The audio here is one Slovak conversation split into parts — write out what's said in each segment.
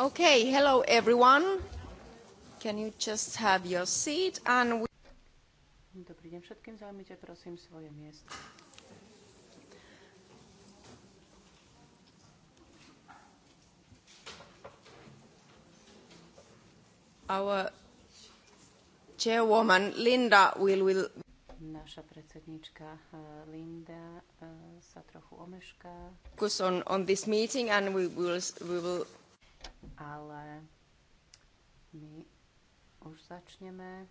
Okay, hello everyone. Can you just have your seat and we... Dobrý deň všetkým, zaujmite prosím svoje miesto. Our chairwoman Linda will, will... Naša predsednička eh, Linda eh, sa trochu omešká. Focus on, on this meeting and we will, we will ale my už začneme.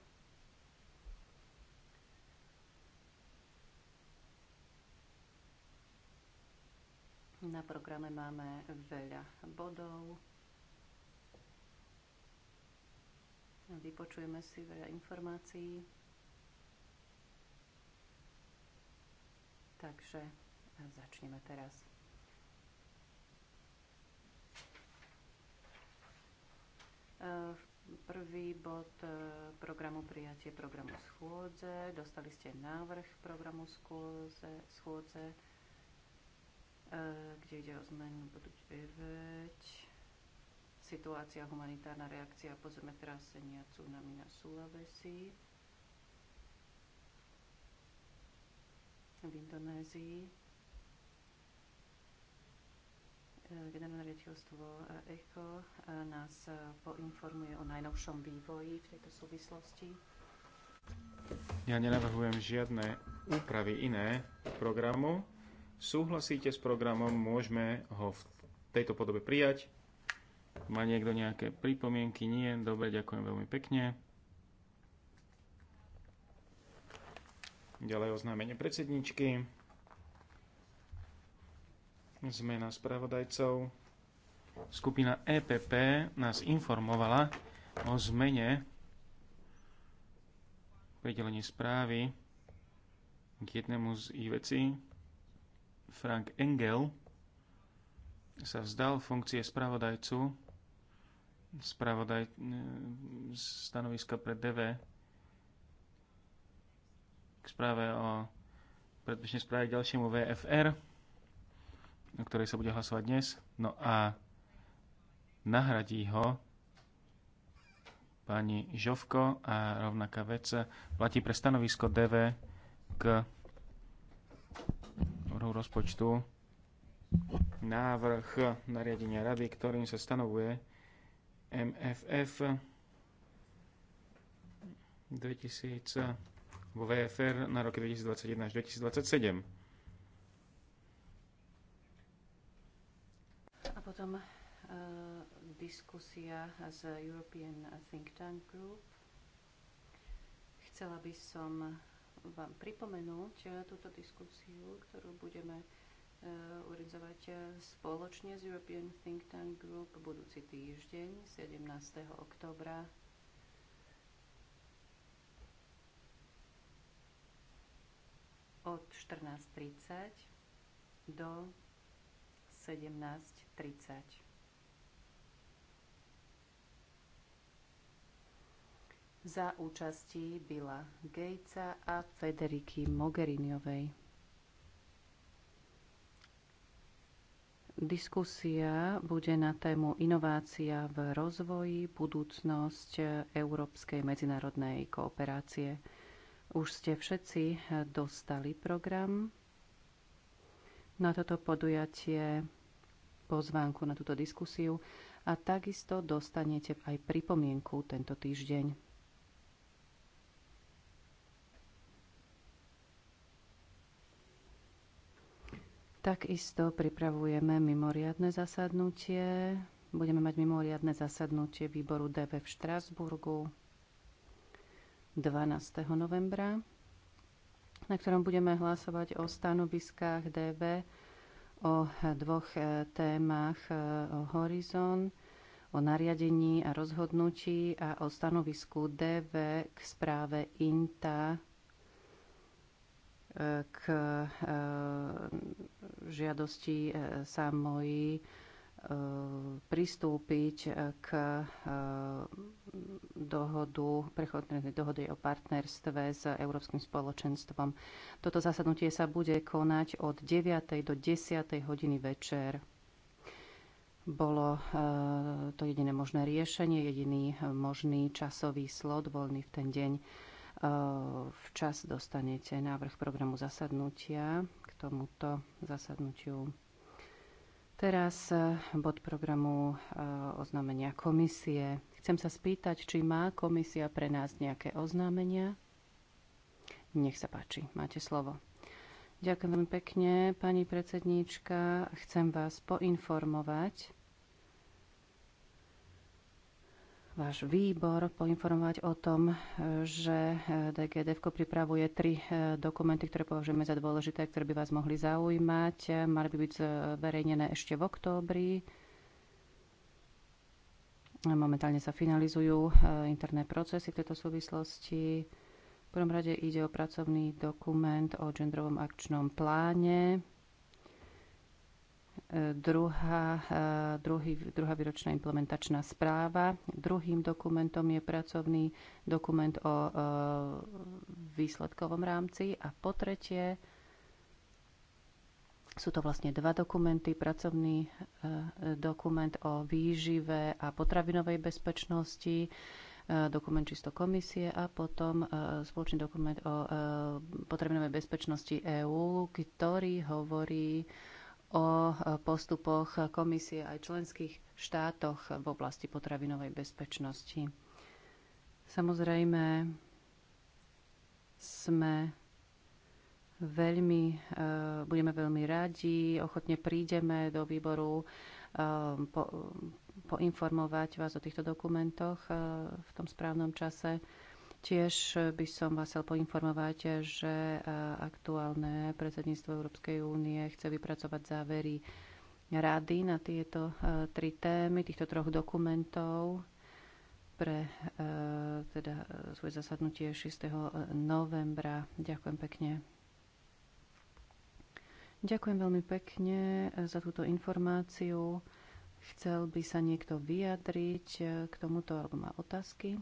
Na programe máme veľa bodov. Vypočujeme si veľa informácií. Takže začneme teraz. Prvý bod e, programu prijatie programu schôdze. Dostali ste návrh programu schôdze, schôdze e, kde ide o zmenu bodu 9. Situácia, humanitárna reakcia po zemetrasenia tsunami na Sulawesi v Indonézii. Eh, Generálne riaditeľstvo eh, ECHO eh, nás poinformuje o najnovšom vývoji v tejto súvislosti. Ja nenavrhujem žiadne úpravy iné programu. Súhlasíte s programom, môžeme ho v tejto podobe prijať. Má niekto nejaké pripomienky? Nie. Dobre, ďakujem veľmi pekne. Ďalej oznámenie predsedničky zmena spravodajcov. Skupina EPP nás informovala o zmene predelení správy k jednému z ich vecí. Frank Engel sa vzdal funkcie spravodajcu spravodaj, stanoviska pre DV k správe o predbežnej správe ďalšiemu VFR o ktorej sa bude hlasovať dnes. No a nahradí ho pani Žovko a rovnaká vec platí pre stanovisko DV k rozpočtu návrh nariadenia rady, ktorým sa stanovuje MFF 2000 vo VFR na roky 2021 až 2027. A potom uh, diskusia z European Think Tank Group. Chcela by som vám pripomenúť eh, túto diskusiu, ktorú budeme eh, organizovať spoločne z European Think Tank Group budúci týždeň 17. oktobra. od 14.30 do 17.30. Za účastí Billa Gatesa a Federiky Mogheriniovej. Diskusia bude na tému Inovácia v rozvoji, budúcnosť európskej medzinárodnej kooperácie. Už ste všetci dostali program na toto podujatie pozvánku na túto diskusiu a takisto dostanete aj pripomienku tento týždeň. Takisto pripravujeme mimoriadne zasadnutie. Budeme mať mimoriadne zasadnutie výboru DV v Štrásburgu 12. novembra, na ktorom budeme hlasovať o stanoviskách DV o dvoch e, témach e, o Horizon, o nariadení a rozhodnutí a o stanovisku DV k správe INTA e, k žiadosti samoj pristúpiť k e, dohodu, prechodnej dohody o partnerstve s Európskym spoločenstvom. Toto zasadnutie sa bude konať od 9. do 10. hodiny večer. Bolo e, to jediné možné riešenie, jediný e, možný časový slot voľný v ten deň. Včas dostanete návrh programu zasadnutia k tomuto zasadnutiu Teraz eh, bod programu eh, oznámenia komisie. Chcem sa spýtať, či má komisia pre nás nejaké oznámenia? Nech sa páči, máte slovo. Ďakujem veľmi pekne, pani predsedníčka. Chcem vás poinformovať, váš výbor poinformovať o tom, e, že e, DGDF pripravuje tri e, dokumenty, ktoré považujeme za dôležité, ktoré by vás mohli zaujímať. Mali by byť zverejnené ešte v októbri. Momentálne sa finalizujú interné procesy v tejto súvislosti. V prvom rade ide o pracovný dokument o genderovom akčnom pláne Druhá, eh, druhý, druhá výročná implementačná správa. Druhým dokumentom je pracovný dokument o eh, výsledkovom rámci. A po tretie sú to vlastne dva dokumenty. Pracovný eh, dokument o výžive a potravinovej bezpečnosti dokument čisto komisie a potom spoločný dokument o potravinovej bezpečnosti EÚ, ktorý hovorí o postupoch komisie aj členských štátoch v oblasti potravinovej bezpečnosti. Samozrejme, sme veľmi, e, budeme veľmi radi, ochotne prídeme do výboru e, po, e, poinformovať vás o týchto dokumentoch v tom správnom čase. Tiež eh, by som vás chcel poinformovať, eh, že eh, aktuálne predsedníctvo Európskej únie chce vypracovať závery rady na tieto tri témy, týchto troch dokumentov pre teda svoje zasadnutie 6. novembra. Ďakujem pekne. Ďakujem veľmi pekne za túto informáciu. Chcel by sa niekto vyjadriť k tomuto alebo má otázky?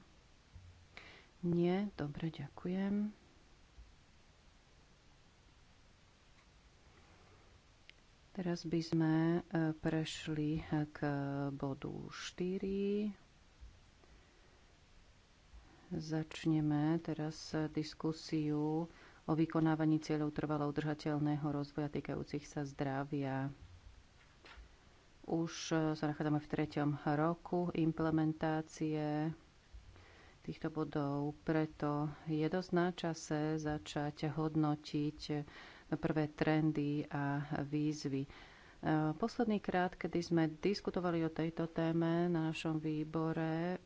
Nie, dobre, ďakujem. Teraz by sme e, prešli e, k bodu 4. Začneme teraz diskusiu o vykonávaní cieľov trvalo udržateľného rozvoja týkajúcich sa zdravia. Už e, sa nachádzame v treťom roku implementácie týchto bodov. Preto je dosť na čase začať hodnotiť prvé trendy a výzvy. Posledný krát, kedy sme diskutovali o tejto téme na našom výbore,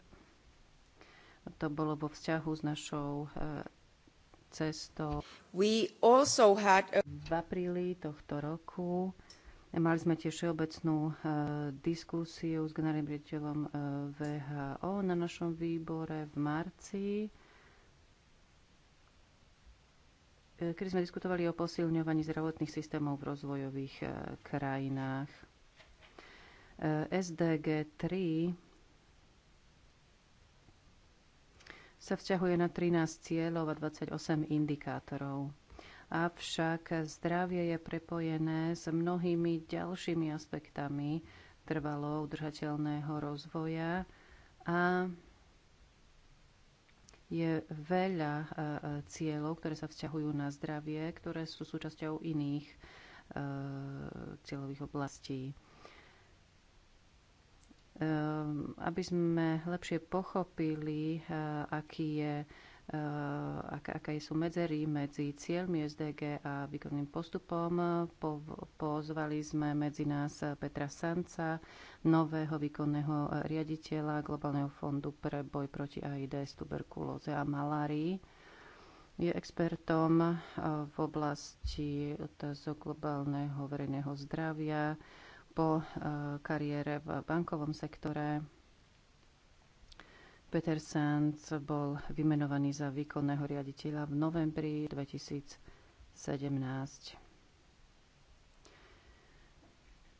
to bolo vo vzťahu s našou e, cestou. We also had a... V apríli tohto roku Mali sme tiež všeobecnú e, diskusiu s generálnym riaditeľom e, VHO na našom výbore v marci, e, kedy sme diskutovali o posilňovaní zdravotných systémov v rozvojových krajinách. SDG 3 sa vzťahuje na 13 cieľov a 28 indikátorov. Avšak zdravie je prepojené s mnohými ďalšími aspektami trvalo udržateľného rozvoja a je veľa e, e, cieľov, ktoré sa vzťahujú na zdravie, ktoré sú súčasťou iných e, cieľových oblastí. Ehm, aby sme lepšie pochopili, aký je Eh, aké, aké sú medzery medzi cieľmi SDG a výkonným postupom. Po, pozvali sme medzi nás Petra Sanca, nového výkonného eh, riaditeľa Globálneho fondu pre boj proti AIDS, tuberkulóze a malárii. Je expertom eh, v oblasti otázok globálneho verejného zdravia po kariére v bankovom sektore Peter Sands bol vymenovaný za výkonného riaditeľa v novembri 2017.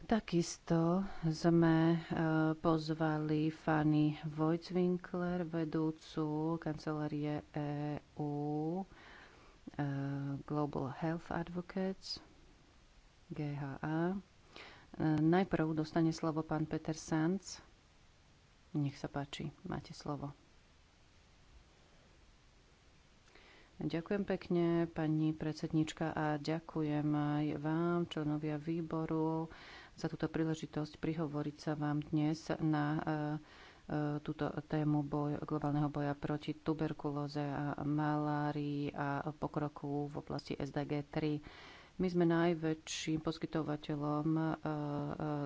Takisto sme e, pozvali Fanny Vojcvinkler, vedúcu kancelárie EU e, Global Health Advocates, GHA. E, najprv dostane slovo pán Peter Sands nech sa páči, máte slovo. Ďakujem pekne, pani predsednička, a ďakujem aj vám, členovia výboru, za túto príležitosť prihovoriť sa vám dnes na e, e, túto tému boj, globálneho boja proti tuberkulóze a malárii a pokroku v oblasti SDG 3. My sme najväčším poskytovateľom eh, eh,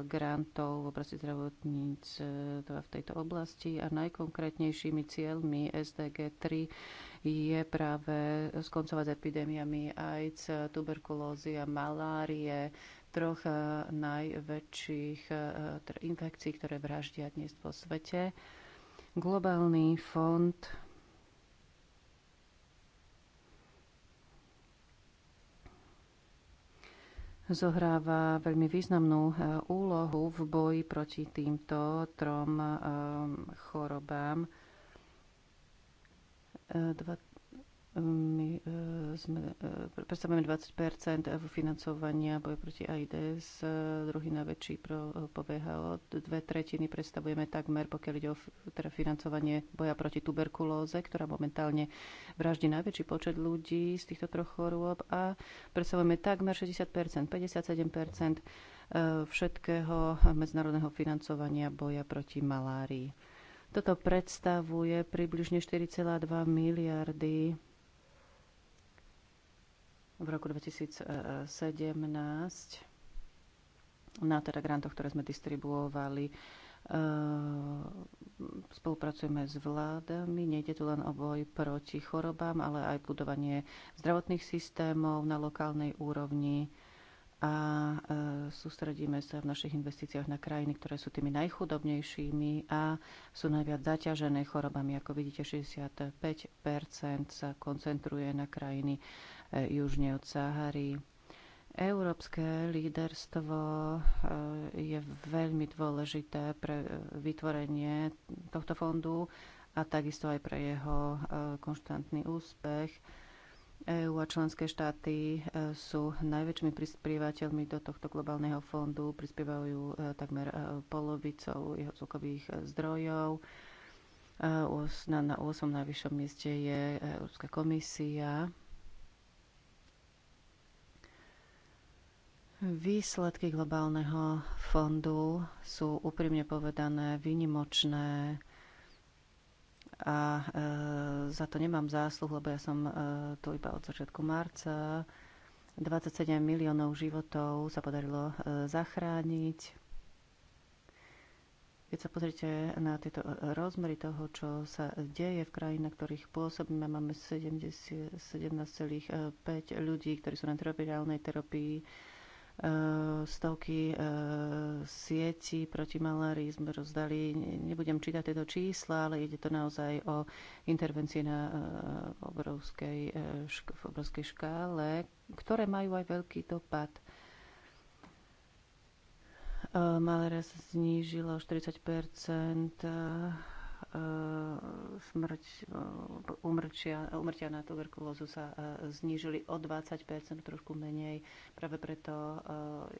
grantov v oblasti zdravotníctva v tejto oblasti a najkonkrétnejšími cieľmi SDG 3 je práve skoncovať s epidémiami AIDS, tuberkulózy a malárie, troch eh, najväčších infekcií, ktoré vraždia dnes po svete. Globálny fond zohráva veľmi významnú e, úlohu v boji proti týmto trom e, chorobám. 20 e, my e, sme, e, predstavujeme 20 financovania boju proti AIDS, e, druhý najväčší pro, po VHO, dve tretiny predstavujeme takmer, pokiaľ ide o teda financovanie boja proti tuberkulóze, ktorá momentálne vraždí najväčší počet ľudí z týchto troch chorôb a predstavujeme takmer 60 57 všetkého medzinárodného financovania boja proti malárii. Toto predstavuje približne 4,2 miliardy v roku 2017 na teda grantoch, ktoré sme distribuovali. E, spolupracujeme s vládami, nejde tu len o boj proti chorobám, ale aj budovanie zdravotných systémov na lokálnej úrovni a e, sústredíme sa v našich investíciách na krajiny, ktoré sú tými najchudobnejšími a sú najviac zaťažené chorobami. Ako vidíte, 65 sa koncentruje na krajiny E, južne od Sahary. Európske líderstvo e, je veľmi dôležité pre e, vytvorenie tohto fondu a takisto aj pre jeho konštantný úspech. EU a členské štáty sú najväčšími prispievateľmi do tohto globálneho fondu, prispievajú takmer polovicou jeho zvukových zdrojov. Na 8. najvyššom mieste je Európska komisia Výsledky globálneho fondu sú úprimne povedané vynimočné a e, za to nemám zásluh, lebo ja som e, tu iba od začiatku marca. 27 miliónov životov sa podarilo e, zachrániť. Keď sa pozrite na tieto e, rozmery toho, čo sa deje v krajinách, ktorých pôsobíme, máme 17,5 e, ľudí, ktorí sú na reálnej terapii, Eh, stovky eh, sieti proti malárii sme rozdali. Nebudem čítať tieto čísla, ale ide to naozaj o intervencie na eh, obrovskej, v obrovskej škále, ktoré majú aj veľký dopad. Malária sa znížila o 40 E, smrť, e, umrčia, umrtia na tuberkulózu sa e, znížili o 20 trošku menej. Práve preto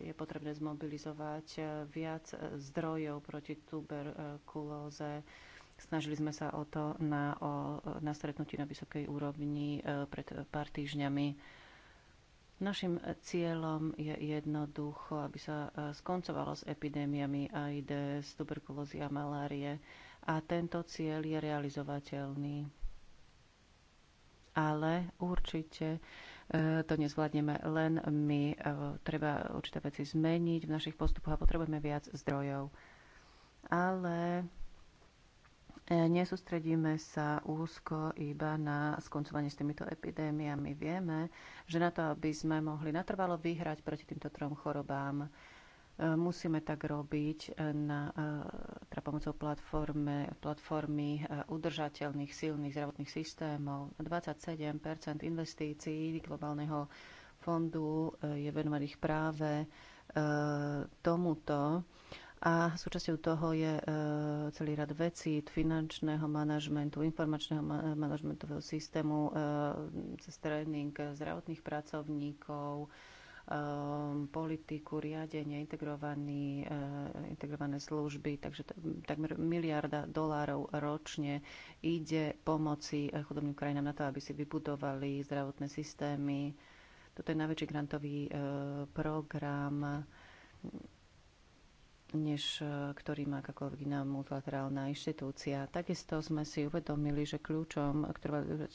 je potrebné zmobilizovať viac zdrojov proti tuberkulóze. Snažili sme sa o to na, o, na stretnutí na vysokej úrovni pred pár týždňami. Našim cieľom je jednoducho, aby sa skoncovalo s epidémiami AIDS, tuberkulózy a malárie a tento cieľ je realizovateľný. Ale určite e, to nezvládneme len my. E, treba určité veci zmeniť v našich postupoch a potrebujeme viac zdrojov. Ale e, nesústredíme sa úzko iba na skoncovanie s týmito epidémiami. Vieme, že na to, aby sme mohli natrvalo vyhrať proti týmto trom chorobám, E, musíme tak robiť e, na, e, teda pomocou platforme, platformy udržateľných silných zdravotných systémov. 27 investícií globálneho fondu je venovaných práve tomuto. A súčasťou toho je celý rad vecí finančného manažmentu, informačného manažmentového systému, cez tréning zdravotných pracovníkov, Um, politiku, riadenie, integrovaný, uh, integrované služby, takže takmer miliarda dolárov ročne ide pomoci uh, chudobným krajinám na to, aby si vybudovali zdravotné systémy. Toto je najväčší grantový uh, program než ktorý má akákoľvek iná multilaterálna inštitúcia. Takisto sme si uvedomili, že kľúčom k trvalej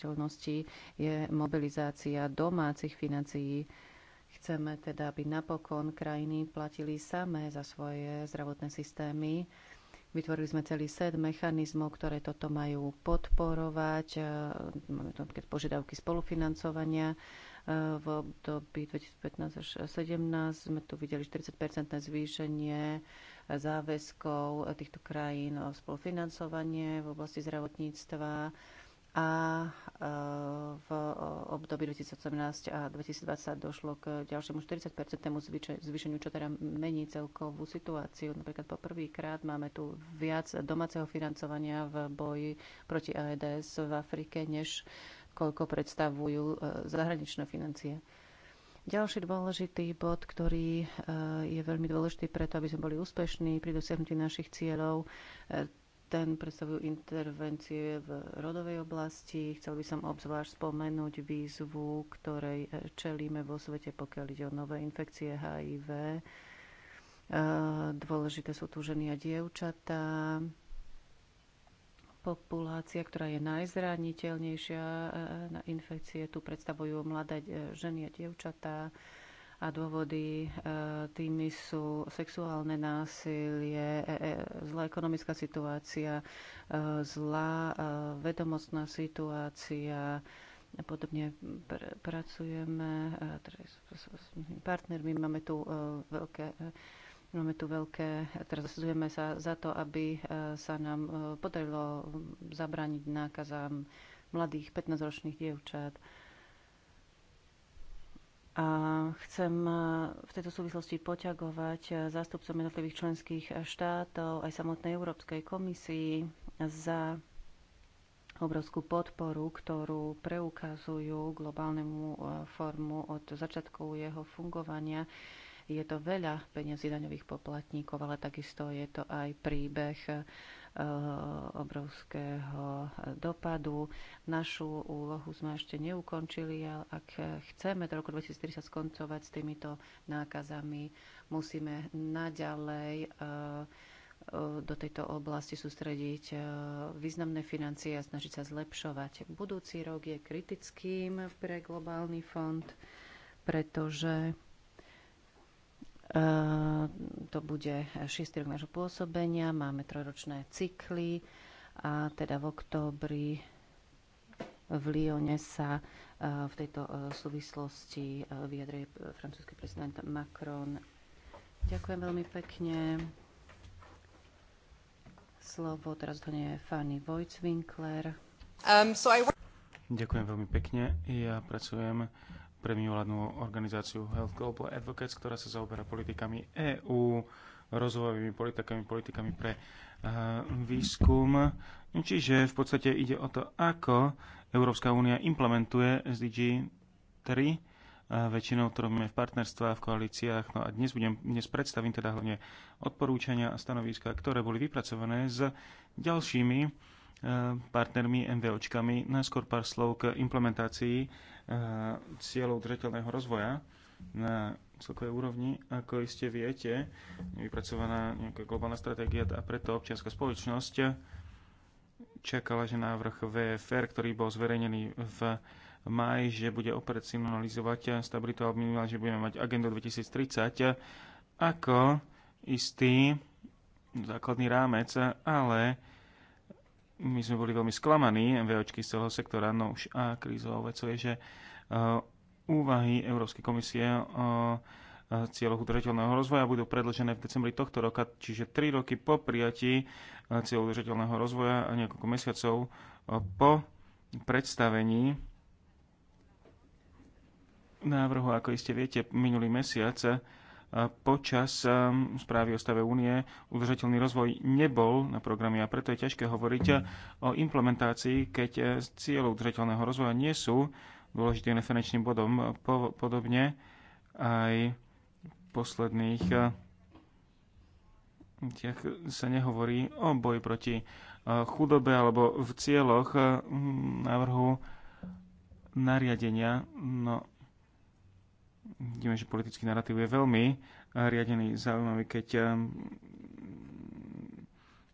je mobilizácia domácich financií Chceme teda, aby napokon krajiny platili samé za svoje zdravotné systémy. Vytvorili sme celý set mechanizmov, ktoré toto majú podporovať, napríklad e, požiadavky spolufinancovania. E, v období 2015 až 2017 sme tu videli 40-percentné zvýšenie záväzkov týchto krajín o spolufinancovanie v oblasti zdravotníctva a eh, v období 2018 a 2020 došlo k ďalšiemu 40-percentnému zvýšeniu, čo teda mení celkovú situáciu. Napríklad poprvýkrát máme tu viac domáceho financovania v boji proti AEDS v Afrike, než koľko predstavujú eh, zahraničné financie. Ďalší dôležitý bod, ktorý eh, je veľmi dôležitý preto, aby sme boli úspešní pri dosiahnutí našich cieľov, ten predstavujú intervencie v rodovej oblasti. Chcel by som obzvlášť spomenúť výzvu, ktorej eh, čelíme vo svete, pokiaľ ide o nové infekcie HIV. Eh, dôležité sú tu ženy a dievčatá. Populácia, ktorá je najzraniteľnejšia eh, na infekcie, tu predstavujú mladé ženy a dievčatá a dôvody e, tými sú sexuálne násilie, e, e, zlá ekonomická situácia, zlá vedomostná situácia, podobne pr- pracujeme teda s partnermi, máme tu veľké Máme tu veľké, teraz zasadzujeme sa za to, aby sa nám podarilo zabrániť nákazám mladých 15-ročných dievčat. A chcem e, v tejto súvislosti poťagovať e, zástupcom jednotlivých členských štátov aj samotnej Európskej komisii za obrovskú podporu, ktorú preukazujú globálnemu e, formu od začiatku jeho fungovania. Je to veľa peniazí daňových poplatníkov, ale takisto je to aj príbeh Eh, obrovského dopadu. Našu úlohu sme ešte neukončili, ale ak chceme do roku 2030 skoncovať s týmito nákazami, musíme naďalej eh, do tejto oblasti sústrediť eh, významné financie a snažiť sa zlepšovať. Budúci rok je kritickým pre globálny fond, pretože Eh, to bude šiestý rok nášho pôsobenia, máme trojročné cykly a teda v októbri v Lyone sa eh, v tejto eh, súvislosti vyjadruje francúzsky prezident Macron. Ďakujem veľmi pekne. Slovo teraz je Fanny Vojcvinkler. Um, so I... Ďakujem veľmi pekne. Ja pracujem pre mimovládnu organizáciu Health Global Advocates, ktorá sa zaoberá politikami EÚ, rozvojovými politikami, politikami pre uh, výskum. Čiže v podstate ide o to, ako Európska únia implementuje SDG 3, a väčšinou to robíme v partnerstvách, v koalíciách. No a dnes, budem, dnes predstavím teda hlavne odporúčania a stanoviska, ktoré boli vypracované s ďalšími eh, partnermi MVOčkami. Najskôr pár slov k implementácii cieľov udržateľného rozvoja na celkovej úrovni. Ako iste viete, je vypracovaná nejaká globálna stratégia a preto občianská spoločnosť čakala, že návrh VFR, ktorý bol zverejnený v máji, že bude operacionalizovať stabilitu, a minimálne, že budeme mať agendu 2030 ako istý základný rámec, ale my sme boli veľmi sklamaní, MVOčky z celého sektora, no už a krízová vec je, že uh, úvahy Európskej komisie o uh, uh, cieľoch udržateľného rozvoja budú predložené v decembri tohto roka, čiže 3 roky po prijatí cieľov udržateľného rozvoja a niekoľko mesiacov po predstavení návrhu, ako iste viete, minulý mesiac počas ehm, správy o stave únie udržateľný rozvoj nebol na programe a preto je ťažké hovoriť eh, o implementácii, keď eh, cieľov udržateľného rozvoja nie sú dôležitým referenčným bodom. Podobne aj posledných eh, sa nehovorí o boji proti chudobe alebo v cieľoch návrhu nariadenia. No, vidíme, že politický narratív je veľmi eh, riadený, zaujímavý, keď eh,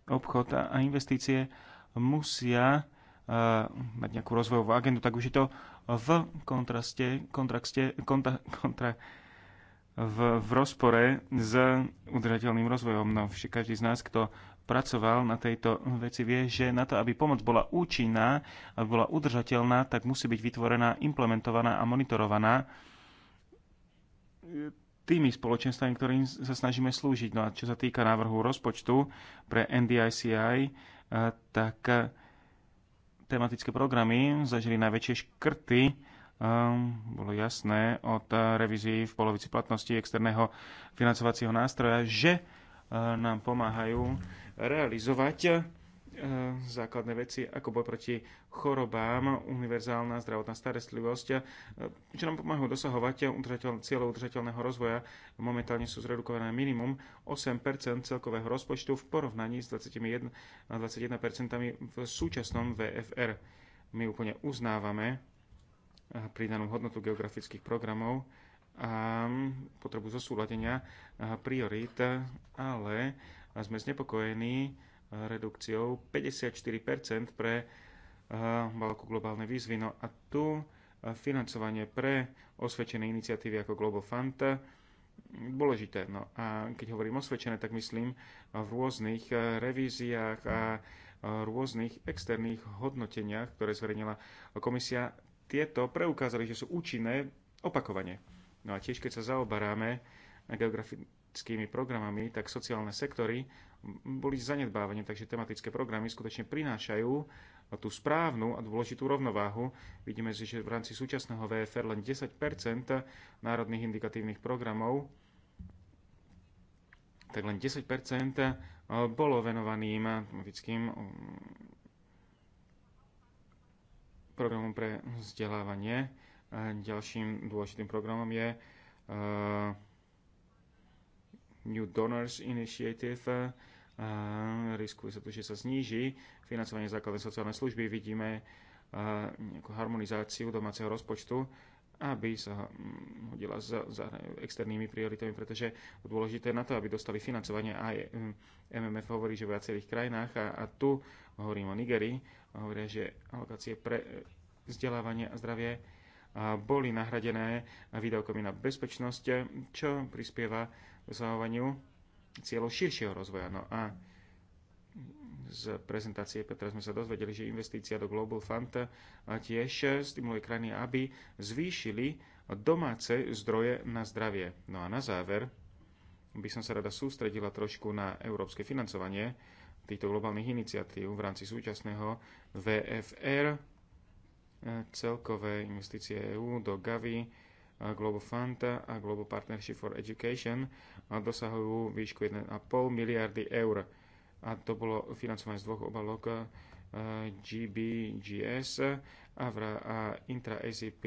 obchod a investície musia eh, mať nejakú rozvojovú agendu, tak už je to v kontraste, kontrakste, kontra, kontra, v, v rozpore s udržateľným rozvojom. No, každý z nás, kto pracoval na tejto veci, vie, že na to, aby pomoc bola účinná, aby bola udržateľná, tak musí byť vytvorená, implementovaná a monitorovaná tými spoločenstvami, ktorým sa snažíme slúžiť. No a čo sa týka návrhu rozpočtu pre NDICI, eh, tak eh, tematické programy zažili najväčšie škrty. Eh, bolo jasné od revízií v polovici platnosti externého financovacieho nástroja, že nám pomáhajú realizovať Eh, základné veci, ako boj proti chorobám, univerzálna zdravotná starostlivosť, eh, čo nám pomáhajú dosahovať cieľov udržateľného rozvoja. Momentálne sú zredukované minimum 8 celkového rozpočtu v porovnaní s 21, 21 v súčasnom VFR. My úplne uznávame eh, pridanú hodnotu geografických programov a potrebu zosúladenia priorít, ale sme znepokojení redukciou 54% pre balku eh, globálne výzvy. No a tu eh, financovanie pre osvedčené iniciatívy ako Global Fund eh, dôležité. No a keď hovorím osvedčené, tak myslím v rôznych revíziách a rôznych externých hodnoteniach, ktoré zverejnila komisia, tieto preukázali, že sú účinné opakovane. No a tiež, keď sa zaoberáme tematickými programami, tak sociálne sektory boli zanedbávané, takže tematické programy skutočne prinášajú tú správnu a dôležitú rovnováhu. Vidíme, že v rámci súčasného VFR len 10 národných indikatívnych programov, tak len 10 eh, bolo venovaným eh, tematickým mm, programom pre vzdelávanie. Eh, ďalším dôležitým programom je New Donors Initiative, riskuje sa to, že sa zníži financovanie základnej sociálnej služby. Vidíme nejakú harmonizáciu domáceho rozpočtu, aby sa mm, hodila za, za externými prioritami, pretože dôležité na to, aby dostali financovanie aj MMF hovorí, že v viacerých krajinách a, a tu hovorím o Nigerii, hovoria, že alokácie pre e, vzdelávanie a zdravie boli nahradené výdavkami na bezpečnosť, čo prispieva zahovaniu cieľov širšieho rozvoja. No a z prezentácie Petra sme sa dozvedeli, že investícia do Global Fund eh, tiež eh, stimuluje krajiny, aby zvýšili domáce zdroje na zdravie. No a na záver by som sa rada sústredila trošku na európske financovanie týchto globálnych iniciatív v rámci súčasného VFR, eh, celkové investície EÚ do Gavi, Global Fund a Global Partnership for Education dosahujú výšku 1,5 miliardy eur. A to bolo financované z dvoch obalok eh, GBGS a, Intra IntraACP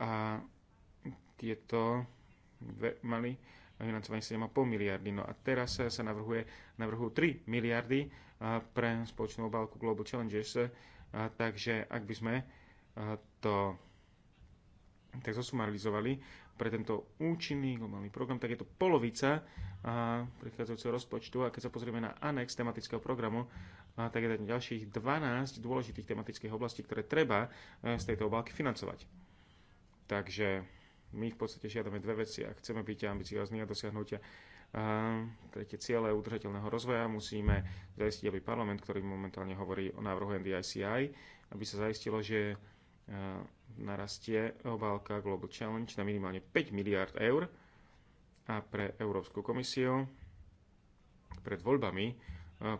a tieto mali financovanie 7,5 miliardy. No a teraz sa navrhuje, navrhujú 3 miliardy eh, pre spoločnú obálku Global Challenges. Eh, takže ak by sme to tak zosumarizovali pre tento účinný globálny program, tak je to polovica a, rozpočtu a keď sa pozrieme na anex tematického programu, a, tak je tam ďalších 12 dôležitých tematických oblastí, ktoré treba e, z tejto obálky financovať. Takže my v podstate žiadame dve veci a chceme byť ambiciozni a dosiahnuť tretie ciele udržateľného rozvoja musíme zaistiť, aby parlament, ktorý momentálne hovorí o návrhu NDICI, aby sa zaistilo, že narastie obálka Global Challenge na minimálne 5 miliard eur a pre Európsku komisiu pred voľbami,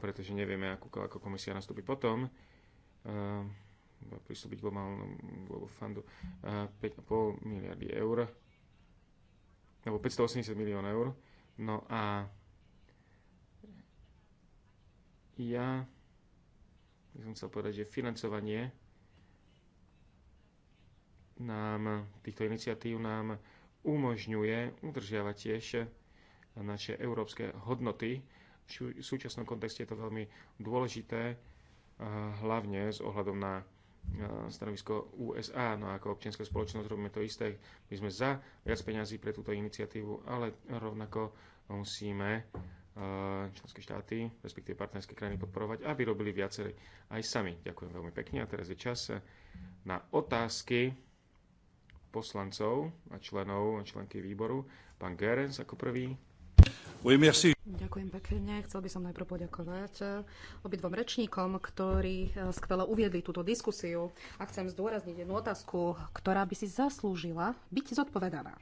pretože nevieme, ako, ako komisia nastúpi potom, pristúpiť globálnemu fondu 5,5 miliardy eur alebo 580 milión eur. No a ja by som chcel povedať, že financovanie nám, týchto iniciatív nám umožňuje udržiavať tiež naše európske hodnoty. V súčasnom kontexte je to veľmi dôležité, hlavne s ohľadom na stanovisko USA. No a ako občianská spoločnosť robíme to isté. My sme za viac peňazí pre túto iniciatívu, ale rovnako musíme členské štáty, respektíve partnerské krajiny podporovať, aby robili viacerí aj sami. Ďakujem veľmi pekne a teraz je čas na otázky poslancov a členov a členky výboru. Pán Gerens ako prvý. Oui, merci. Ďakujem pekne. Chcel by som najprv poďakovať eh, obidvom rečníkom, ktorí eh, skvelo uviedli túto diskusiu a chcem zdôrazniť jednu otázku, ktorá by si zaslúžila byť zodpovedaná.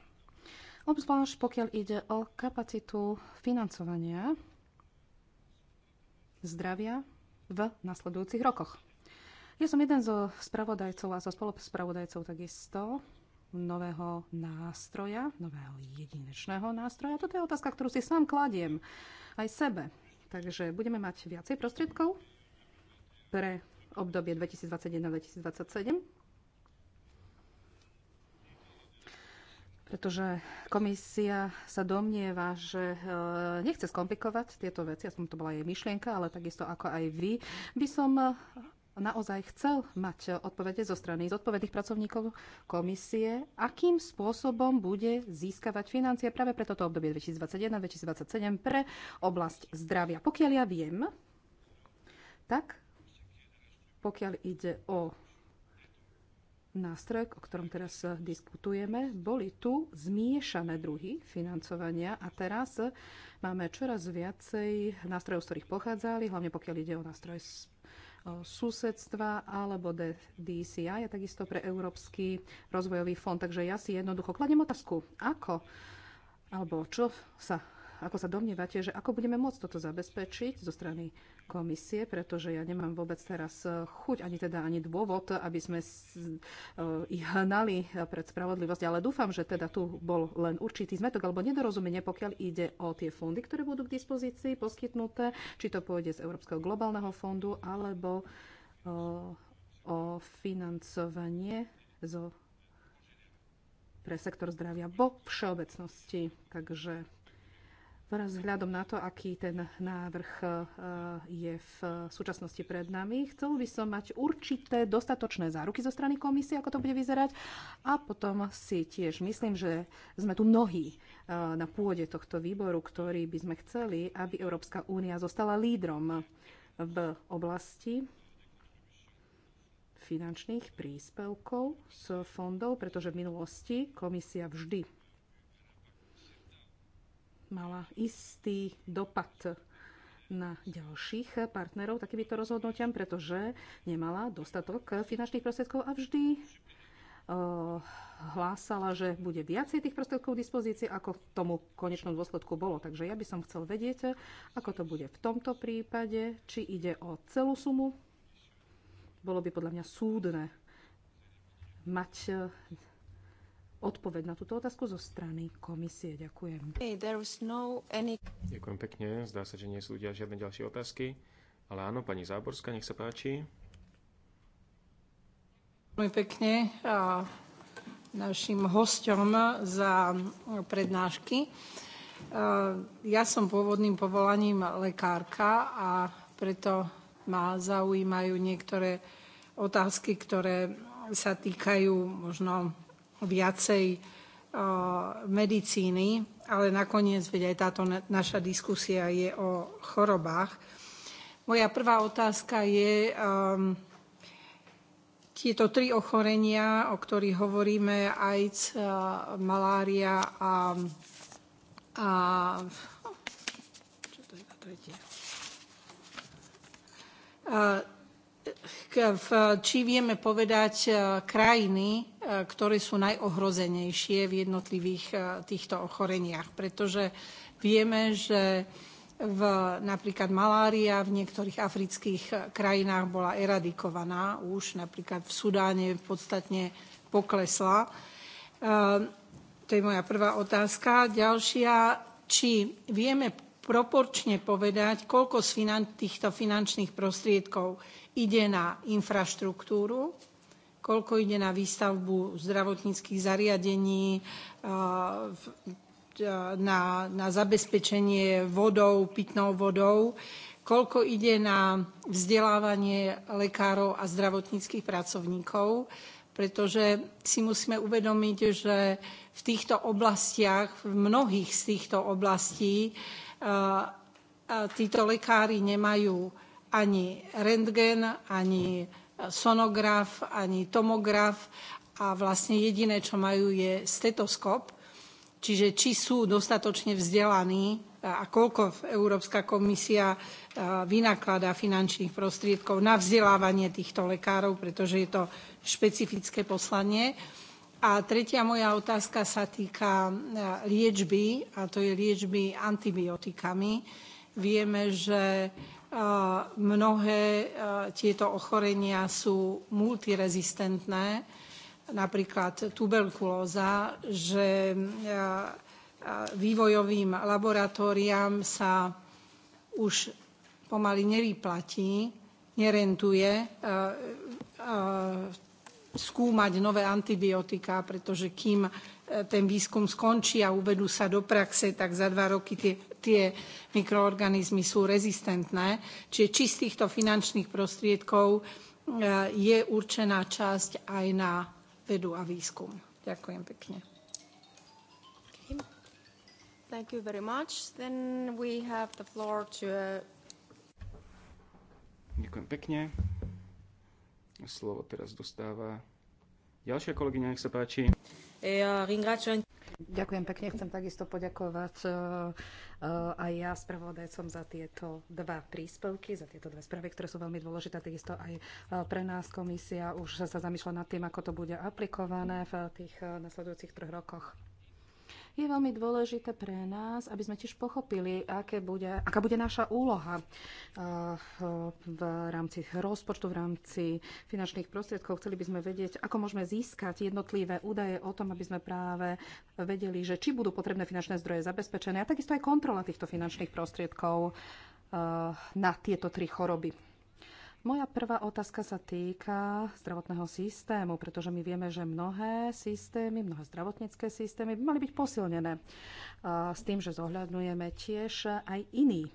Obzvlášť pokiaľ ide o kapacitu financovania zdravia v nasledujúcich rokoch. Ja som jeden zo spravodajcov a zo so takisto nového nástroja, nového jedinečného nástroja. Toto je otázka, ktorú si sám kladiem aj sebe. Takže budeme mať viacej prostriedkov pre obdobie 2021-2027. Pretože komisia sa domnieva, že e, nechce skomplikovať tieto veci, aspoň to bola jej myšlienka, ale takisto ako aj vy, by som naozaj chcel mať odpovede zo strany zodpovedných pracovníkov komisie, akým spôsobom bude získavať financie práve pre toto obdobie 2021-2027 pre oblasť zdravia. Pokiaľ ja viem, tak pokiaľ ide o nástroj, o ktorom teraz diskutujeme, boli tu zmiešané druhy financovania a teraz máme čoraz viacej nástrojov, z ktorých pochádzali, hlavne pokiaľ ide o nástroj susedstva alebo DCI a takisto pre Európsky rozvojový fond. Takže ja si jednoducho kladem otázku, ako alebo čo sa, ako sa domnievate, že ako budeme môcť toto zabezpečiť zo strany komisie, pretože ja nemám vôbec teraz e, chuť, ani teda ani dôvod, aby sme e, ich hnali pred spravodlivosť, ale dúfam, že teda tu bol len určitý zmetok alebo nedorozumenie, pokiaľ ide o tie fondy, ktoré budú k dispozícii poskytnuté, či to pôjde z Európskeho globálneho fondu alebo e, o, financovanie zo pre sektor zdravia vo všeobecnosti. Takže vzhľadom na to, aký ten návrh e, je v súčasnosti pred nami. Chcel by som mať určité dostatočné záruky zo strany komisie, ako to bude vyzerať. A potom si tiež myslím, že sme tu mnohí e, na pôde tohto výboru, ktorí by sme chceli, aby Európska únia zostala lídrom v oblasti finančných príspevkov z fondov, pretože v minulosti komisia vždy mala istý dopad na ďalších partnerov takýmito rozhodnutiam, pretože nemala dostatok finančných prostriedkov a vždy eh, hlásala, že bude viacej tých prostriedkov k dispozícii, ako v tomu konečnom dôsledku bolo. Takže ja by som chcel vedieť, ako to bude v tomto prípade, či ide o celú sumu. Bolo by podľa mňa súdne mať odpoveď na túto otázku zo strany komisie. Ďakujem. Hey, no any... Ďakujem pekne. Zdá sa, že nie sú žiadne ďalšie otázky. Ale áno, pani Záborská, nech sa páči. Veľmi pekne a našim hostom za prednášky. Ja som pôvodným povolaním lekárka a preto ma zaujímajú niektoré otázky, ktoré sa týkajú možno viacej uh, medicíny, ale nakoniec veď aj táto naša diskusia je o chorobách. Moja prvá otázka je, um, tieto tri ochorenia, o ktorých hovoríme, AIDS, uh, malária a, a čo to je na tretie? A, uh, v, či vieme povedať krajiny, E, ktoré sú najohrozenejšie v jednotlivých e, týchto ochoreniach. Pretože vieme, že v, napríklad malária v niektorých afrických e, krajinách bola eradikovaná už, napríklad v Sudáne podstatne poklesla. To je moja prvá otázka. Ďalšia, či vieme proporčne povedať, koľko z týchto finančných prostriedkov ide na infraštruktúru, koľko ide na výstavbu zdravotníckych zariadení, na, na zabezpečenie vodou, pitnou vodou, koľko ide na vzdelávanie lekárov a zdravotníckych pracovníkov, pretože si musíme uvedomiť, že v týchto oblastiach, v mnohých z týchto oblastí, títo lekári nemajú ani rentgen, ani sonograf, ani tomograf a vlastne jediné, čo majú, je stetoskop. Čiže či sú dostatočne vzdelaní a koľko Európska komisia e, vynakladá finančných prostriedkov na vzdelávanie týchto lekárov, pretože je to špecifické poslanie. A tretia moja otázka sa týka e, liečby, a to je liečby antibiotikami Vieme, že e, mnohé e, tieto ochorenia sú multirezistentné, napríklad tuberkulóza, že e, vývojovým laboratóriám sa už pomaly nevyplatí, nerentuje skúmať nové antibiotiká, pretože kým E, ten výskum skončí a uvedú sa do praxe, tak za dva roky tie, tie mikroorganizmy sú rezistentné. Čiže či z týchto finančných prostriedkov e, je určená časť aj na vedu a výskum. Ďakujem pekne. Thank you very much. Then we have the floor to... Uh, Ďakujem pekne. Slovo teraz dostáva ďalšia kolegyňa, nech sa páči. E, Ďakujem pekne, chcem takisto poďakovať e, e, aj ja spravodajcom za tieto dva príspevky, za tieto dve správy, ktoré sú veľmi dôležité. Takisto aj pre nás komisia už sa zamýšľa nad tým, ako to bude aplikované v tých nasledujúcich troch rokoch. Je veľmi dôležité pre nás, aby sme tiež pochopili, aké bude, aká bude naša úloha eh, v rámci rozpočtu, v rámci finančných prostriedkov. Chceli by sme vedieť, ako môžeme získať jednotlivé údaje o tom, aby sme práve vedeli, že či budú potrebné finančné zdroje zabezpečené a takisto aj kontrola týchto finančných prostriedkov eh, na tieto tri choroby. Moja prvá otázka sa týka zdravotného systému, pretože my vieme, že mnohé systémy, mnohé zdravotnícke systémy by mali byť posilnené s tým, že zohľadňujeme tiež aj iný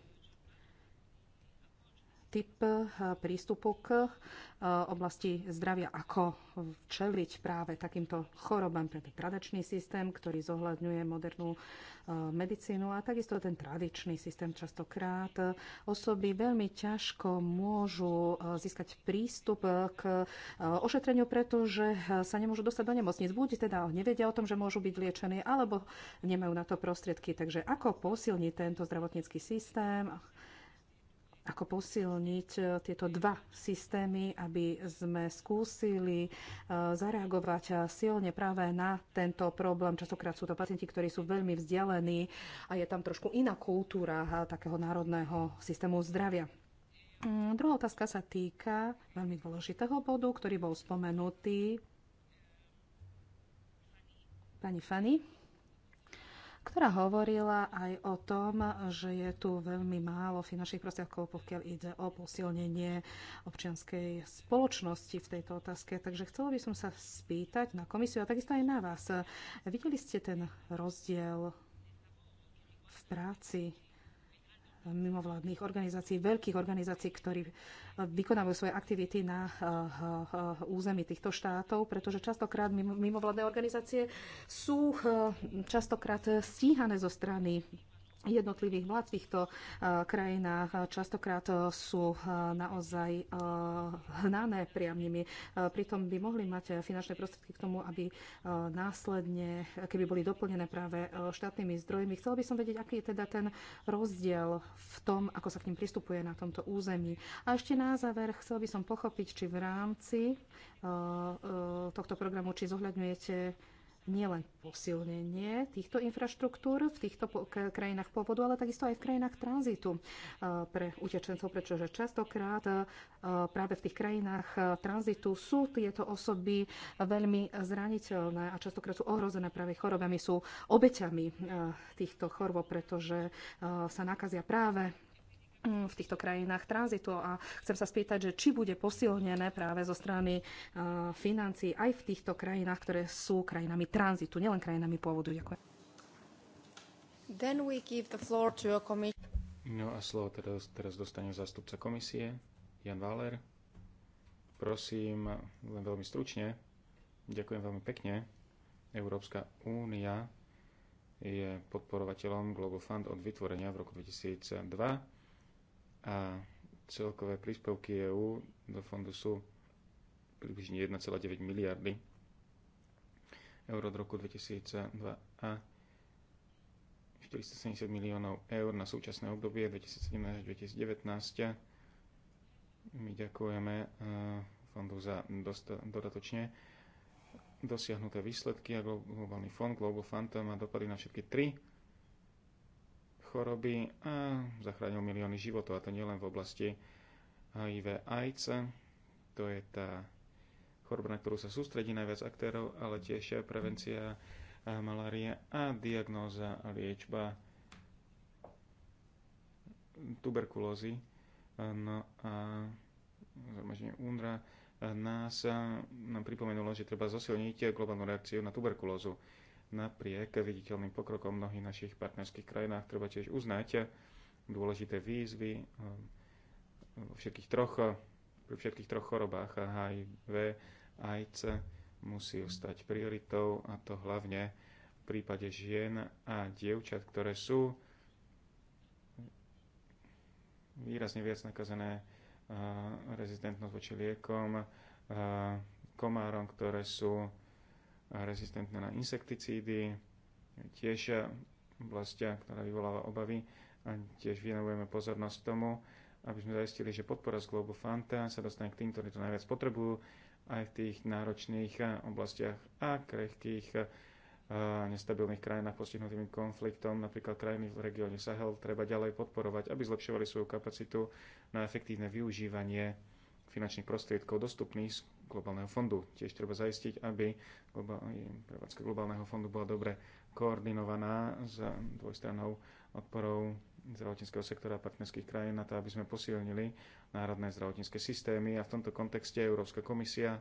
typ eh, prístupu k eh, oblasti zdravia, ako čeliť práve takýmto chorobám pre ten tradičný systém, ktorý zohľadňuje modernú eh, medicínu a takisto ten tradičný systém častokrát. Osoby veľmi ťažko môžu získať prístup k ošetreniu, pretože sa nemôžu dostať do nemocnic. Buď teda nevedia o tom, že môžu byť liečení, alebo nemajú na to prostriedky. Takže ako posilniť tento zdravotnícky systém, ako posilniť e, tieto dva systémy, aby sme skúsili e, zareagovať e, silne práve na tento problém. Častokrát sú to pacienti, ktorí sú veľmi vzdialení a je tam trošku iná kultúra takého národného systému zdravia. Mm, druhá otázka sa týka veľmi dôležitého bodu, ktorý bol spomenutý pani Fanny ktorá hovorila aj o tom, že je tu veľmi málo finančných prostriedkov, pokiaľ ide o posilnenie občianskej spoločnosti v tejto otázke. Takže chcela by som sa spýtať na komisiu a takisto aj na vás. Videli ste ten rozdiel v práci mimovládnych organizácií, veľkých organizácií, ktorí eh, vykonávajú svoje aktivity na eh, eh, území týchto štátov, pretože častokrát mimovládne organizácie sú častokrát stíhané zo strany jednotlivých vlád v týchto e, krajinách e, častokrát e, sú naozaj hnané priamnými. Pritom by mohli mať finančné prostriedky k tomu, aby následne, keby boli doplnené práve štátnymi zdrojmi. Chcela by som vedieť, aký je teda ten rozdiel v tom, ako sa k ním pristupuje na tomto území. A ešte na záver, chcela by som pochopiť, či v rámci tohto programu, či zohľadňujete nielen posilnenie týchto infraštruktúr v týchto krajinách pôvodu, ale takisto aj v krajinách tranzitu eh, pre utečencov, pretože častokrát eh, práve v tých krajinách eh, tranzitu sú tieto osoby veľmi zraniteľné a častokrát sú ohrozené práve chorobami, sú obeťami týchto chorob, pretože sa nakazia práve Mm, v týchto krajinách tranzitu a chcem sa spýtať, že či bude posilnené práve zo strany uh, financií aj v týchto krajinách, ktoré sú krajinami tranzitu, nielen krajinami pôvodu. Ďakujem. Then we give the floor to a no a slovo teraz, teraz dostane zástupca komisie, Jan Váler. Prosím, len veľmi stručne, ďakujem veľmi pekne. Európska únia je podporovateľom Global Fund od vytvorenia v roku 2002 a celkové príspevky EÚ do fondu sú približne 1,9 miliardy eur od roku 2002 a 470 miliónov eur na súčasné obdobie 2017-2019. My ďakujeme e, fondu za dodatočne dosiahnuté výsledky a Globálny fond Global Fund má dopady na všetky tri choroby a zachránil milióny životov, a to nielen v oblasti HIV AIDS, to je tá choroba, na ktorú sa sústredí najviac aktérov, ale tiež prevencia malárie a diagnóza a liečba tuberkulózy. No a zamaženie UNRA nás nám pripomenulo, že treba zosilniť globálnu reakciu na tuberkulózu Napriek viditeľným pokrokom v mnohých našich partnerských krajinách treba tiež uznať dôležité výzvy ehm, vo všetkých troch, pri všetkých troch chorobách a HIV, AIDS musí ostať prioritou a to hlavne v prípade žien a dievčat, ktoré sú výrazne viac nakazené rezistentnosť voči liekom, komárom, ktoré sú rezistentné na insekticídy, tiež oblastia, ktorá vyvoláva obavy. A tiež venujeme pozornosť tomu, aby sme zaistili, že podpora z Globu Fanta sa dostane k tým, ktorí to najviac potrebujú, aj v tých náročných eh, oblastiach a krehkých eh, nestabilných krajinách postihnutými konfliktom, napríklad krajiny v regióne Sahel, treba ďalej podporovať, aby zlepšovali svoju kapacitu na efektívne využívanie finančných prostriedkov dostupných z globálneho fondu. Tiež treba zaistiť, aby prevádzka globálneho fondu bola dobre koordinovaná s dvojstrannou odporou zdravotníckého sektora a partnerských krajín na to, aby sme posilnili národné zdravotnícke systémy. A v tomto kontexte Európska komisia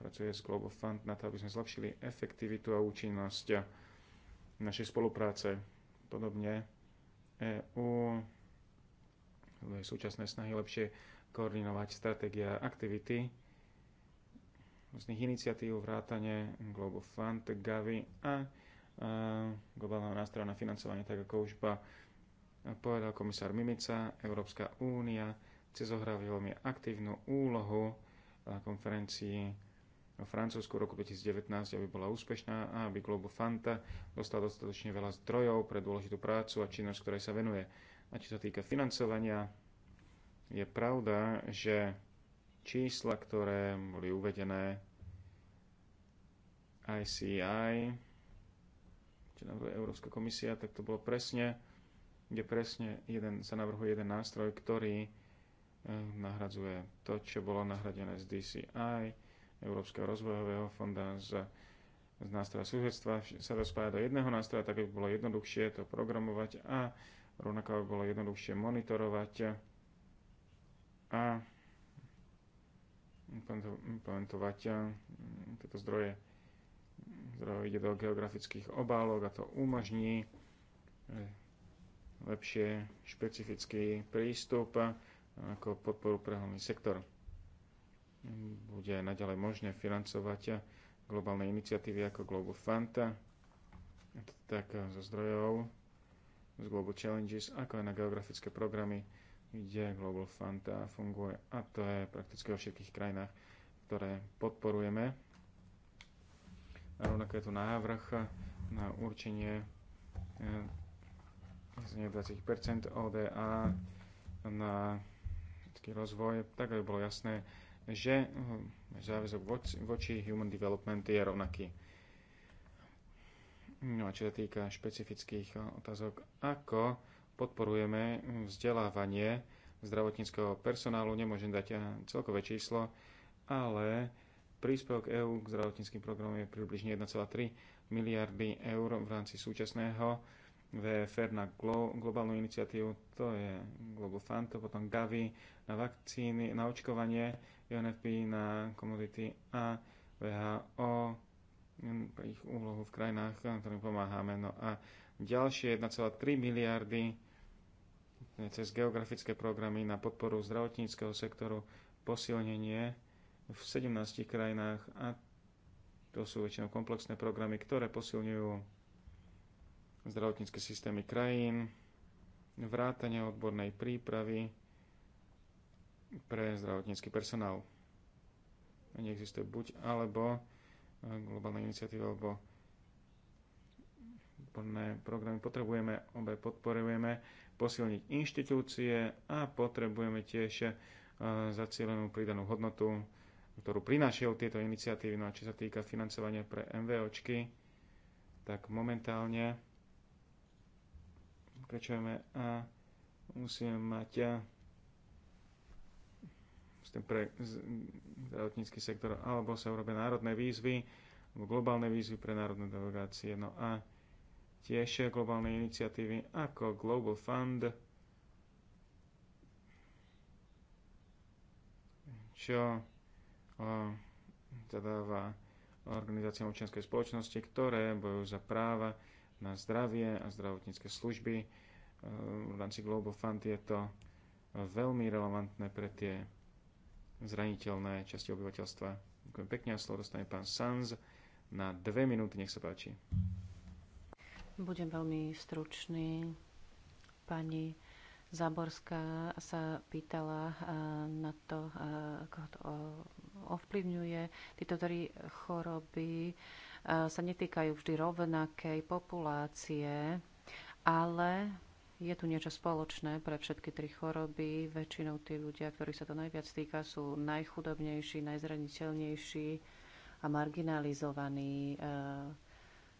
pracuje s Global Fund na to, aby sme zlepšili efektivitu a účinnosť našej spolupráce. Podobne EU súčasné snahy lepšie koordinovať stratégia aktivity rôznych iniciatív, vrátane Global Fund, Gavi a, globálneho nástroja na financovanie, tak ako už povedal komisár Mimica, Európska únia chce zohrať veľmi aktívnu úlohu na konferencii v Francúzsku roku 2019, aby bola úspešná a aby Globo Fanta dostal dostatočne veľa zdrojov pre dôležitú prácu a činnosť, ktorej sa venuje. A čo sa týka financovania, je pravda, že čísla, ktoré boli uvedené ICI, čo navrhuje Európska komisia, tak to bolo presne, kde presne jeden, sa navrhuje jeden nástroj, ktorý eh, nahradzuje to, čo bolo nahradené z DCI, Európskeho rozvojového fonda z, z nástroja súhedstva, sa to spája do jedného nástroja, tak by bolo jednoduchšie to programovať a rovnako by bolo jednoduchšie monitorovať a implementovať tieto zdroje. Zdroje ide do geografických obálok a to umožní e, lepšie špecifický prístup ako podporu pre hlavný sektor. Bude naďalej možné financovať globálne iniciatívy ako Global Fund, tak zo zdrojov z Global Challenges, ako aj na geografické programy kde Global Fund funguje a to je prakticky vo všetkých krajinách, ktoré podporujeme. A rovnako je tu návrh na určenie 20% eh, ODA na rozvoj, tak aby bolo jasné, že eh, záväzok voči Human Development je rovnaký. No a čo sa týka špecifických eh, otázok, ako podporujeme vzdelávanie zdravotníckého personálu. Nemôžem dať e, celkové číslo, ale príspevok EÚ k zdravotníckým programom je približne 1,3 miliardy eur v rámci súčasného VFR na glo- globálnu iniciatívu, to je Global Fund, to potom Gavi na vakcíny, na očkovanie, UNFP na komodity a VHO pre ich úlohu v krajinách, ktorým pomáhame. No a ďalšie 1,3 miliardy cez geografické programy na podporu zdravotníckého sektoru, posilnenie v 17 krajinách a to sú väčšinou komplexné programy, ktoré posilňujú zdravotnícke systémy krajín, vrátanie odbornej prípravy pre zdravotnícky personál. Neexistuje buď alebo eh, globálna iniciatíva alebo odborné programy potrebujeme, obe podporujeme posilniť inštitúcie a potrebujeme tiež eh, za cieľenú pridanú hodnotu, ktorú prinášajú tieto iniciatívy. No a čo sa týka financovania pre MVOčky, tak momentálne pokračujeme a musíme mať eh, pre zdravotnícky sektor, alebo sa urobia národné výzvy, alebo globálne výzvy pre národné delegácie. No a tiež globálne iniciatívy ako Global Fund, čo zadáva organizáciám občianskej spoločnosti, ktoré bojujú za práva na zdravie a zdravotnícke služby. E, v rámci Global Fund je to veľmi relevantné pre tie zraniteľné časti obyvateľstva. Ďakujem pekne a slovo dostane pán Sanz na dve minúty, nech sa páči. Budem veľmi stručný. Pani Zaborská sa pýtala eh, na to, eh, koho to eh, ovplyvňuje. Tieto tri choroby sa netýkajú vždy rovnakej populácie, ale je tu niečo spoločné pre všetky tri choroby. Väčšinou tí ľudia, ktorí sa to najviac týka, sú najchudobnejší, najzraniteľnejší a marginalizovaní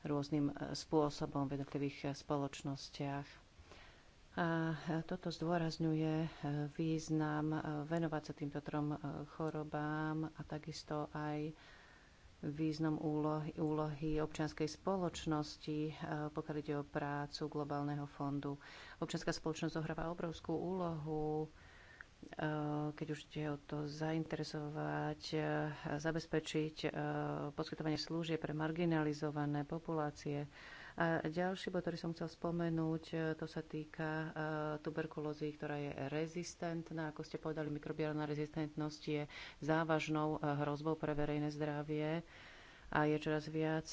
rôznym e, spôsobom v jednotlivých e, spoločnostiach. A e, toto zdôrazňuje význam venovať sa týmto trom chorobám a takisto aj význam úlohy, úlohy občianskej spoločnosti, pokiaľ ide o prácu Globálneho fondu. Občianská spoločnosť zohráva obrovskú úlohu Eh, keď už ide o to zainteresovať, eh, zabezpečiť eh, poskytovanie služie pre marginalizované populácie. A ďalší bod, ktorý som chcel spomenúť, to sa týka tuberkulózy, ktorá je rezistentná. Ako ste povedali, mikrobiálna rezistentnosť je závažnou hrozbou pre verejné zdravie a je čoraz viac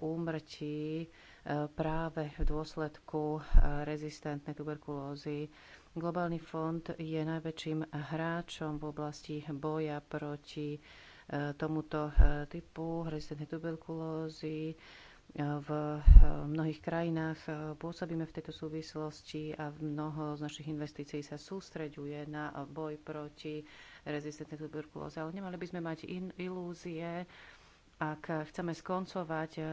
úmrtí práve v dôsledku rezistentnej tuberkulózy. Globálny fond je najväčším hráčom v oblasti boja proti e, tomuto e, typu rezistentnej tuberkulózy. E, v mnohých krajinách pôsobíme v tejto súvislosti a mnoho z našich investícií sa sústreďuje na boj proti rezistentnej tuberkulóze. Ale nemali by sme mať in, ilúzie, ak chceme skoncovať e, e,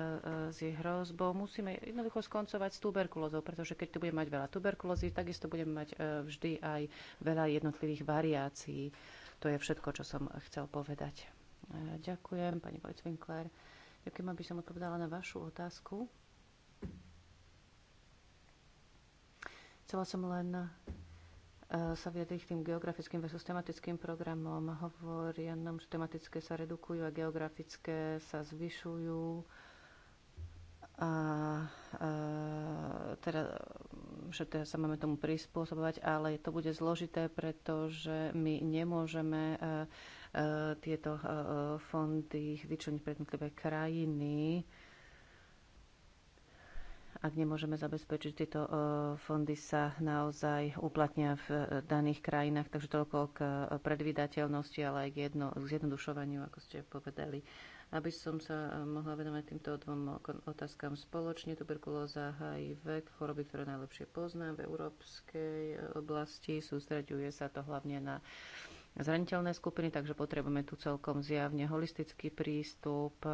s jej hrozbou, musíme jednoducho skoncovať s tuberkulózou, pretože keď tu budeme mať veľa tuberkulózy, takisto budeme mať e, vždy aj veľa jednotlivých variácií. To je všetko, čo som chcel povedať. Ďakujem, pani Vojtvinkler. Ďakujem, aby som odpovedala na vašu otázku. Chcela som len Eh, sa vyjadriť tým geografickým versus tematickým programom. Hovoria nám, že tematické sa redukujú a geografické sa zvyšujú. A, a eh, teda, že teda sa máme tomu prispôsobovať, ale to bude zložité, pretože my nemôžeme a, eh, a, tieto a, fondy vyčleniť pre jednotlivé krajiny. A, ak nemôžeme zabezpečiť, tieto e, fondy sa naozaj uplatnia v e, daných krajinách. Takže toľko k e, predvydateľnosti, ale aj k, jedno, k zjednodušovaniu, ako ste povedali. Aby som sa mohla venovať týmto dvom otázkam spoločne, tuberkulóza, HIV, choroby, ktoré najlepšie poznám v európskej oblasti, sústreďuje sa to hlavne na uh, zraniteľné skupiny, takže potrebujeme tu celkom zjavne holistický prístup. E,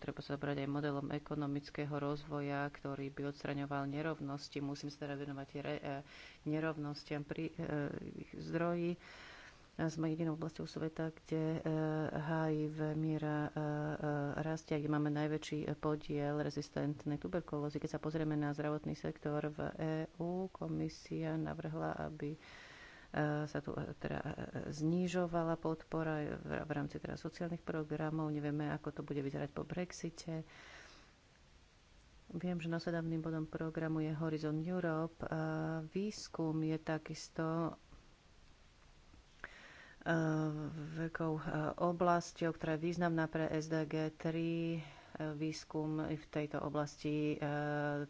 Treba sa brať aj modelom ekonomického rozvoja, ktorý by odstraňoval nerovnosti. Musím sa teda venovať re, e, nerovnostiam pri e, ich zdroji. Sme jedinou oblasťou sveta, kde HIV miera rastia, kde máme najväčší podiel rezistentnej tuberkulózy. Keď sa pozrieme na zdravotný sektor v EÚ, komisia navrhla, aby Eh, sa tu eh, teda eh, znižovala podpora v rámci teda sociálnych programov. Nevieme, ako to bude vyzerať po Brexite. Viem, že nasledovným bodom programu je Horizon Europe. Výskum je takisto veľkou oblasťou, ktorá je významná pre SDG 3. Výskum v tejto oblasti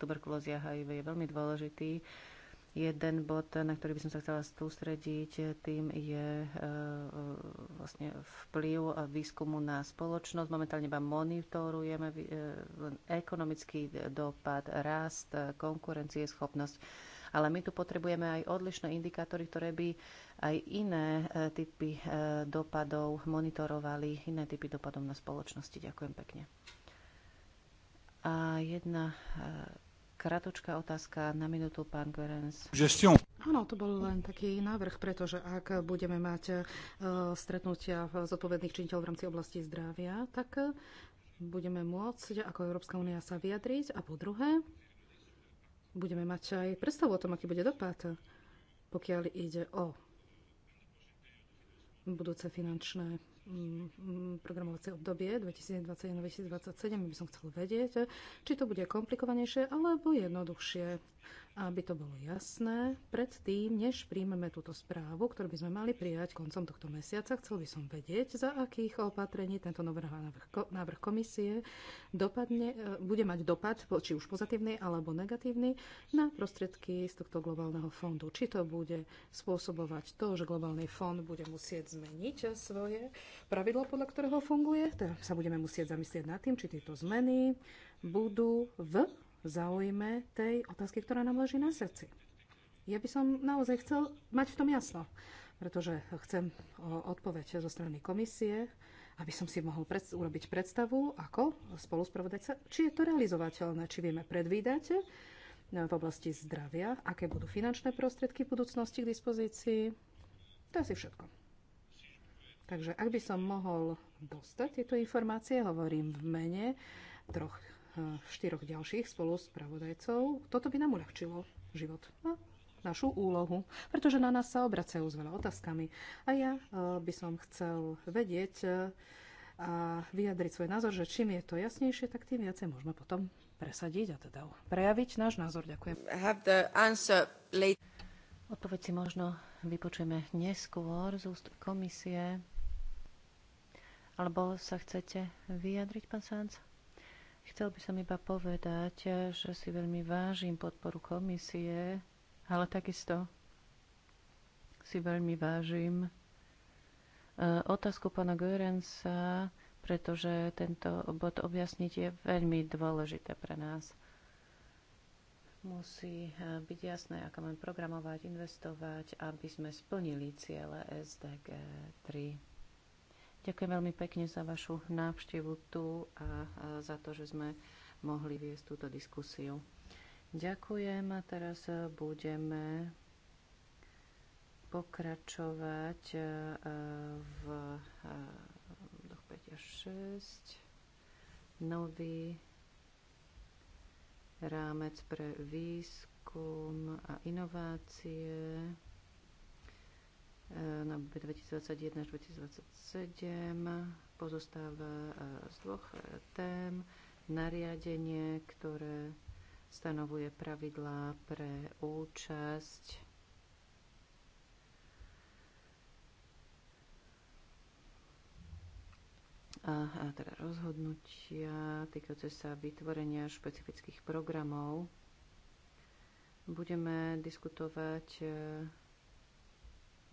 tuberkulózia HIV je veľmi dôležitý Jeden bod, na ktorý by som sa chcela sústrediť, tým je e, e, vlastne vplyv výskumu na spoločnosť. Momentálne iba monitorujeme e, ekonomický dopad, rast, schopnosť. Ale my tu potrebujeme aj odlišné indikátory, ktoré by aj iné typy dopadov monitorovali, iné typy dopadov na spoločnosti. Ďakujem pekne. A jedna Kratučká otázka na minútu, pán Görens. Gestion. Áno, to bol len taký návrh, pretože ak budeme mať uh, stretnutia zodpovedných činiteľov v rámci oblasti zdravia, tak e, budeme môcť ako Európska únia sa vyjadriť a po druhé budeme mať aj predstavu o tom, aký bude dopad, pokiaľ ide o budúce finančné Mm, programovacie obdobie 2021-2027, by som chcel vedieť, či to bude komplikovanejšie alebo jednoduchšie aby to bolo jasné, predtým, než príjmeme túto správu, ktorú by sme mali prijať koncom tohto mesiaca, chcel by som vedieť, za akých opatrení tento návrh, návrh komisie dopadne, e, bude mať dopad, či už pozitívny alebo negatívny, na prostriedky z tohto globálneho fondu. Či to bude spôsobovať to, že globálny fond bude musieť zmeniť e, svoje pravidlo, podľa ktorého funguje, tak teda sa budeme musieť zamyslieť nad tým, či tieto zmeny budú v zaujme tej otázky, ktorá nám leží na srdci. Ja by som naozaj chcel mať v tom jasno, pretože chcem odpoveď zo strany komisie, aby som si mohol pred, urobiť predstavu, ako spoluspravodajca, či je to realizovateľné, či vieme predvídať e, v oblasti zdravia, aké budú finančné prostriedky v budúcnosti k dispozícii. To asi všetko. Takže ak by som mohol dostať tieto informácie, hovorím v mene troch štyroch ďalších spolu s pravodajcov. Toto by nám uľahčilo život a našu úlohu, pretože na nás sa obracajú s veľa otázkami. A ja e, by som chcel vedieť e, a vyjadriť svoj názor, že čím je to jasnejšie, tak tým viacej môžeme potom presadiť a teda prejaviť náš názor. Ďakujem. Odpoveď si možno vypočujeme neskôr z úst komisie. Alebo sa chcete vyjadriť, pán Sánc? Chcel by som iba povedať, eh, že si veľmi vážim podporu komisie, ale takisto si veľmi vážim eh, otázku pána Görensa, pretože tento bod objasniť je veľmi dôležité pre nás. Musí eh, byť jasné, ako máme programovať, investovať, aby sme splnili ciele SDG 3. Ďakujem veľmi pekne za vašu návštevu tu a za to, že sme mohli viesť túto diskusiu. Ďakujem a teraz e, budeme pokračovať e, e, v 5 až 6 nový rámec pre výskum a inovácie. Eh, na obdobie 2021 až 2027 pozostáva eh, z dvoch eh, tém. Nariadenie, ktoré stanovuje pravidlá pre účasť a teda rozhodnutia týkajúce sa vytvorenia špecifických programov. Budeme diskutovať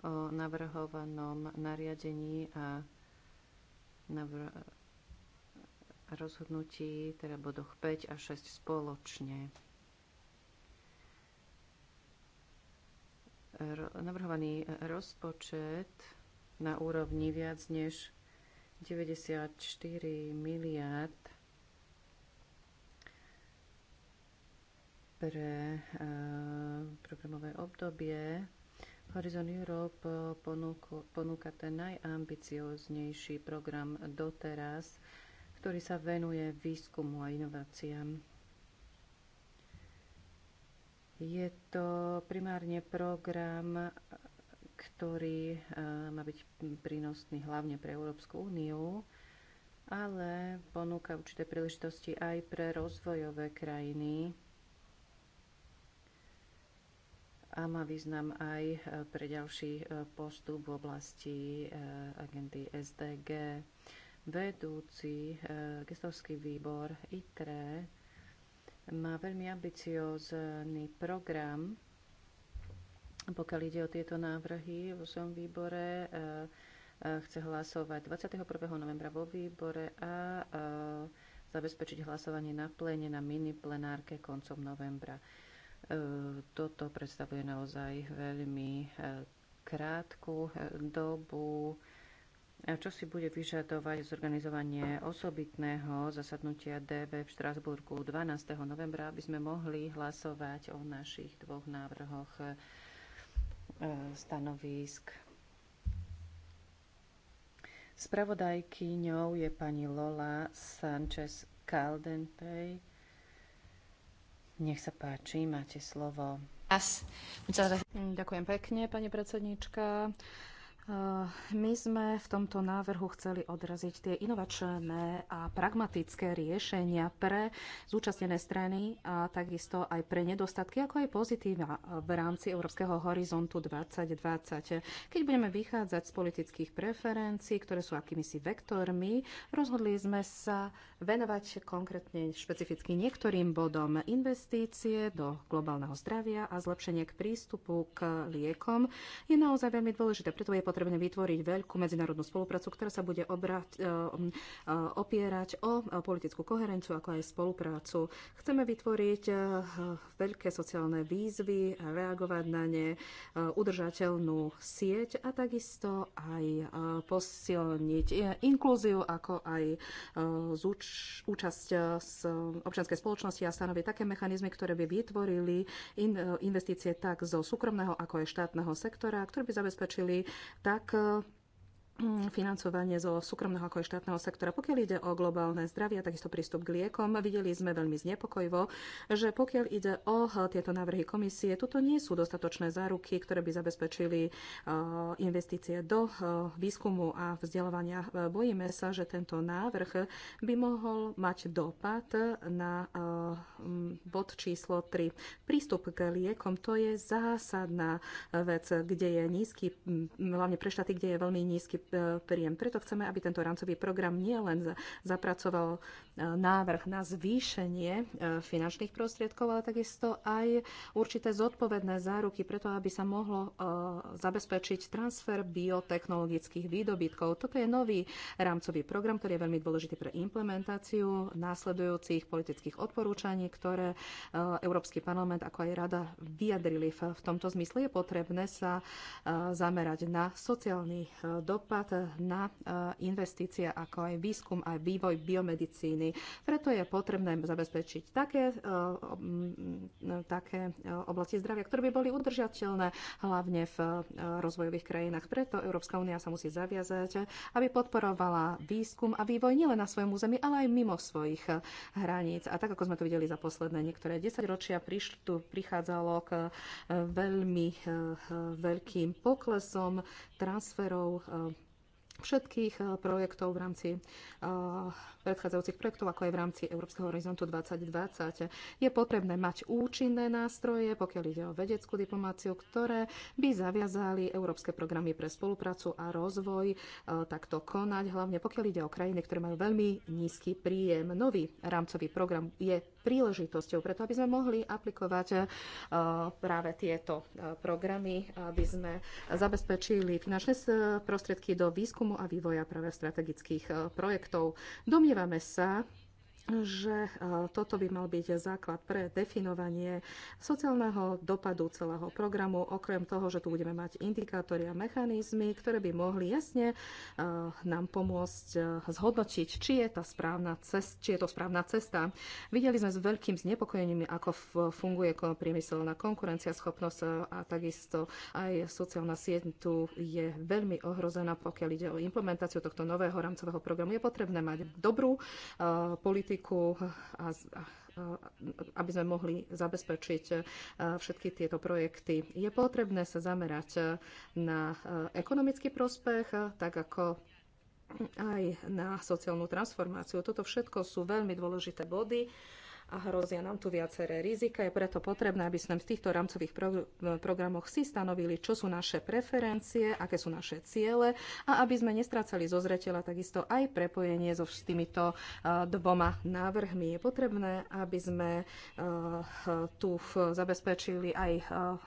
o navrhovanom nariadení a navr- rozhodnutí, teda bodoch 5 a 6 spoločne. navrhovaný rozpočet na úrovni viac než 94 miliard pre eh, programové obdobie Horizon Europe eh, ponúka ten najambicioznejší program doteraz, ktorý sa venuje výskumu a inováciám. Je to primárne program, ktorý eh, má byť prínosný hlavne pre Európsku úniu, ale ponúka určité príležitosti aj pre rozvojové krajiny, a má význam aj e, pre ďalší e, postup v oblasti e, agendy SDG. Vedúci gestovský výbor ITRE má veľmi ambiciózny program, pokiaľ ide o tieto návrhy vo svojom výbore. Chce hlasovať 21. novembra vo výbore a zabezpečiť hlasovanie na pléne na mini plenárke koncom novembra. E, toto predstavuje naozaj veľmi e, krátku e, dobu, čo si bude vyžadovať zorganizovanie osobitného zasadnutia DB v Štrasburgu 12. novembra, aby sme mohli hlasovať o našich dvoch návrhoch stanovísk. Spravodajkyňou je pani Lola Sanchez Caldentej nech sa páči, máte slovo. Ďakujem pekne, pani predsednička. Eh, my sme v tomto návrhu chceli odraziť tie inovačné a pragmatické riešenia pre zúčastnené strany a takisto aj pre nedostatky, ako aj pozitíva v rámci Európskeho horizontu 2020. Keď budeme vychádzať z politických preferencií, ktoré sú akýmisi vektormi, rozhodli sme sa venovať konkrétne špecificky niektorým bodom investície do globálneho zdravia a zlepšenie k prístupu k liekom je naozaj veľmi dôležité. Preto je potrebné potrebné vytvoriť veľkú medzinárodnú spoluprácu, ktorá sa bude obrať, e, e, opierať o e, politickú koherenciu, ako aj spoluprácu. Chceme vytvoriť veľké sociálne výzvy, reagovať na ne, udržateľnú sieť a takisto aj posilniť inklúziu, ako aj účasť z občianskej spoločnosti a stanoviť také mechanizmy, ktoré by vytvorili investície tak zo súkromného, ako aj štátneho sektora, ktoré by zabezpečili tak eh, Mm, financovanie zo súkromného ako aj štátneho sektora. Pokiaľ ide o globálne zdravie a takisto prístup k liekom, videli sme veľmi znepokojivo, že pokiaľ ide o eh, tieto návrhy komisie, tuto nie sú dostatočné záruky, ktoré by zabezpečili eh, investície do eh, výskumu a vzdelávania. Bojíme sa, že tento návrh by mohol mať dopad na bod číslo 3. Prístup k liekom to je zásadná vec, kde je nízky, hlavne pre štáty, kde je veľmi nízky príjem. Preto chceme, aby tento rámcový program nielen zapracoval e, návrh na zvýšenie e, finančných prostriedkov, ale takisto aj určité zodpovedné záruky, preto aby sa mohlo e, zabezpečiť transfer biotechnologických výdobytkov. Toto je nový rámcový program, ktorý je veľmi dôležitý pre implementáciu následujúcich politických odporúčaní, ktoré Európsky parlament ako aj rada vyjadrili v tomto zmysle. Je potrebné sa zamerať na sociálny dopad napríklad na eh, investície ako aj výskum a vývoj biomedicíny. Preto je potrebné zabezpečiť také, eh, také eh, oblasti zdravia, ktoré by boli udržateľné hlavne v rozvojových krajinách. Preto Európska únia sa musí zaviazať, aby podporovala výskum a vývoj nielen na svojom území, ale aj mimo svojich hraníc. A tak, ako sme to videli za posledné niektoré desaťročia, tu prichádzalo k veľmi veľkým poklesom transferov všetkých eh, projektov v rámci eh, predchádzajúcich projektov, ako aj v rámci Európskeho horizontu 2020. Je potrebné mať účinné nástroje, pokiaľ ide o vedeckú diplomáciu, ktoré by zaviazali európske programy pre spoluprácu a rozvoj eh, takto konať, hlavne pokiaľ ide o krajiny, ktoré majú veľmi nízky príjem. Nový rámcový program je príležitosťou, preto aby sme mohli aplikovať e, práve tieto e, programy, aby sme zabezpečili finančné prostriedky do výskumu a vývoja práve strategických e, projektov. Domnievame sa, že e, toto by mal byť základ pre definovanie sociálneho dopadu celého programu, okrem toho, že tu budeme mať indikátory a mechanizmy, ktoré by mohli jasne e, nám pomôcť e, zhodnotiť, či je, tá správna cest, či je to správna cesta. Videli sme s veľkým znepokojením, ako funguje priemyselná konkurencia, schopnosť a takisto aj sociálna sieť tu je veľmi ohrozená, pokiaľ ide o implementáciu tohto nového rámcového programu. Je potrebné mať dobrú politiku, politiku, a, a, aby sme mohli zabezpečiť e, všetky tieto projekty. Je potrebné sa zamerať e, na e, ekonomický prospech, tak ako aj na sociálnu transformáciu. Toto všetko sú veľmi dôležité body a hrozia nám tu viaceré rizika. Je preto potrebné, aby sme v týchto rámcových progr programoch si stanovili, čo sú naše preferencie, aké sú naše ciele a aby sme nestracali zo zretela takisto aj prepojenie so s týmito uh, dvoma návrhmi. Je potrebné, aby sme uh, tu zabezpečili aj uh,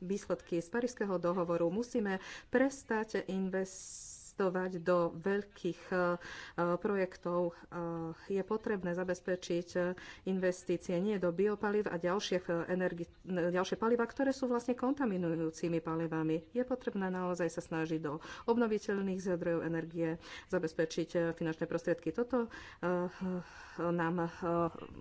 výsledky z Parížského dohovoru. Musíme prestať investovať investovať do veľkých eh, eh, projektov. Eh, je potrebné zabezpečiť investície nie do biopaliv a ďalšie, energi- ďalšie paliva, ktoré sú vlastne kontaminujúcimi palivami. Je potrebné naozaj sa snažiť do obnoviteľných zdrojov energie zabezpečiť finančné prostriedky. Toto nám,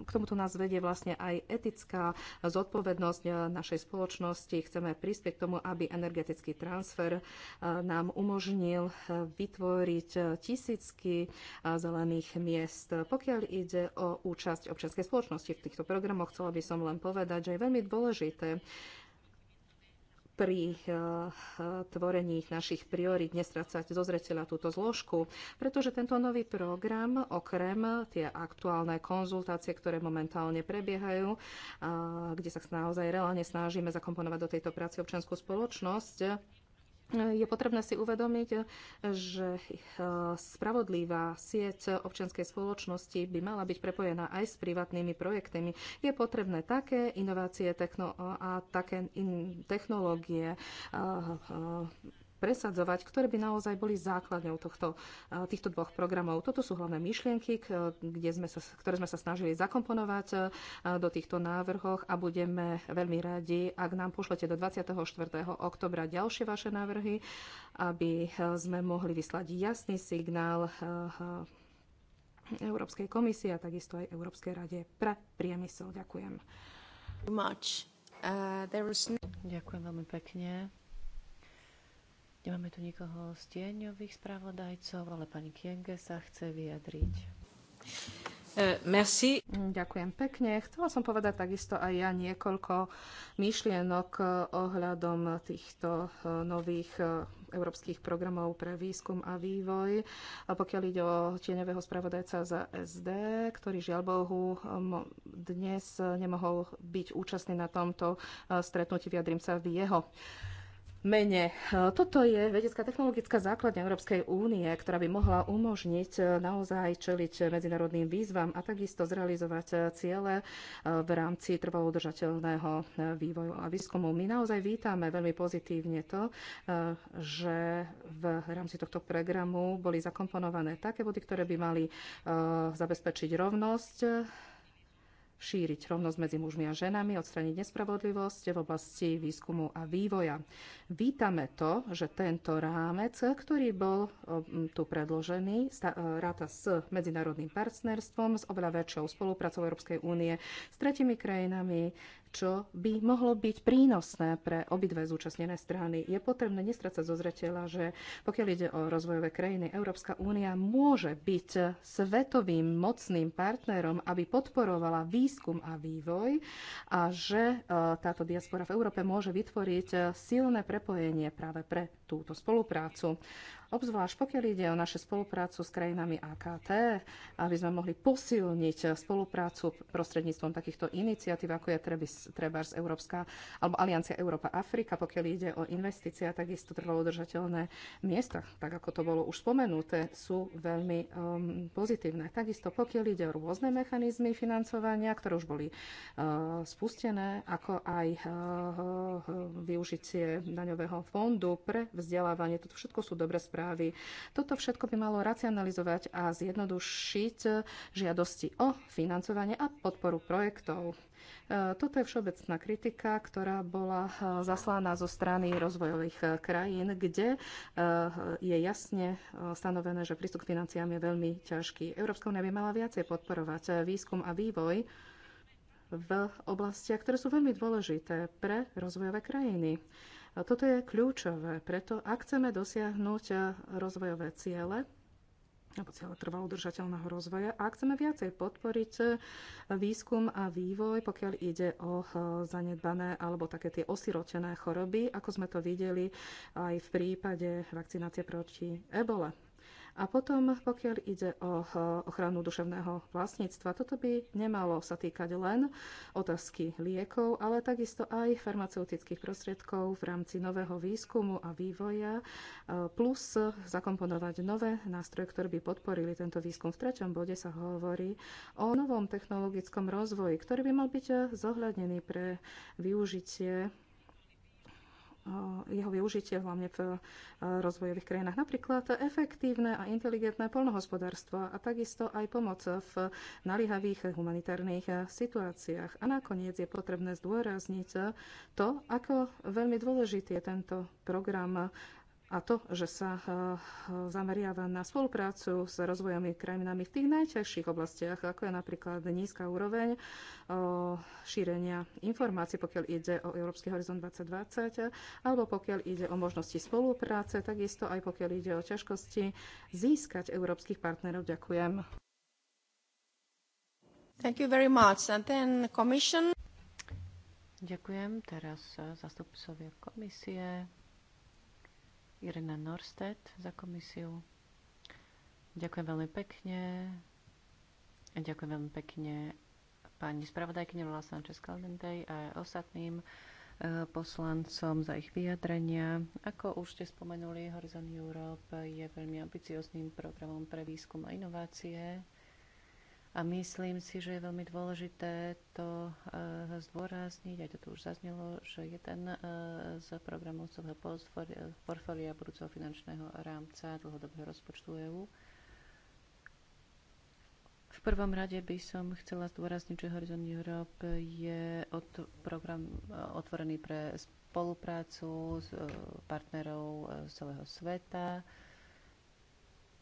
k tomuto nás vedie vlastne aj etická zodpovednosť našej spoločnosti. Chceme prispieť k tomu, aby energetický transfer nám umožnil vytvoriť eh, tisícky eh, zelených miest. Pokiaľ ide o účasť občianskej spoločnosti v týchto programoch, chcela by som len povedať, že je veľmi dôležité, pri eh, tvorení našich priorít nestrácať zo zreteľa túto zložku, pretože tento nový program, okrem tie aktuálne konzultácie, ktoré momentálne prebiehajú, kde sa naozaj reálne snažíme zakomponovať do tejto práce občanskú spoločnosť, je potrebné si uvedomiť, že e, spravodlivá sieť občianskej spoločnosti by mala byť prepojená aj s privátnymi projektami. Je potrebné také inovácie techno- a také in- technológie, presadzovať, ktoré by naozaj boli základňou tohto, eh, týchto dvoch programov. Toto sú hlavné myšlienky, eh, kde sme sa, ktoré sme sa snažili zakomponovať eh, do týchto návrhoch a budeme veľmi radi, ak nám pošlete do 24. oktobra ďalšie vaše návrhy, aby sme mohli vyslať jasný signál Európskej komisie a takisto aj Európskej rade pre priemysel. Ďakujem. Uh, no- Ďakujem veľmi pekne. Nemáme tu nikoho z tieňových spravodajcov, ale pani Kienge sa chce vyjadriť. E, merci. Ďakujem pekne. Chcela som povedať takisto aj ja niekoľko myšlienok e, ohľadom týchto e, nových európskych programov pre výskum a vývoj. A pokiaľ ide o tieňového spravodajca za SD, ktorý žiaľ Bohu dnes nemohol byť účastný na tomto stretnutí, vyjadrím sa v jeho mene. E, toto je vedecká technologická základňa Európskej únie, ktorá by mohla umožniť e, naozaj čeliť medzinárodným výzvam a takisto zrealizovať e, ciele v rámci trvalo udržateľného vývoju a výskumu. My naozaj vítame veľmi pozitívne to, že v rámci tohto programu boli zakomponované také body, ktoré by mali zabezpečiť rovnosť šíriť rovnosť medzi mužmi a ženami, odstraniť nespravodlivosť v oblasti výskumu a vývoja. Vítame to, že tento rámec, ktorý bol tu predložený, e, ráta s medzinárodným partnerstvom, s oveľa väčšou spoluprácou Európskej únie s tretimi krajinami, čo by mohlo byť prínosné pre obidve zúčastnené strany. Je potrebné nestracať zo zreteľa, že pokiaľ ide o rozvojové krajiny, Európska únia môže byť svetovým mocným partnerom, aby podporovala výskum a vývoj a že e, táto diaspora v Európe môže vytvoriť e, silné prepojenie práve pre túto spoluprácu. Obzvlášť pokiaľ ide o našu spoluprácu s krajinami AKT, aby sme mohli posilniť spoluprácu prostredníctvom takýchto iniciatív, ako je Trebárs Európska alebo Aliancia Európa-Afrika, pokiaľ ide o investície a takisto trvalo udržateľné miesta, tak ako to bolo už spomenuté, sú veľmi um, pozitívne. Takisto pokiaľ ide o rôzne mechanizmy financovania, ktoré už boli uh, spustené, ako aj uh, uh, využitie daňového fondu pre vzdelávanie, toto všetko sú dobre správne správy. Toto všetko by malo racionalizovať a zjednodušiť žiadosti o financovanie a podporu projektov. E, toto je všeobecná kritika, ktorá bola e, zaslána zo strany rozvojových e, krajín, kde je jasne stanovené, že prístup k financiám je veľmi ťažký. Európska únia by mala viacej podporovať výskum a vývoj v oblastiach, ktoré sú veľmi dôležité pre rozvojové krajiny. A toto je kľúčové, preto ak chceme dosiahnuť e, rozvojové ciele, alebo cieľa trvalo udržateľného rozvoja a chceme viacej podporiť e, výskum a vývoj, pokiaľ ide o e, zanedbané alebo také tie osirotené choroby, ako sme to videli aj v prípade vakcinácie proti ebole. A potom, pokiaľ ide o ochranu duševného vlastníctva, toto by nemalo sa týkať len otázky liekov, ale takisto aj farmaceutických prostriedkov v rámci nového výskumu a vývoja, e, plus zakomponovať nové nástroje, ktoré by podporili tento výskum. V treťom bode sa hovorí o novom technologickom rozvoji, ktorý by mal byť zohľadnený pre využitie Eh, jeho využitie hlavne v eh, rozvojových krajinách. Napríklad efektívne a inteligentné polnohospodárstvo a takisto aj pomoc v naliehavých humanitárnych eh, situáciách. A nakoniec je potrebné zdôrazniť to, ako veľmi dôležitý je tento program a to, že sa eh, zameriava na spoluprácu s rozvojami krajinami v tých najťažších oblastiach, ako je napríklad nízka úroveň eh, šírenia informácií, pokiaľ ide o Európsky horizont 2020, alebo pokiaľ ide o možnosti spolupráce, takisto aj pokiaľ ide o ťažkosti získať európskych partnerov. Ďakujem. Thank you very much. And then commission. Ďakujem. Teraz eh, zastupcovia komisie. Irena Norstedt za komisiu. Ďakujem veľmi pekne. Ďakujem veľmi pekne pani spravodajkyne Lola Sanchez Caldentej a ostatným eh, poslancom za ich vyjadrenia. Ako už ste spomenuli, Horizon Europe je veľmi ambicióznym programom pre výskum a inovácie a myslím si, že je veľmi dôležité to eh, zdôrazniť, aj to tu už zaznelo, že jeden eh, z programov celého portfólia budúceho finančného rámca dlhodobého rozpočtu EÚ v prvom rade by som chcela zdôrazniť, že Horizon Europe je od program eh, otvorený pre spoluprácu s partnerov z celého sveta.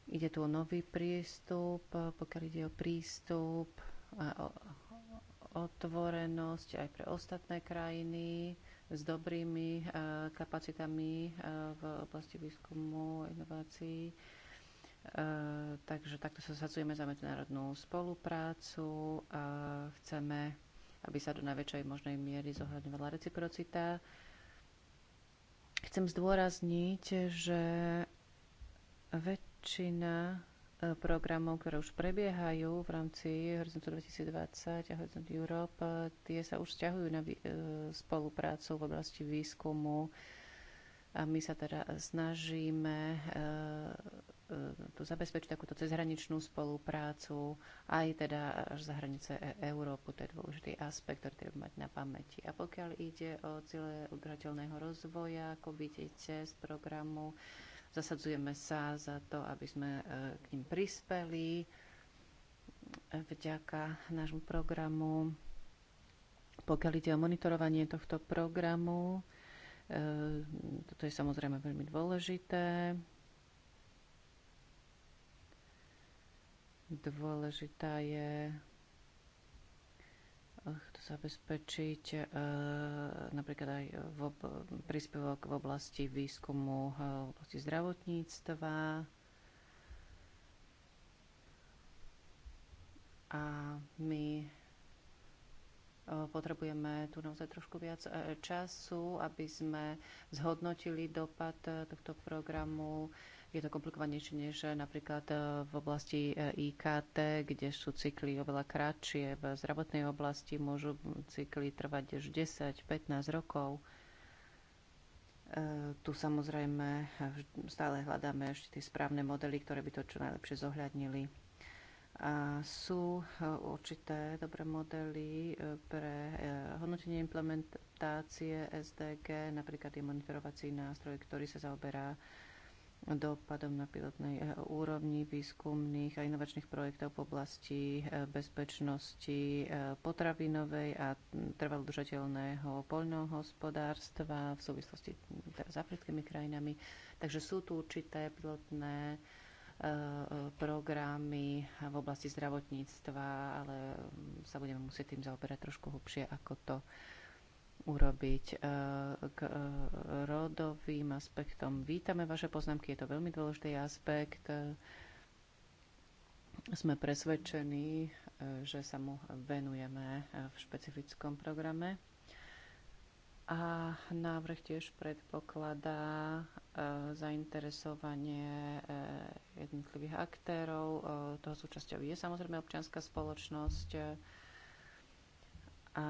Ide tu o nový prístup, pokiaľ ide o prístup a otvorenosť aj pre ostatné krajiny s dobrými e, kapacitami e, v oblasti výskumu a inovácií. E, takže takto sa zasadzujeme za medzinárodnú spoluprácu. a Chceme, aby sa do najväčšej možnej miery zohľadňovala reciprocita. Chcem zdôrazniť, že väč- väčšina e, programov, ktoré už prebiehajú v rámci Horizontu 2020 a Horizont Europe, e, tie sa už vzťahujú na e, spoluprácu v oblasti výskumu a my sa teda snažíme tu zabezpečiť takúto cezhraničnú spoluprácu aj teda až za hranice Európu. To je dôležitý aspekt, ktorý treba mať na pamäti. A pokiaľ ide o cieľe udržateľného rozvoja, ako vidíte z programu Zasadzujeme sa za to, aby sme e, k ním prispeli vďaka nášmu programu. Pokiaľ ide o monitorovanie tohto programu, e, toto je samozrejme veľmi dôležité. Dôležitá je zabezpečiť e, napríklad aj v ob- príspevok v oblasti výskumu, e, v oblasti zdravotníctva. A my e, potrebujeme tu naozaj trošku viac času, aby sme zhodnotili dopad tohto programu je to komplikovanejšie než eh, napríklad eh, v oblasti eh, IKT, kde sú cykly oveľa kratšie. V zdravotnej oblasti môžu cykly trvať až 10-15 rokov. Tu samozrejme stále hľadáme ešte tie správne modely, ktoré by to čo najlepšie zohľadnili. A sú určité dobré modely pre hodnotenie implementácie SDG, napríklad je monitorovací nástroj, ktorý sa zaoberá dopadom na pilotnej eh, úrovni výskumných a inovačných projektov v oblasti eh, bezpečnosti eh, potravinovej a hm, trvalodržateľného poľnohospodárstva v súvislosti hm, teda s africkými krajinami. Takže sú tu určité pilotné programy v oblasti zdravotníctva, ale hm, sa budeme musieť tým zaoberať trošku hlbšie, ako to urobiť eh, k eh, rodovým aspektom. Vítame vaše poznámky, je to veľmi dôležitý aspekt. Sme presvedčení, eh, že sa mu venujeme v špecifickom programe. A návrh tiež predpokladá zainteresovanie jednotlivých aktérov. Toho súčasťou je samozrejme občianská spoločnosť, a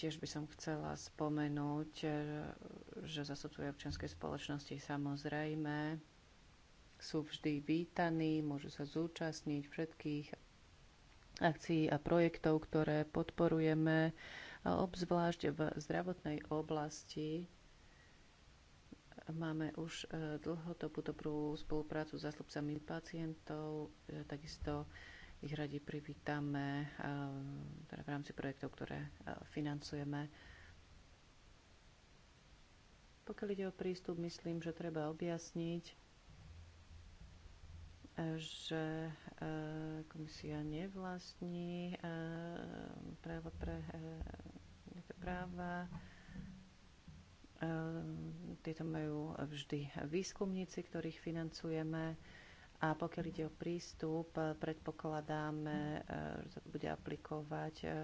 tiež by som chcela spomenúť, e, že zastupcovia občianskej spoločnosti samozrejme sú vždy vítaní, môžu sa zúčastniť všetkých akcií a projektov, ktoré podporujeme, obzvlášť v zdravotnej oblasti. Máme už e, dlhodobú dobrú spoluprácu s zastupcami pacientov, e, takisto ich radi privítame eh, teda v rámci projektov, ktoré eh, financujeme. Pokiaľ ide o prístup, myslím, že treba objasniť, že eh, komisia nevlastní práva pre nejaké práva. Tieto majú vždy výskumníci, ktorých financujeme a pokiaľ ide o prístup, eh, predpokladáme, eh, že sa bude aplikovať eh,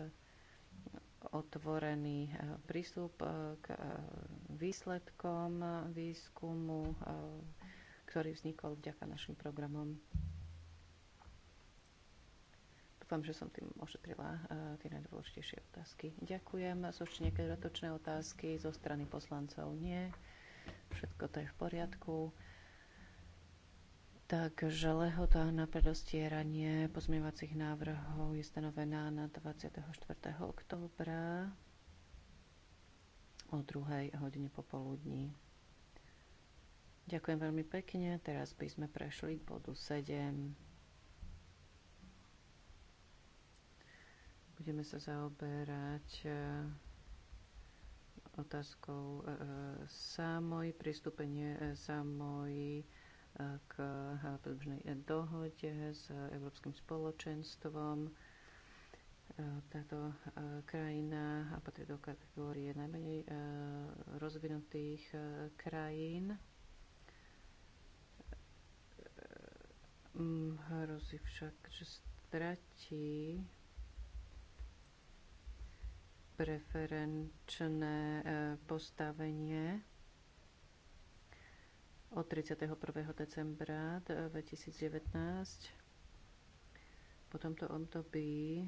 otvorený prístup k výsledkom výskumu, ktorý vznikol vďaka našim programom. Dúfam, že som tým ošetrila tie najdôležitejšie otázky. Ďakujem. Sú ešte nejaké dodatočné otázky zo strany poslancov? Nie. Všetko to je v poriadku. Takže lehota na predostieranie pozmievacích návrhov je stanovená na 24. októbra o 2. hodine popoludní. Ďakujem veľmi pekne. Teraz by sme prešli k bodu 7. Budeme sa zaoberať eh, otázkou eh, eh, samoj, pristúpenie samoj k eh, predbežnej dohode s Európskym spoločenstvom. Eh, táto eh, krajina patrí do kategórie najmenej rozvinutých krajín. Mm, hrozí však, že stratí preferenčné postavenie od 31. decembra 2019. Po tomto období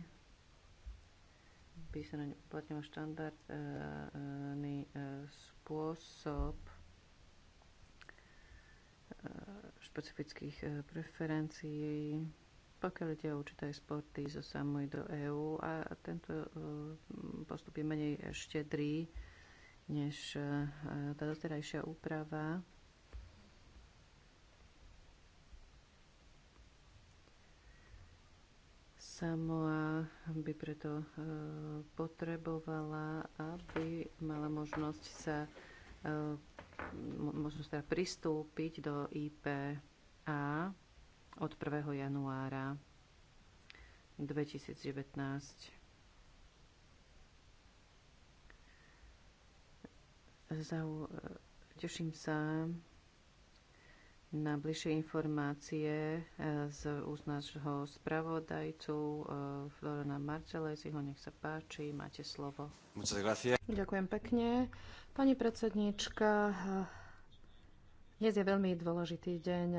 by sa na ne uplatňoval štandardný e, e, e, spôsob špecifických preferencií, pokiaľ ide o určité sporty zo samoj do EÚ a tento postup je menej štedrý než tá doterajšia úprava. Samoa by preto e, potrebovala, aby mala možnosť sa e, možnosť teda pristúpiť do IPA od 1. januára 2019. Zau, e, teším sa, na bližšie informácie e, z úst nášho spravodajcu e, Florana ho Nech sa páči, máte slovo. Ďakujem pekne. Pani predsednička, e, dnes je veľmi dôležitý deň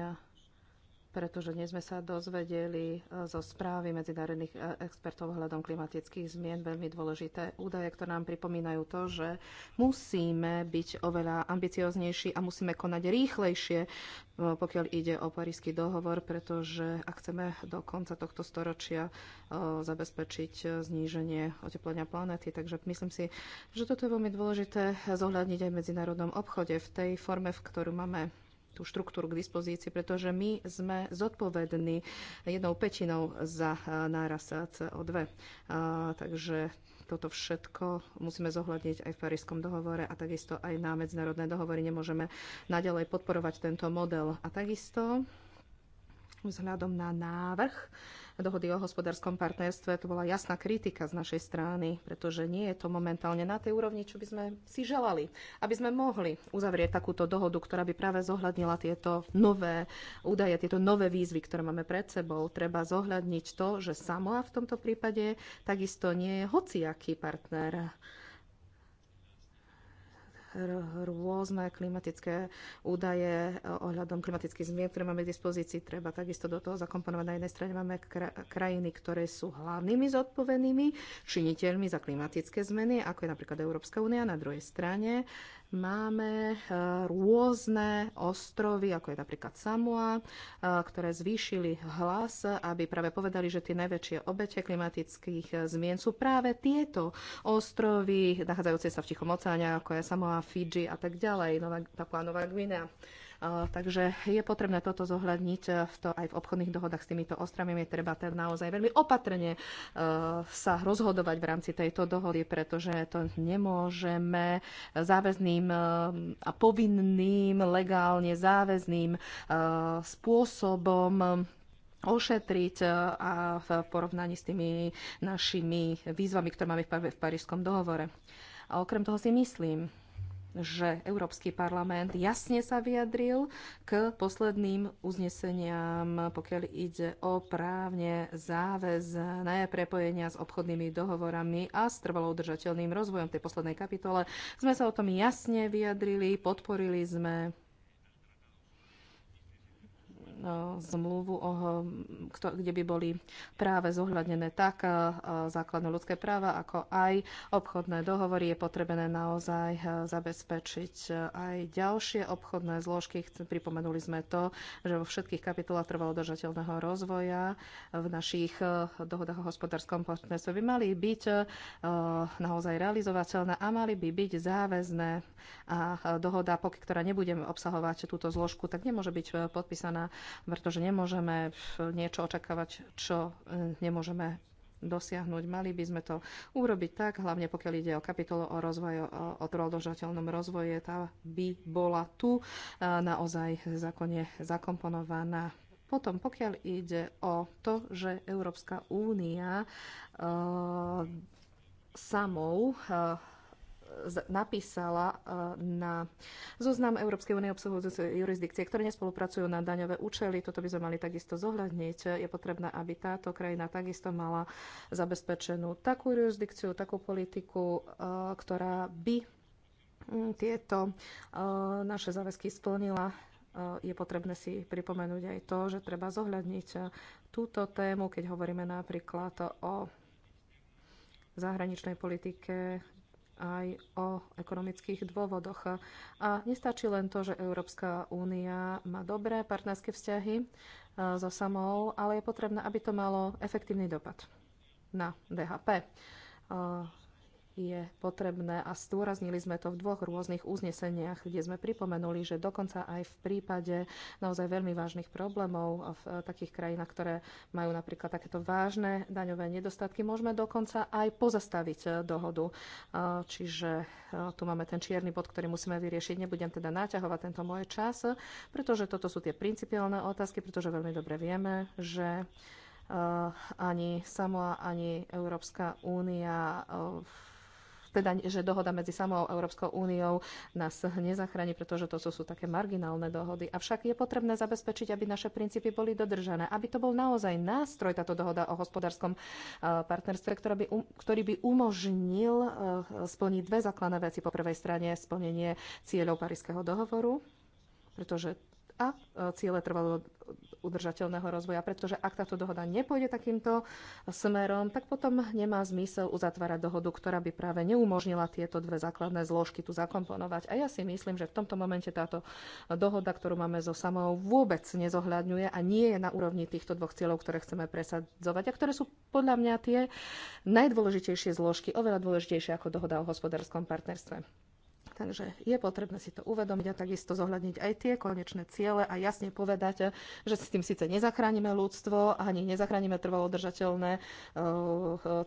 pretože dnes sme sa dozvedeli e, zo správy medzinárodných e, expertov ohľadom klimatických zmien veľmi dôležité údaje, ktoré nám pripomínajú to, že musíme byť oveľa ambicioznejší a musíme konať rýchlejšie, e, pokiaľ ide o Parísky dohovor, pretože ak chceme do konca tohto storočia zabezpečiť zníženie oteplenia planéty. Takže myslím si, že toto je veľmi dôležité zohľadniť aj v medzinárodnom obchode v tej forme, v ktorú máme tú štruktúru k dispozícii, pretože my sme zodpovední jednou petinou za e, náraz CO2. E, takže toto všetko musíme zohľadniť aj v Parískom dohovore a takisto aj na medzinárodné dohovory. Nemôžeme naďalej podporovať tento model. A takisto vzhľadom na návrh dohody o hospodárskom partnerstve, to bola jasná kritika z našej strany, pretože nie je to momentálne na tej úrovni, čo by sme si želali, aby sme mohli uzavrieť takúto dohodu, ktorá by práve zohľadnila tieto nové údaje, tieto nové výzvy, ktoré máme pred sebou. Treba zohľadniť to, že Samoa v tomto prípade takisto nie je hociaký partner rôzne klimatické údaje e, ohľadom klimatických zmien, ktoré máme k dispozícii. Treba takisto do toho zakomponovať. Na jednej strane máme krajiny, ktoré sú hlavnými zodpovednými činiteľmi za klimatické zmeny, ako je napríklad Európska únia. Na druhej strane máme eh, rôzne ostrovy, ako je napríklad Samoa, eh, ktoré zvýšili hlas, aby práve povedali, že tie najväčšie obete klimatických eh, zmien sú práve tieto ostrovy, nachádzajúce sa v Tichom oceáne, ako je Samoa, Fidži a tak ďalej, Papua Nová Gvinea. Takže je potrebné toto zohľadniť e, v to aj v obchodných dohodách s týmito ostrovmi. Je treba teda naozaj veľmi opatrne e, sa rozhodovať v rámci tejto dohody, pretože to nemôžeme záväzným e, a povinným, legálne záväzným spôsobom ošetriť a v porovnaní s tými našimi výzvami, ktoré máme v Parížskom dohovore. A okrem toho si myslím, že Európsky parlament jasne sa vyjadril k posledným uzneseniam, pokiaľ ide o právne záväzné prepojenia s obchodnými dohovorami a s trvalo udržateľným rozvojom v tej poslednej kapitole. Sme sa o tom jasne vyjadrili, podporili sme E, zmluvu, e, kde by boli práve zohľadnené tak e, základné ľudské práva, ako aj obchodné dohovory. Je potrebné naozaj zabezpečiť aj ďalšie obchodné zložky. Pripomenuli sme to, že vo všetkých kapitolách trvalo držateľného rozvoja v našich dohodách o hospodárskom partnerstve by mali byť naozaj realizovateľné a mali by byť záväzné a dohoda, pokiaľ ktorá nebude obsahovať túto zložku, tak nemôže byť podpísaná pretože nemôžeme niečo očakávať, čo e, nemôžeme dosiahnuť. Mali by sme to urobiť tak, hlavne pokiaľ ide o kapitolu o rozvoju, o trvalodržateľnom rozvoje, tá by bola tu e, naozaj zákone zakomponovaná. Potom, pokiaľ ide o to, že Európska únia e, samou e, napísala e, na zoznam Európskej únie obsahujúce jurisdikcie, ktoré nespolupracujú na daňové účely. Toto by sme mali takisto zohľadniť. Je potrebné, aby táto krajina takisto mala zabezpečenú takú jurisdikciu, takú politiku, e, ktorá by mm, tieto e, naše záväzky splnila je potrebné si pripomenúť aj to, že treba zohľadniť túto tému, keď hovoríme napríklad o zahraničnej politike aj o ekonomických dôvodoch. A nestačí len to, že Európska únia má dobré partnerské vzťahy e, so samou, ale je potrebné, aby to malo efektívny dopad na DHP. E, je potrebné a stôraznili sme to v dvoch rôznych uzneseniach, kde sme pripomenuli, že dokonca aj v prípade naozaj veľmi vážnych problémov v e, takých krajinách, ktoré majú napríklad takéto vážne daňové nedostatky, môžeme dokonca aj pozastaviť e, dohodu. E, čiže tu máme ten čierny bod, ktorý musíme vyriešiť. Nebudem teda naťahovať tento môj čas, pretože toto sú tie principiálne otázky, pretože veľmi dobre vieme, že ani Samoa, ani Európska únia v teda, že dohoda medzi samou Európskou úniou nás nezachráni, pretože to sú také marginálne dohody. Avšak je potrebné zabezpečiť, aby naše princípy boli dodržané, aby to bol naozaj nástroj, táto dohoda o hospodárskom e, partnerstve, by, um, ktorý by umožnil e, splniť dve základné veci. Po prvej strane splnenie cieľov Parískeho dohovoru, pretože a e, ciele trvalo udržateľného rozvoja, pretože ak táto dohoda nepôjde takýmto e, smerom, tak potom nemá zmysel uzatvárať dohodu, ktorá by práve neumožnila tieto dve základné zložky tu zakomponovať. A ja si myslím, že v tomto momente táto dohoda, ktorú máme so samou, vôbec nezohľadňuje a nie je na úrovni týchto dvoch cieľov, ktoré chceme presadzovať a ktoré sú podľa mňa tie najdôležitejšie zložky, oveľa dôležitejšie ako dohoda o hospodárskom partnerstve. Takže je potrebné si to uvedomiť a takisto zohľadniť aj tie konečné ciele a jasne povedať, že s tým síce nezachránime ľudstvo, ani nezachránime trvalodržateľné e,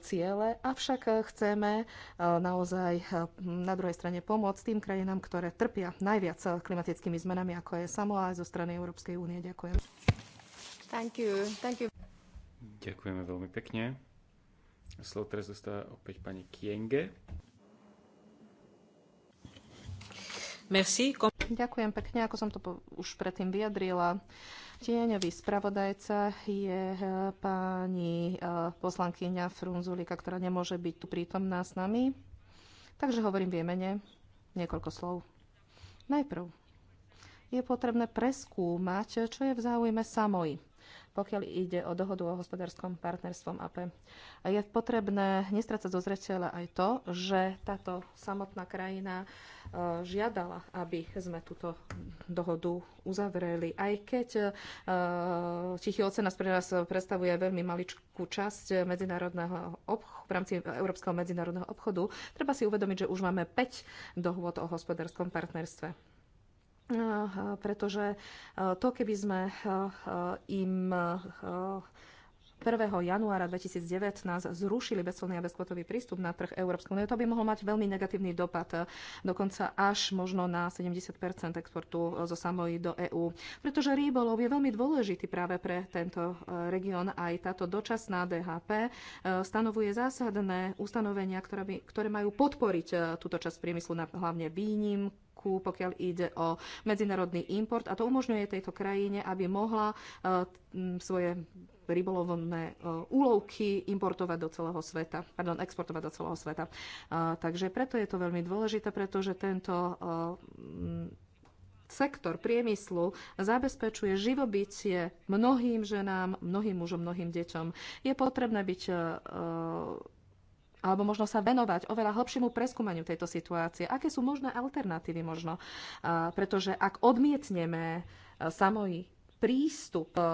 ciele, avšak chceme e, naozaj e, na druhej strane pomôcť tým krajinám, ktoré trpia najviac klimatickými zmenami, ako je Samoa aj zo strany Európskej únie. Ďakujem. Thank you. Thank you. Ďakujeme veľmi pekne. Slovo teraz dostáva opäť pani Kienge. Merci. Ďakujem pekne, ako som to už predtým vyjadrila. Tieňový spravodajca je eh, pani eh, poslankyňa Frunzulika, ktorá nemôže byť tu prítomná s nami. Takže hovorím v jej mene niekoľko slov. Najprv je potrebné preskúmať, čo je v záujme samoj pokiaľ ide o dohodu o hospodárskom partnerstvom AP. Je potrebné nestrácať zo zreteľa aj to, že táto samotná krajina e, žiadala, aby sme túto dohodu uzavreli. Aj keď e, Tichý nás pre nás predstavuje veľmi maličkú časť medzinárodného obchodu, v rámci Európskeho medzinárodného obchodu, treba si uvedomiť, že už máme 5 dohôd o hospodárskom partnerstve. Eh, pretože eh, to, keby sme eh, im 1. januára 2019 zrušili bezcolný a bezkvotový prístup na trh Európskej únie, to by mohlo mať veľmi negatívny dopad, dokonca až možno na 70 exportu zo samoj do EÚ. Pretože rýbolov je veľmi dôležitý práve pre tento región. Aj táto dočasná DHP stanovuje zásadné ustanovenia, ktoré, by, ktoré majú podporiť túto časť priemyslu, hlavne výnim, roku, pokiaľ ide o medzinárodný import a to umožňuje tejto krajine, aby mohla e, svoje rybolovné e, úlovky importovať do celého sveta, pardon, exportovať do celého sveta. E, takže preto je to veľmi dôležité, pretože tento sektor priemyslu zabezpečuje živobytie mnohým ženám, mnohým mužom, mnohým deťom. Je potrebné byť alebo možno sa venovať oveľa hlbšiemu preskúmaniu tejto situácie. Aké sú možné alternatívy možno? Pretože ak odmietneme e, samoj prístup e,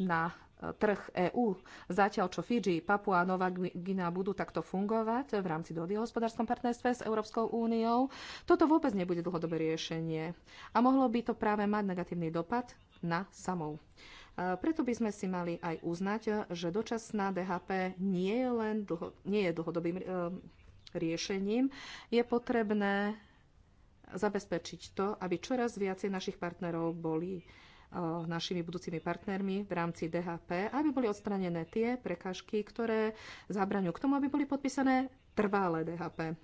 na e, trh EÚ, zatiaľ čo Fidži, Papua, Nová Gina budú takto fungovať v rámci dohody o hospodárskom partnerstve s Európskou úniou, toto vôbec nebude dlhodobé riešenie. A mohlo by to práve mať negatívny dopad na samou preto by sme si mali aj uznať, že dočasná DHP nie je, len dlho, nie je dlhodobým e, riešením. Je potrebné zabezpečiť to, aby čoraz viacej našich partnerov boli e, našimi budúcimi partnermi v rámci DHP, aby boli odstranené tie prekažky, ktoré zabraňujú k tomu, aby boli podpísané trvalé DHP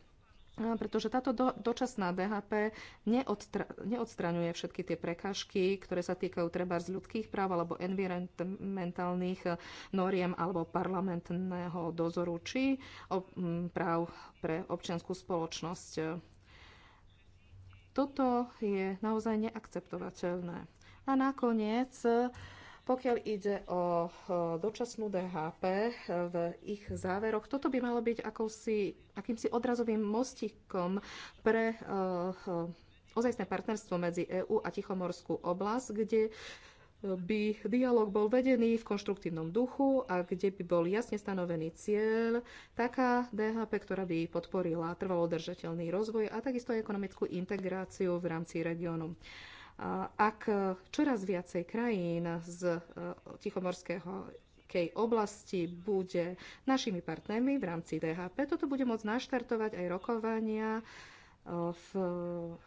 pretože táto do, dočasná DHP neodstra, neodstraňuje všetky tie prekážky, ktoré sa týkajú treba z ľudských práv alebo environmentálnych eh, noriem alebo parlamentného dozoru či ob, mm, práv pre občianskú spoločnosť. Toto je naozaj neakceptovateľné. A nakoniec pokiaľ ide o dočasnú DHP e, v ich záveroch, toto by malo byť akousi, akýmsi odrazovým mostíkom pre e, e, ozajstné partnerstvo medzi EÚ a Tichomorskú oblasť, kde by dialog bol vedený v konštruktívnom duchu a kde by bol jasne stanovený cieľ, taká DHP, ktorá by podporila trvalo držateľný rozvoj a takisto aj ekonomickú integráciu v rámci regiónu ak čoraz viacej krajín z e, Tichomorského oblasti bude našimi partnermi v rámci DHP. Toto bude môcť naštartovať aj rokovania e, v,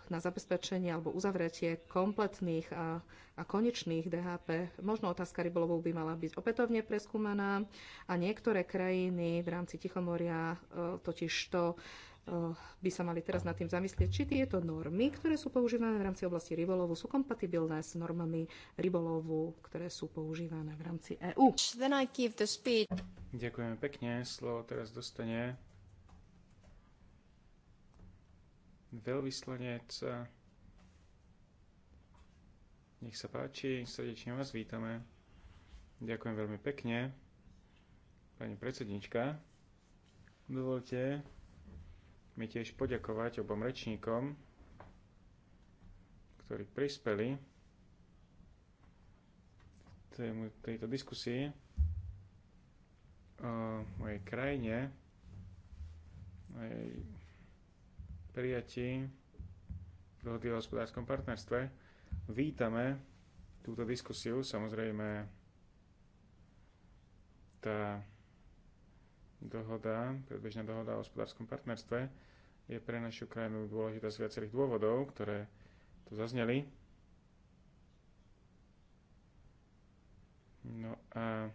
na zabezpečenie alebo uzavretie kompletných a, a konečných DHP. Možno otázka rybolovou by mala byť opätovne preskúmaná a niektoré krajiny v rámci Tichomoria e, totiž to Eh, by sa mali teraz nad tým zamyslieť, či tieto normy, ktoré sú používané v rámci oblasti rybolovu, sú kompatibilné s normami rybolovu, ktoré sú používané v rámci EÚ. Ďakujeme pekne. Slovo teraz dostane veľvyslanec. Nech sa páči, srdečne vás vítame. Ďakujem veľmi pekne. Pani predsednička, dovolte mi tiež poďakovať obom rečníkom, ktorí prispeli k tejto diskusii o mojej krajine, mojej prijatí dohody o hospodárskom partnerstve. Vítame túto diskusiu, samozrejme tá dohoda, predbežná dohoda o hospodárskom partnerstve je pre našu krajinu dôležitá z viacerých dôvodov, ktoré tu zazneli. No a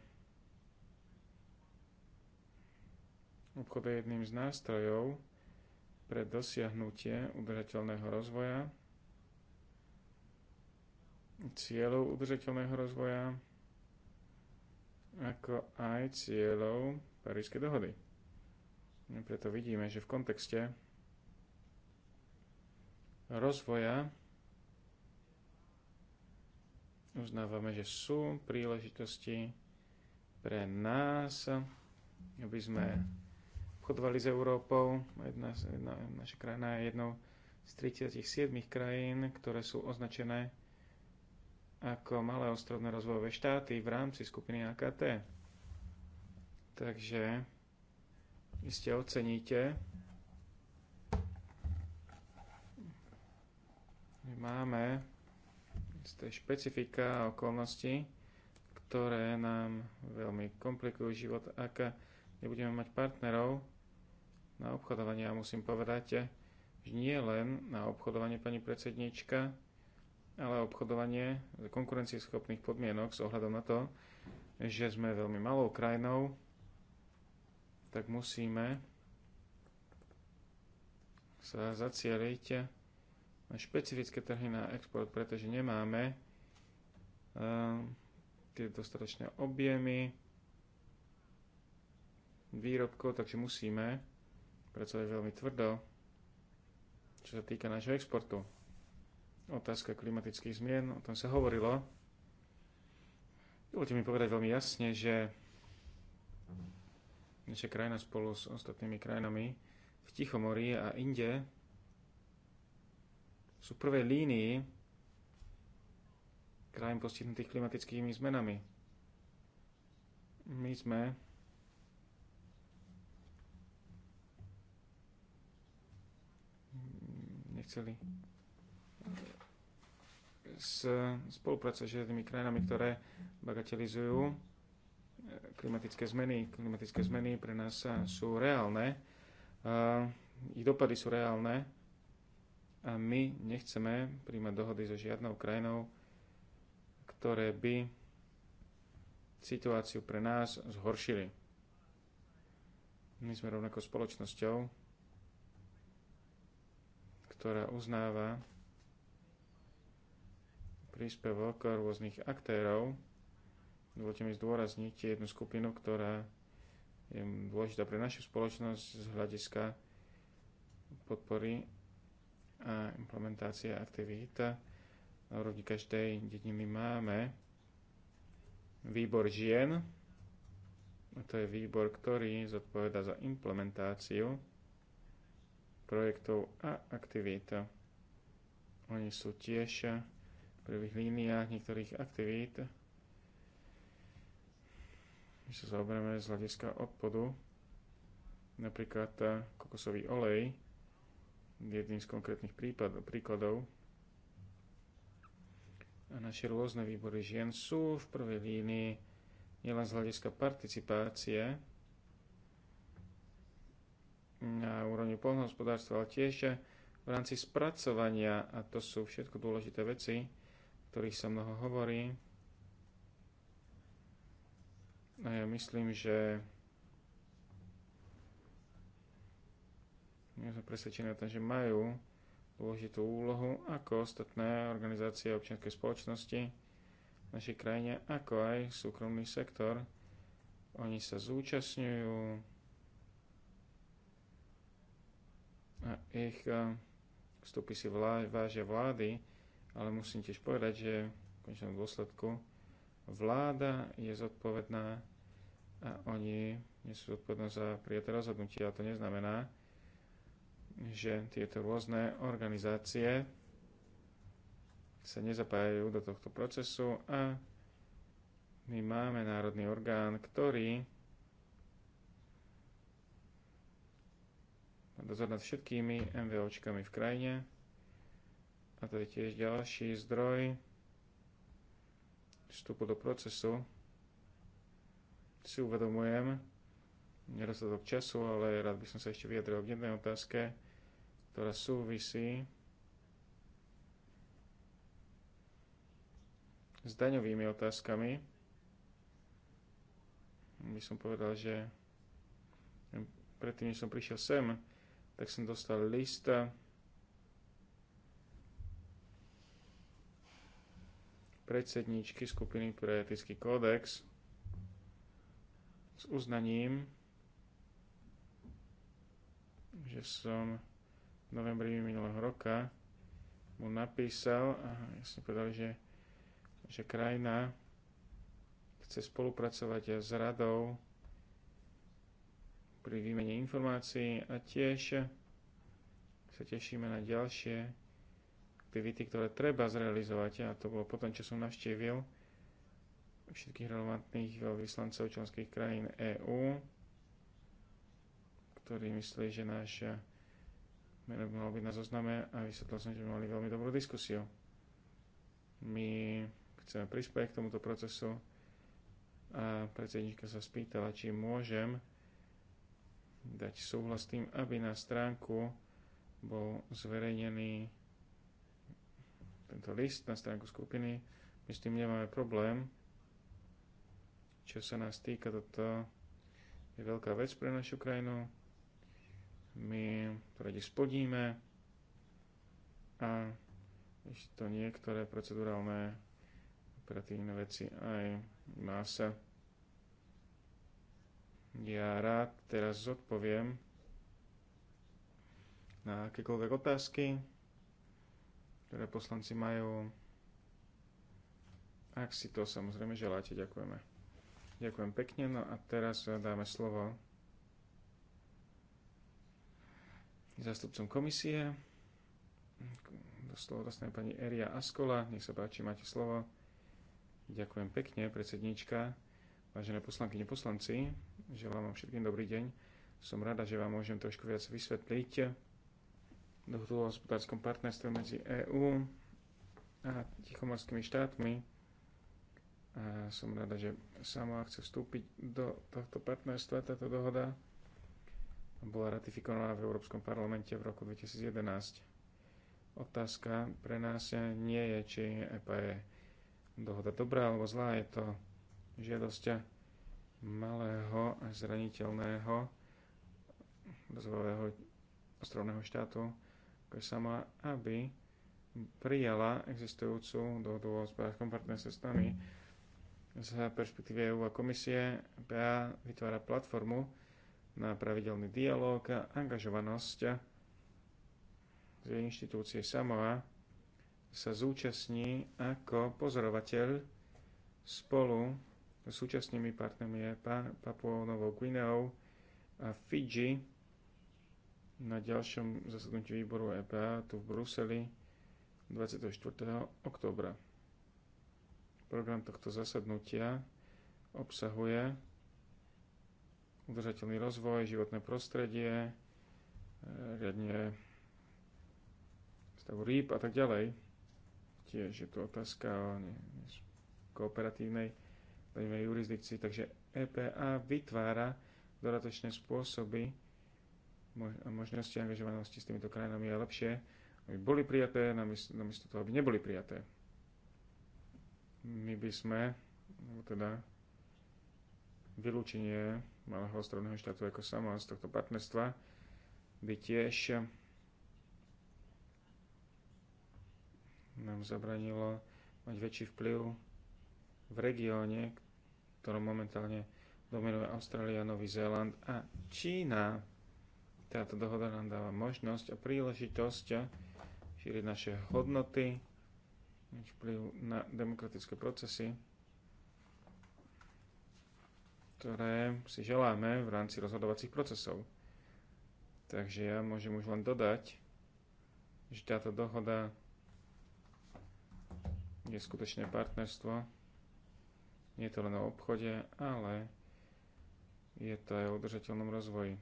obchod je jedným z nástrojov pre dosiahnutie udržateľného rozvoja, cieľov udržateľného rozvoja, ako aj cieľov Parískej dohody. Preto vidíme, že v kontexte rozvoja uznávame, že sú príležitosti pre nás, aby sme obchodovali s Európou. Jedna, jedna, naša krajina je jednou z 37 krajín, ktoré sú označené ako malé ostrovné rozvojové štáty v rámci skupiny AKT. Takže iste oceníte, máme isté špecifika a okolnosti, ktoré nám veľmi komplikujú život, ak nebudeme mať partnerov na obchodovanie. A musím povedať, že nie len na obchodovanie pani predsednička, ale obchodovanie konkurencieschopných podmienok s ohľadom na to, že sme veľmi malou krajinou, tak musíme sa zacieliť na špecifické trhy na export, pretože nemáme ehm, tie dostatočné objemy výrobkov, takže musíme pracovať veľmi tvrdo, čo sa týka nášho exportu. Otázka klimatických zmien, o tom sa hovorilo. Dovolte mi povedať veľmi jasne, že naša krajina spolu s ostatnými krajinami v Tichomorí a inde sú v prvej línii krajín postihnutých klimatickými zmenami. My sme nechceli s spolupracovať s žiadnymi krajinami, ktoré bagatelizujú klimatické zmeny. Klimatické zmeny pre nás eh, sú reálne. Eh, ich dopady sú reálne a my nechceme príjmať dohody so žiadnou krajinou, ktoré by situáciu pre nás zhoršili. My sme rovnako spoločnosťou, ktorá uznáva príspevok rôznych aktérov, Dovolte mi zdôrazniť jednu skupinu, ktorá je dôležitá pre našu spoločnosť z hľadiska podpory a implementácie aktivít. Na úrovni každej dediny máme výbor žien, a to je výbor, ktorý zodpoveda za implementáciu projektov a aktivít. Oni sú tiež v prvých líniách niektorých aktivít, my sa zaoberieme z hľadiska odpadu, napríklad tá kokosový olej, jedným z konkrétnych prípad, príkladov. A naše rôzne výbory žien sú v prvej línii nielen z hľadiska participácie na úrovni polnohospodárstva, ale tiež v rámci spracovania, a to sú všetko dôležité veci, o ktorých sa mnoho hovorí, a no, ja myslím, že ja som presvedčený o tom, že majú dôležitú úlohu ako ostatné organizácie občianskej spoločnosti v našej krajine, ako aj súkromný sektor. Oni sa zúčastňujú a ich eh, vstupy si vlá, vážia vlády, ale musím tiež povedať, že v končnom dôsledku Vláda je zodpovedná a oni nie sú zodpovední za prijaté rozhodnutia. A to neznamená, že tieto rôzne organizácie sa nezapájajú do tohto procesu a my máme národný orgán, ktorý má dozor nad všetkými MVOčkami v krajine a to je tiež ďalší zdroj vstupu do procesu si uvedomujem nedostatok času, ale rád by som sa ešte vyjadril k jednej otázke, ktorá súvisí s daňovými otázkami. By som povedal, že predtým, než som prišiel sem, tak som dostal list predsedníčky skupiny pre etický kódex s uznaním, že som v novembri minulého roka mu napísal a jasne povedal, že, že krajina chce spolupracovať s radou pri výmene informácií a tiež sa tešíme na ďalšie aktivity, ktoré treba zrealizovať. A to bolo potom, čo som navštívil všetkých relevantných vyslancov členských krajín EÚ, ktorí myslí, že náš meno by malo byť na zozname a vysvetlil som, že mali veľmi dobrú diskusiu. My chceme prispieť k tomuto procesu a predsednička sa spýtala, či môžem dať súhlas tým, aby na stránku bol zverejnený tento list na stránku skupiny. My s tým nemáme problém. Čo sa nás týka, toto je veľká vec pre našu krajinu. My to radi spodíme a ešte to niektoré procedurálne operatívne veci aj má sa. Ja rád teraz zodpoviem na akékoľvek otázky ktoré poslanci majú. Ak si to samozrejme želáte, ďakujeme. Ďakujem pekne, no a teraz eh, dáme slovo zástupcom komisie. Slovo dostane pani Eria Askola. Nech sa páči, máte slovo. Ďakujem pekne, predsednička. Vážené poslankyne, poslanci, želám vám všetkým dobrý deň. Som rada, že vám môžem trošku viac vysvetliť dohodu o hospodárskom partnerstve medzi EÚ a tichomorskými štátmi. A som rada, že Samoa chce vstúpiť do tohto partnerstva, táto dohoda bola ratifikovaná v Európskom parlamente v roku 2011. Otázka pre nás nie je, či EPA je dohoda dobrá alebo zlá, je to žiadosť malého a zraniteľného rozvojového ostrovného štátu sama, aby prijala existujúcu dohodu o hospodárskom partnerstve s nami z perspektívy EU a komisie PA e vytvára platformu na pravidelný dialog a angažovanosť z inštitúcie Samoa sa zúčastní ako pozorovateľ spolu s súčasnými partnermi e Papuou Guineou a Fidži na ďalšom zasadnutí výboru EPA tu v Bruseli 24. oktobra. Program tohto zasadnutia obsahuje udržateľný rozvoj, životné prostredie, e, riadne stavu rýb a tak ďalej. Tiež je tu otázka o ne, ne, kooperatívnej daňovej jurisdikcii, takže EPA vytvára dodatočné spôsoby, možnosti angažovanosti s týmito krajinami je lepšie, aby boli prijaté, namiesto toho, aby neboli prijaté. My by sme, teda vylúčenie malého ostrovného štátu ako sama z tohto partnerstva, by tiež nám zabranilo mať väčší vplyv v regióne, ktorom momentálne dominuje Austrália, Nový Zéland a Čína. Táto dohoda nám dáva možnosť a príležitosť šíriť naše hodnoty, vplyv na demokratické procesy, ktoré si želáme v rámci rozhodovacích procesov. Takže ja môžem už len dodať, že táto dohoda je skutočné partnerstvo. Nie je to len o obchode, ale je to aj o udržateľnom rozvoji.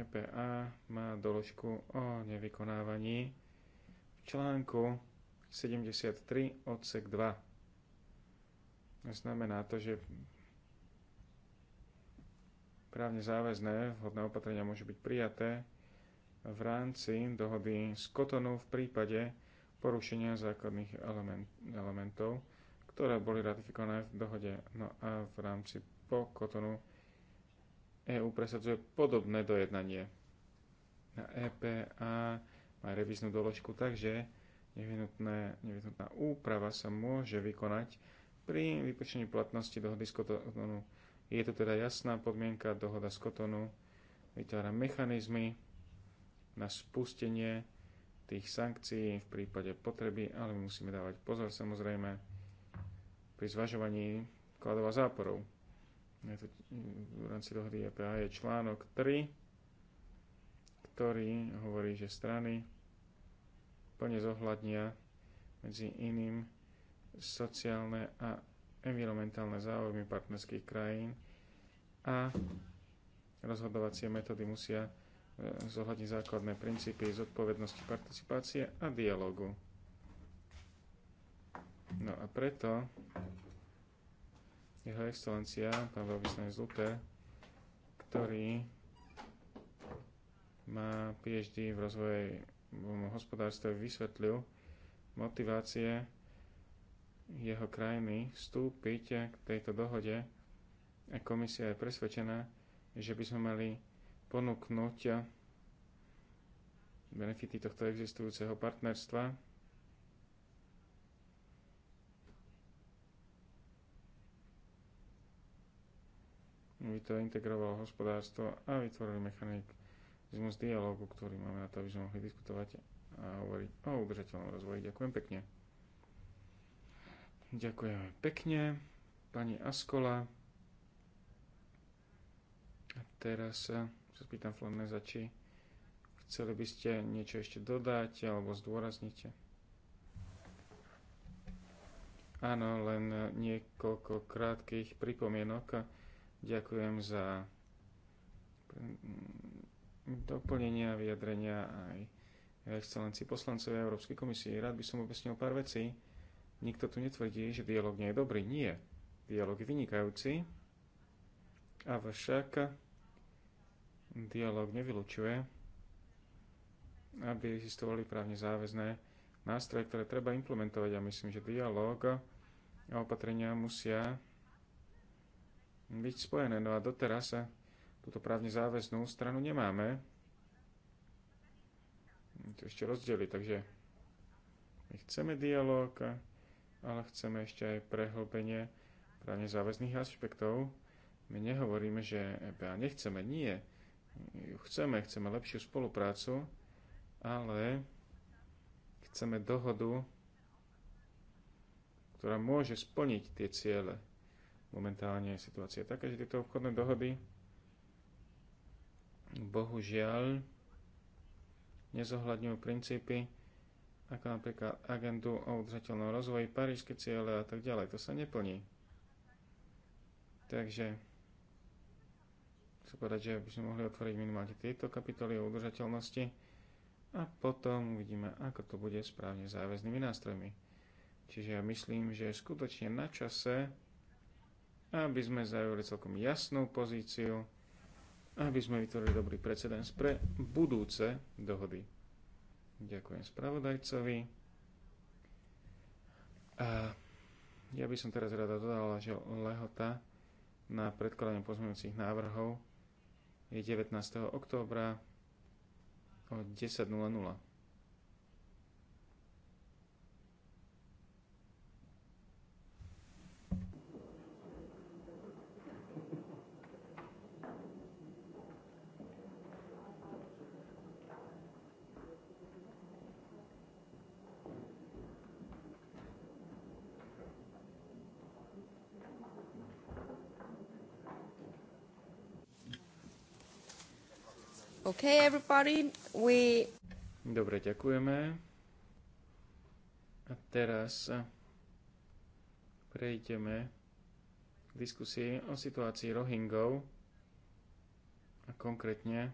EPA má doložku o nevykonávaní v článku 73 odsek 2. Znamená to, že právne záväzné vhodné opatrenia môžu byť prijaté v rámci dohody z Kotonu v prípade porušenia základných element, elementov, ktoré boli ratifikované v dohode. No a v rámci po Kotonu EÚ presadzuje podobné dojednanie. Na EPA má revíznu doložku, takže nevyhnutná úprava sa môže vykonať pri vypočení platnosti dohody z Kotonu. Je to teda jasná podmienka, dohoda z Kotonu vytvára mechanizmy na spustenie tých sankcií v prípade potreby, ale musíme dávať pozor samozrejme pri zvažovaní kladova záporov je to, mm, v rámci dohody EPA je článok 3, ktorý hovorí, že strany plne zohľadnia medzi iným sociálne a environmentálne záujmy partnerských krajín a rozhodovacie metódy musia e, zohľadniť základné princípy zodpovednosti participácie a dialogu. No a preto jeho excelencia, pán veľvyslanec Luté, ktorý má PhD v rozvojovom hospodárstve, vysvetlil motivácie jeho krajiny vstúpiť k tejto dohode a komisia je presvedčená, že by sme mali ponúknuť benefity tohto existujúceho partnerstva by to integrovalo hospodárstvo a vytvorili mechanizmus dialógu, ktorý máme na to, aby sme mohli diskutovať a hovoriť o udržateľnom rozvoji. Ďakujem pekne. Ďakujeme pekne, pani Askola. A teraz sa spýtam Florneza, či chceli by ste niečo ešte dodať alebo zdôrazniť. Áno, len niekoľko krátkých pripomienok Ďakujem za mm, doplnenia, vyjadrenia aj excelencii poslancovia Európskej komisie. Rád by som objasnil pár vecí. Nikto tu netvrdí, že dialog nie je dobrý. Nie. Dialog je vynikajúci. Avšak dialog nevylučuje, aby existovali právne záväzné nástroje, ktoré treba implementovať. A ja myslím, že dialog a opatrenia musia byť spojené. No a doteraz túto právne záväznú stranu nemáme. To ešte rozdeli, takže my chceme dialog, ale chceme ešte aj prehlbenie právne záväzných aspektov. My nehovoríme, že EBA nechceme, nie. Chceme, chceme lepšiu spoluprácu, ale chceme dohodu, ktorá môže splniť tie ciele. Momentálne je situácia taká, že tieto obchodné dohody bohužiaľ nezohľadňujú princípy ako napríklad agendu o udržateľnom rozvoji, parížske ciele a tak ďalej. To sa neplní. Takže chcem povedať, že by sme mohli otvoriť minimálne tieto kapitoly o udržateľnosti a potom uvidíme, ako to bude správne záväznými nástrojmi. Čiže ja myslím, že skutočne na čase aby sme zaujali celkom jasnú pozíciu, aby sme vytvorili dobrý precedens pre budúce dohody. Ďakujem spravodajcovi. A ja by som teraz rada dodala, že lehota na predkladanie pozmeňujúcich návrhov je 19. októbra o 10.00. Okay, everybody, we... Dobre, ďakujeme. A teraz prejdeme k diskusii o situácii Rohingov a konkrétne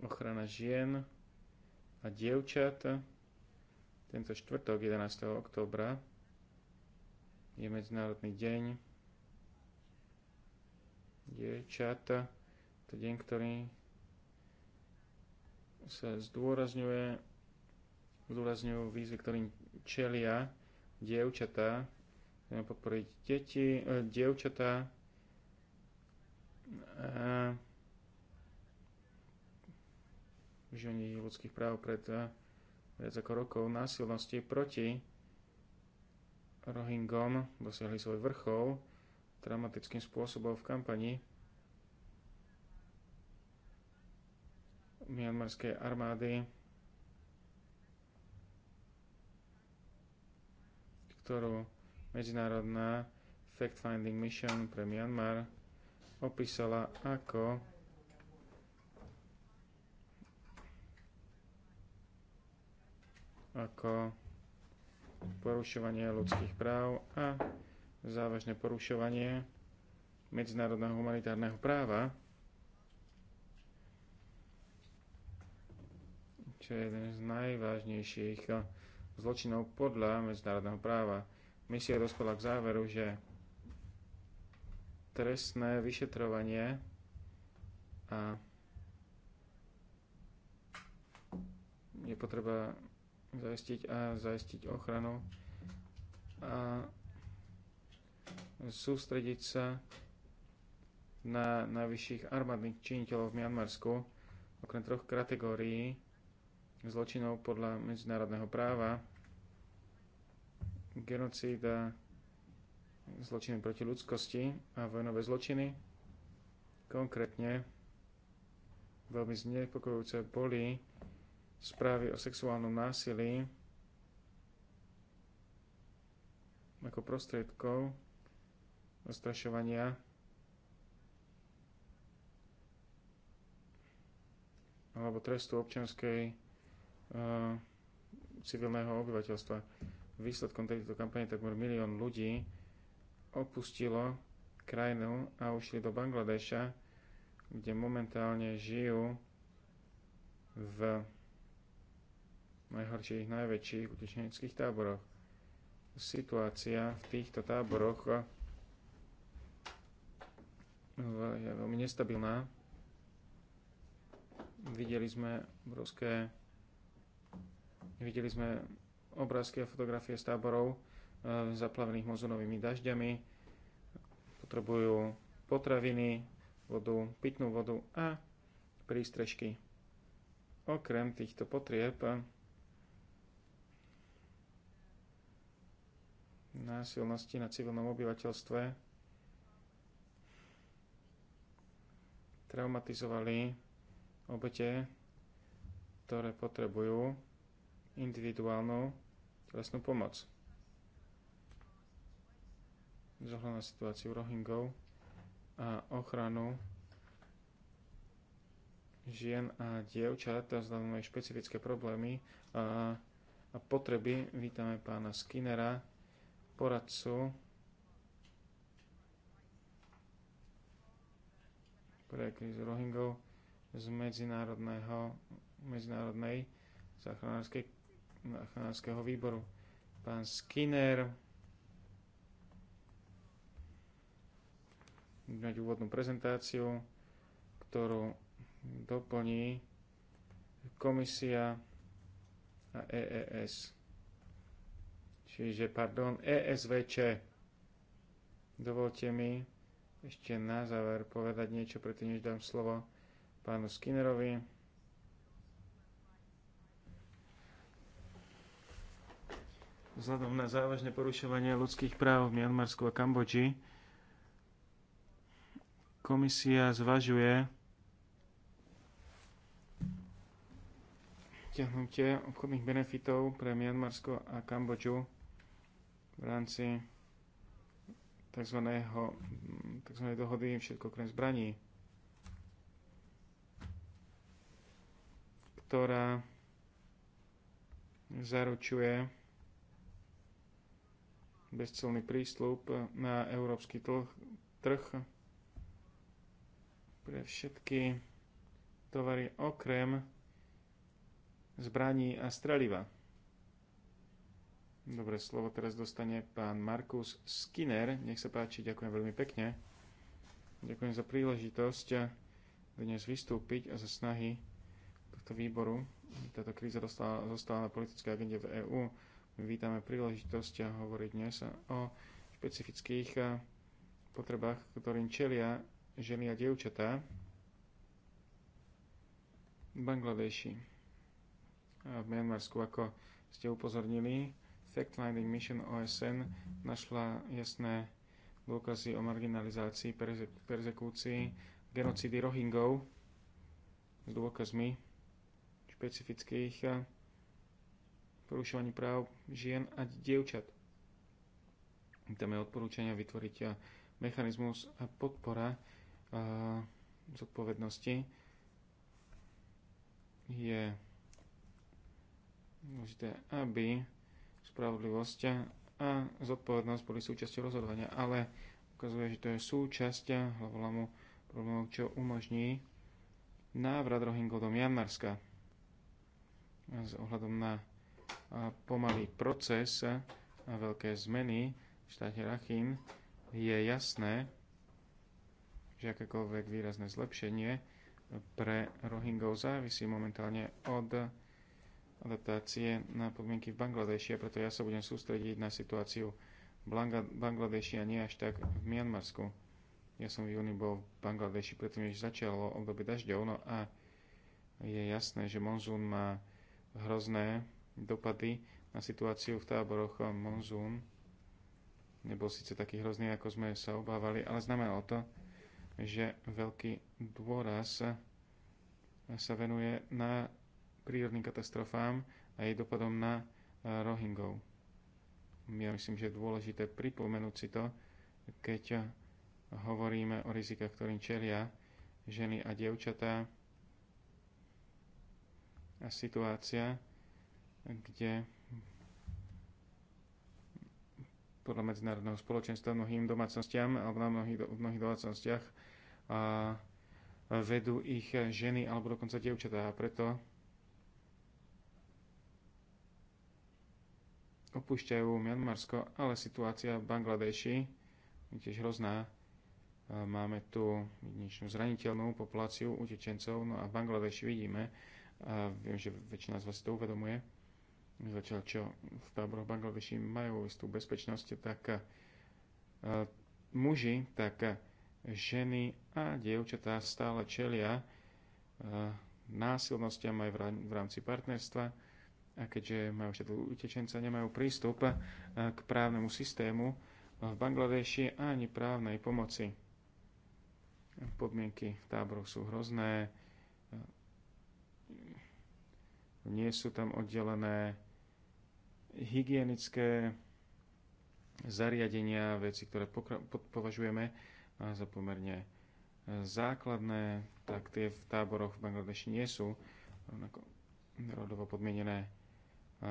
ochrana žien a dievčat. Tento čtvrtok 11. oktobra je Medzinárodný deň dievčat. To deň, ktorý sa zdôrazňuje, zdôrazňujú výzvy, ktorým čelia dievčatá, podporiť deti, eh, dievčatá, eh, žení ľudských práv pred eh, viac ako rokov násilnosti proti Rohingom dosiahli svoj vrchol dramatickým spôsobom v kampani mianmarskej armády, ktorú medzinárodná fact-finding mission pre Myanmar opísala ako ako porušovanie ľudských práv a závažné porušovanie medzinárodného humanitárneho práva. čo je jeden z najvážnejších eh, zločinov podľa medzinárodného práva. Misia dospela k záveru, že trestné vyšetrovanie a je potreba zaistiť a zaistiť ochranu a sústrediť sa na najvyšších armádnych činiteľov v Mianmarsku, okrem troch kategórií zločinov podľa medzinárodného práva, genocída, zločiny proti ľudskosti a vojnové zločiny. Konkrétne veľmi znepokojujúce boli správy o sexuálnom násilí ako prostriedkov zastrašovania alebo trestu občianskej civilného obyvateľstva. Výsledkom tejto kampane takmer milión ľudí opustilo krajinu a ušli do Bangladeša, kde momentálne žijú v najhorších, najväčších utečeneckých táboroch. Situácia v týchto táboroch eh, je veľmi nestabilná. Videli sme obrovské Videli sme obrázky a fotografie z táborov e, zaplavených mozunovými dažďami. Potrebujú potraviny, vodu, pitnú vodu a prístrežky. Okrem týchto potrieb násilnosti na civilnom obyvateľstve traumatizovali obete, ktoré potrebujú individuálnu telesnú pomoc. Zohľadná situáciu Rohingov a ochranu žien a dievčat a vzhľadom aj špecifické problémy a, a potreby. Vítame pána Skinnera, poradcu pre krízu Rohingov z medzinárodného, medzinárodnej záchranárskej kanadského výboru. Pán Skinner mať úvodnú prezentáciu, ktorú doplní komisia a EES. Čiže, pardon, ESVČ. Dovolte mi ešte na záver povedať niečo, predtým než dám slovo pánu Skinnerovi. vzhľadom na závažné porušovanie ľudských práv v Mianmarsku a Kambodži, komisia zvažuje ťahnutie obchodných benefitov pre Mianmarsko a Kambodžu v rámci tzv. tzv. dohody všetko okrem zbraní, ktorá zaručuje bezcelný prístup na európsky trh pre všetky tovary okrem zbraní a streliva. Dobre, slovo teraz dostane pán Markus Skinner. Nech sa páči, ďakujem veľmi pekne. Ďakujem za príležitosť dnes vystúpiť a za snahy tohto výboru. Táto kríza dostala, zostala na politickej agende v EÚ vítame príležitosť hovoriť dnes o špecifických eh, potrebách, ktorým čelia ženy a dievčatá v Bangladeši a v Mianmarsku. Ako ste upozornili, Fact Finding Mission OSN našla jasné dôkazy o marginalizácii, perze perzekúcii, genocídy Rohingov s dôkazmi špecifických eh, porušovaní práv žien a dievčat. Vítame odporúčania vytvoriť eh, mechanizmus a podpora eh, zodpovednosti je dôležité, aby spravodlivosť a zodpovednosť boli súčasťou rozhodovania, ale ukazuje, že to je súčasť hlavolamu problémov, čo umožní návrat Rohingov do Mianmarska. S ohľadom na pomalý proces a veľké zmeny v štáte Rachin je jasné, že akékoľvek výrazné zlepšenie pre Rohingov závisí momentálne od adaptácie na podmienky v Bangladeši a preto ja sa budem sústrediť na situáciu v Bangladeši a nie až tak v Mianmarsku. Ja som v júni bol v Bangladeši, predtým než začalo obdobie dažďov, no a je jasné, že monzún má hrozné dopady na situáciu v táboroch Monzún nebol síce taký hrozný, ako sme sa obávali, ale znamenalo to, že veľký dôraz sa venuje na prírodným katastrofám a jej dopadom na Rohingov. Ja myslím, že je dôležité pripomenúť si to, keď hovoríme o rizikách, ktorým čelia ženy a dievčatá a situácia, kde podľa medzinárodného spoločenstva mnohým domácnostiam alebo na mnohých, mnohých domácnostiach a vedú ich ženy alebo dokonca dievčatá. A preto opúšťajú Mianmarsko, ale situácia v Bangladeši je tiež hrozná. Máme tu jedinečnú zraniteľnú populáciu utečencov, no a v Bangladeši vidíme, a viem, že väčšina z vás to uvedomuje, zatiaľ čo v táboroch Bangladeši majú istú bezpečnosť, tak eh, muži, tak eh, ženy a dievčatá stále čelia eh, násilnostiam aj v rámci partnerstva a keďže majú všetko utečenca, nemajú prístup k právnemu systému v Bangladeši ani právnej pomoci. Podmienky v táboroch sú hrozné, nie sú tam oddelené hygienické zariadenia, veci, ktoré považujeme za pomerne e, základné, tak tie v táboroch v Bangladeši nie sú rovnako rodovo podmienené e,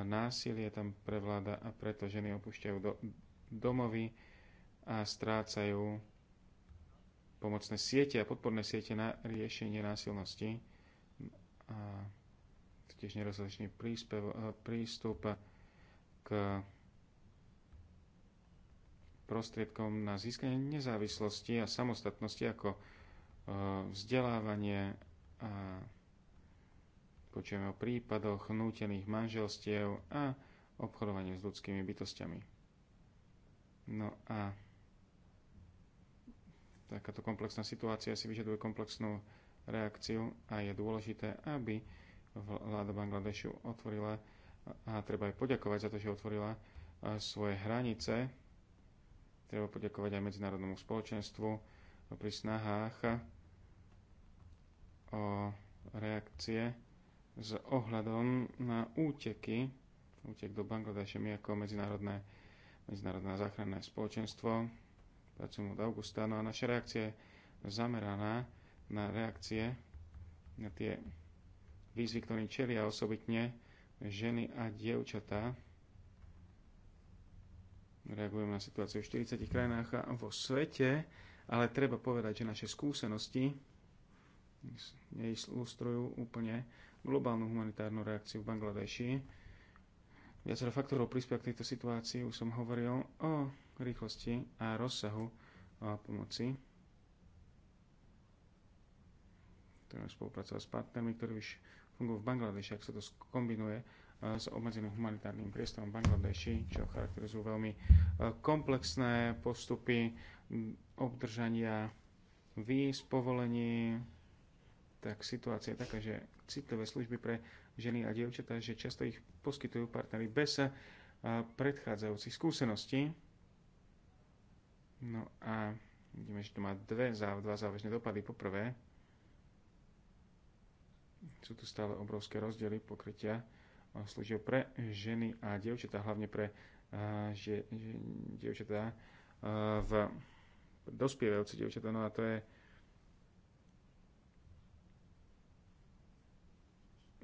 násilie tam prevláda a preto ženy opúšťajú do, domovy a strácajú pomocné siete a podporné siete na riešenie násilnosti a tiež nedostatočný e, prístup k prostriedkom na získanie nezávislosti a samostatnosti ako e, vzdelávanie a počujeme o prípadoch nútených manželstiev a obchodovanie s ľudskými bytostiami. No a takáto komplexná situácia si vyžaduje komplexnú reakciu a je dôležité, aby vláda Bangladešu otvorila a treba aj poďakovať za to, že otvorila svoje hranice. Treba poďakovať aj medzinárodnému spoločenstvu pri snahách o reakcie s ohľadom na úteky, útek do Bangladeše. My ako medzinárodné, medzinárodné záchranné spoločenstvo pracujeme od augusta, no a naša reakcia je zameraná na reakcie na tie výzvy, ktorým čelia osobitne ženy a dievčatá. Reagujeme na situáciu v 40 krajinách a vo svete, ale treba povedať, že naše skúsenosti ilustrujú úplne globálnu humanitárnu reakciu v Bangladeši. Viacero faktorov prispia k tejto situácii. Už som hovoril o rýchlosti a rozsahu a pomoci. Treba spolupracovať s partnermi, ktorí už fungujú v Bangladeši, ak sa to skombinuje eh, s obmedzeným humanitárnym priestorom v Bangladeši, čo charakterizujú veľmi eh, komplexné postupy obdržania víz, povolení, tak situácia je taká, že citlivé služby pre ženy a dievčatá, že často ich poskytujú partnery bez eh, predchádzajúcich skúseností. No a vidíme, že to má dve, dva závažné dopady. Poprvé, sú tu stále obrovské rozdiely pokrytia služieb pre ženy a dievčatá, hlavne pre že, že, dievčatá v dospievajúce dievčatá. No a to je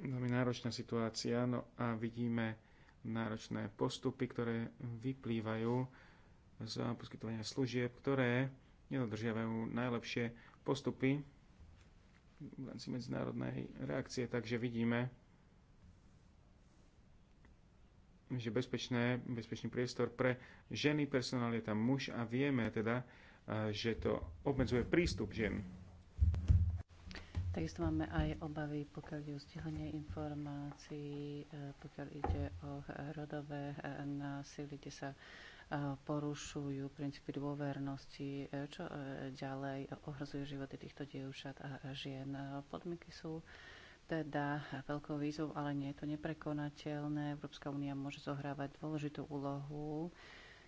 veľmi náročná situácia. No a vidíme náročné postupy, ktoré vyplývajú z poskytovania služieb, ktoré nedodržiavajú najlepšie postupy v rámci medzinárodnej reakcie, takže vidíme, že bezpečné, bezpečný priestor pre ženy, personál je tam muž a vieme teda, eh, že to obmedzuje prístup žien. Takisto máme aj obavy, pokiaľ ide o stíhanie informácií, eh, pokiaľ ide o rodové eh, násilie, kde sa porušujú princípy dôvernosti, eh, čo eh, ďalej ohrozuje životy týchto dievčat a žien. Eh, podmienky sú teda veľkou výzvou, ale nie je to neprekonateľné. Európska únia môže zohrávať dôležitú úlohu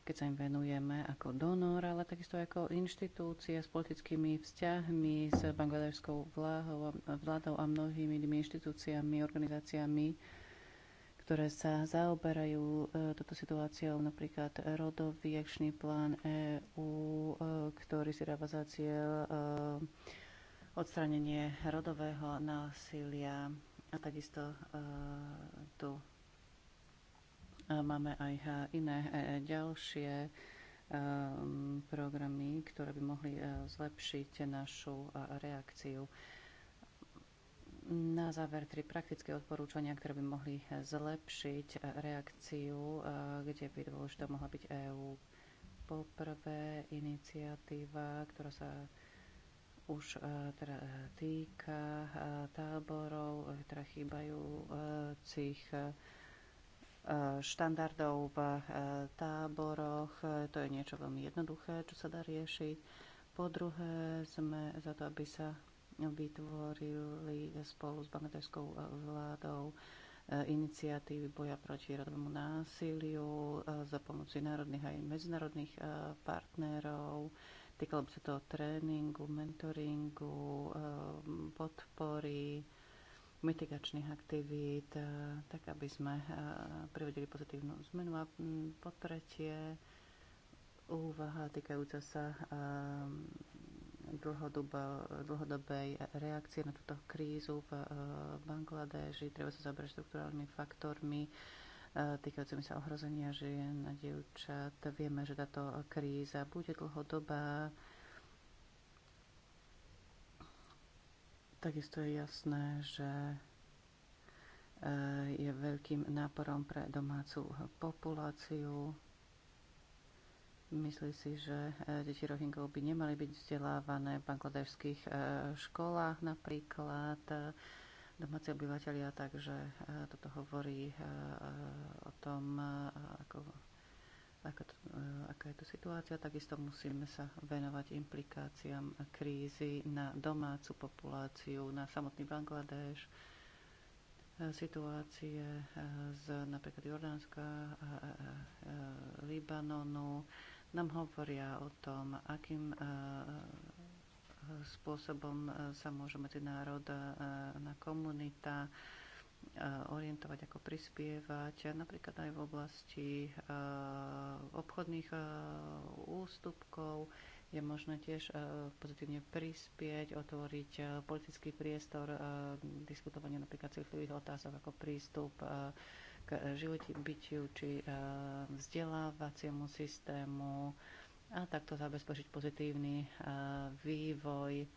keď sa im venujeme ako donor, ale takisto ako inštitúcia s politickými vzťahmi, s bangladežskou vládou a mnohými inými inštitúciami, organizáciami, ktoré sa zaoberajú e, toto situáciou, napríklad rodový akčný plán EÚ, e, ktorý si dáva za cieľ e, odstránenie rodového násilia a takisto tu máme aj iné ďalšie programy, ktoré by mohli zlepšiť našu reakciu. Na záver tri praktické odporúčania, ktoré by mohli eh, zlepšiť eh, reakciu, eh, kde by dôležitá mohla byť EÚ. Poprvé iniciatíva, ktorá sa už teda týka táborov, teda chýbajúcich štandardov v táboroch. To je niečo veľmi jednoduché, čo sa dá riešiť. Po druhé sme za to, aby sa vytvorili spolu s bangladeskou e, vládou e, iniciatívy boja proti rodovému násiliu e, za pomoci národných aj medzinárodných partnerov. Týkalo by sa to tréningu, mentoringu, podpory, mitigačných aktivít, tak aby sme privedeli pozitívnu zmenu. A po tretie, úvaha týkajúca sa dlhodobej reakcie na túto krízu v eh, Bangladeži. Treba sa zabrať štruktúralnými faktormi eh, týkajúcimi sa ohrozenia žien a dievčat. Vieme, že táto kríza bude dlhodobá. Takisto je jasné, že eh, je veľkým náporom pre domácu populáciu. Myslí si, že e, deti Rohingov by nemali byť vzdelávané v bangladežských e, školách napríklad e, domáci obyvateľia, takže toto hovorí o tom, ako, ako to, aká je tu situácia. Takisto musíme sa venovať implikáciám krízy na domácu populáciu, na samotný Bangladeš, situácie z napríklad Jordánska, Libanonu, nám hovoria o tom, akým e, e, spôsobom e, sa môže medzinárodná komunita orientovať, ako prispievať, napríklad aj v oblasti obchodných ústupkov. Je možné tiež pozitívne prispieť, otvoriť politický priestor, diskutovanie napríklad citlivých otázok ako prístup k eh, bytiu či eh, vzdelávaciemu systému a takto zabezpečiť pozitívny eh, vývoj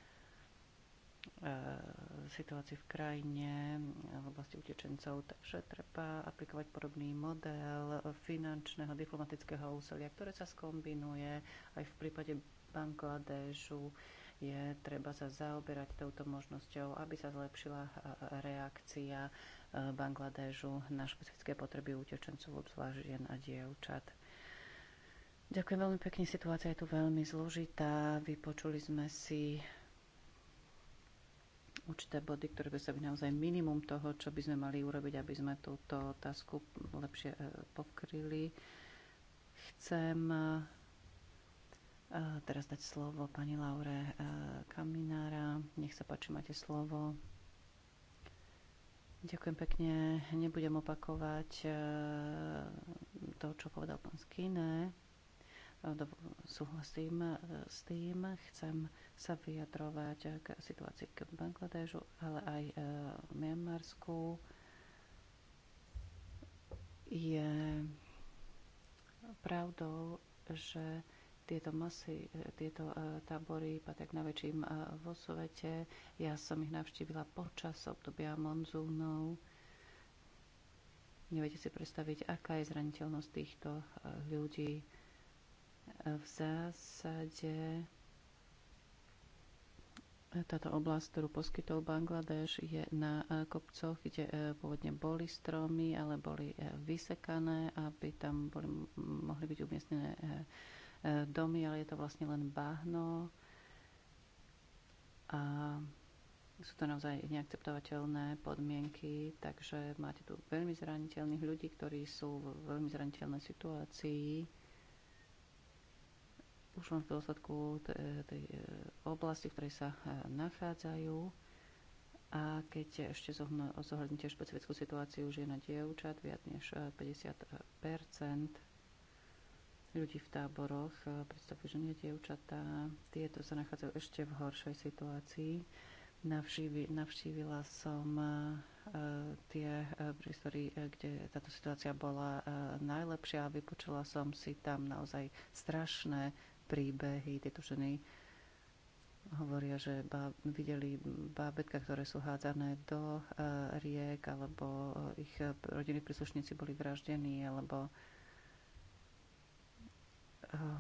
situácii v krajine v oblasti utečencov, takže treba aplikovať podobný model finančného, diplomatického úsilia, ktoré sa skombinuje aj v prípade Bangladežu. Je treba sa zaoberať touto možnosťou, aby sa zlepšila reakcia E, Bangladežu na špecifické potreby utečencov, obzvlášť žien a dievčat. Ďakujem veľmi pekne, situácia je tu veľmi zložitá. Vypočuli sme si určité body, ktoré by sa by naozaj minimum toho, čo by sme mali urobiť, aby sme túto otázku lepšie e, pokryli. Chcem e, teraz dať slovo pani Laure Kaminára. Nech sa páči, máte slovo. Ďakujem pekne. Nebudem opakovať eh, to, čo povedal pán Skine. Eh, súhlasím eh, s tým. Chcem sa vyjadrovať k situácii k Bangladežu, ale aj v Mianmarsku. Je pravdou, že tieto masy, e, tieto e, tábory patria k najväčším e, vo svete. Ja som ich navštívila počas obdobia monzúnov. Neviete si predstaviť, aká je zraniteľnosť týchto ľudí. V zásade táto oblasť, ktorú poskytol Bangladeš, je na kopcoch, kde pôvodne boli stromy, ale boli vysekané, aby tam boli, mohli byť umiestnené domy, ale je to vlastne len bahno. A sú to naozaj neakceptovateľné podmienky, takže máte tu veľmi zraniteľných ľudí, ktorí sú v veľmi zraniteľnej situácii. Už len v dôsledku tej e, oblasti, v ktorej sa e, nachádzajú. A keď ešte zohľadnite špecifickú situáciu žien a dievčat, viac než 50 e, ľudí v táboroch, predstavujú že nie dievčatá. Tieto sa nachádzajú ešte v horšej situácii. Navšívi, navštívila som e, tie e, priestory, e, kde táto situácia bola najlepšia a vypočula som si tam naozaj strašné príbehy. Tieto ženy hovoria, že bá, videli bábetka, ktoré sú hádzané do riek, alebo ich rodiny príslušníci boli vraždení, alebo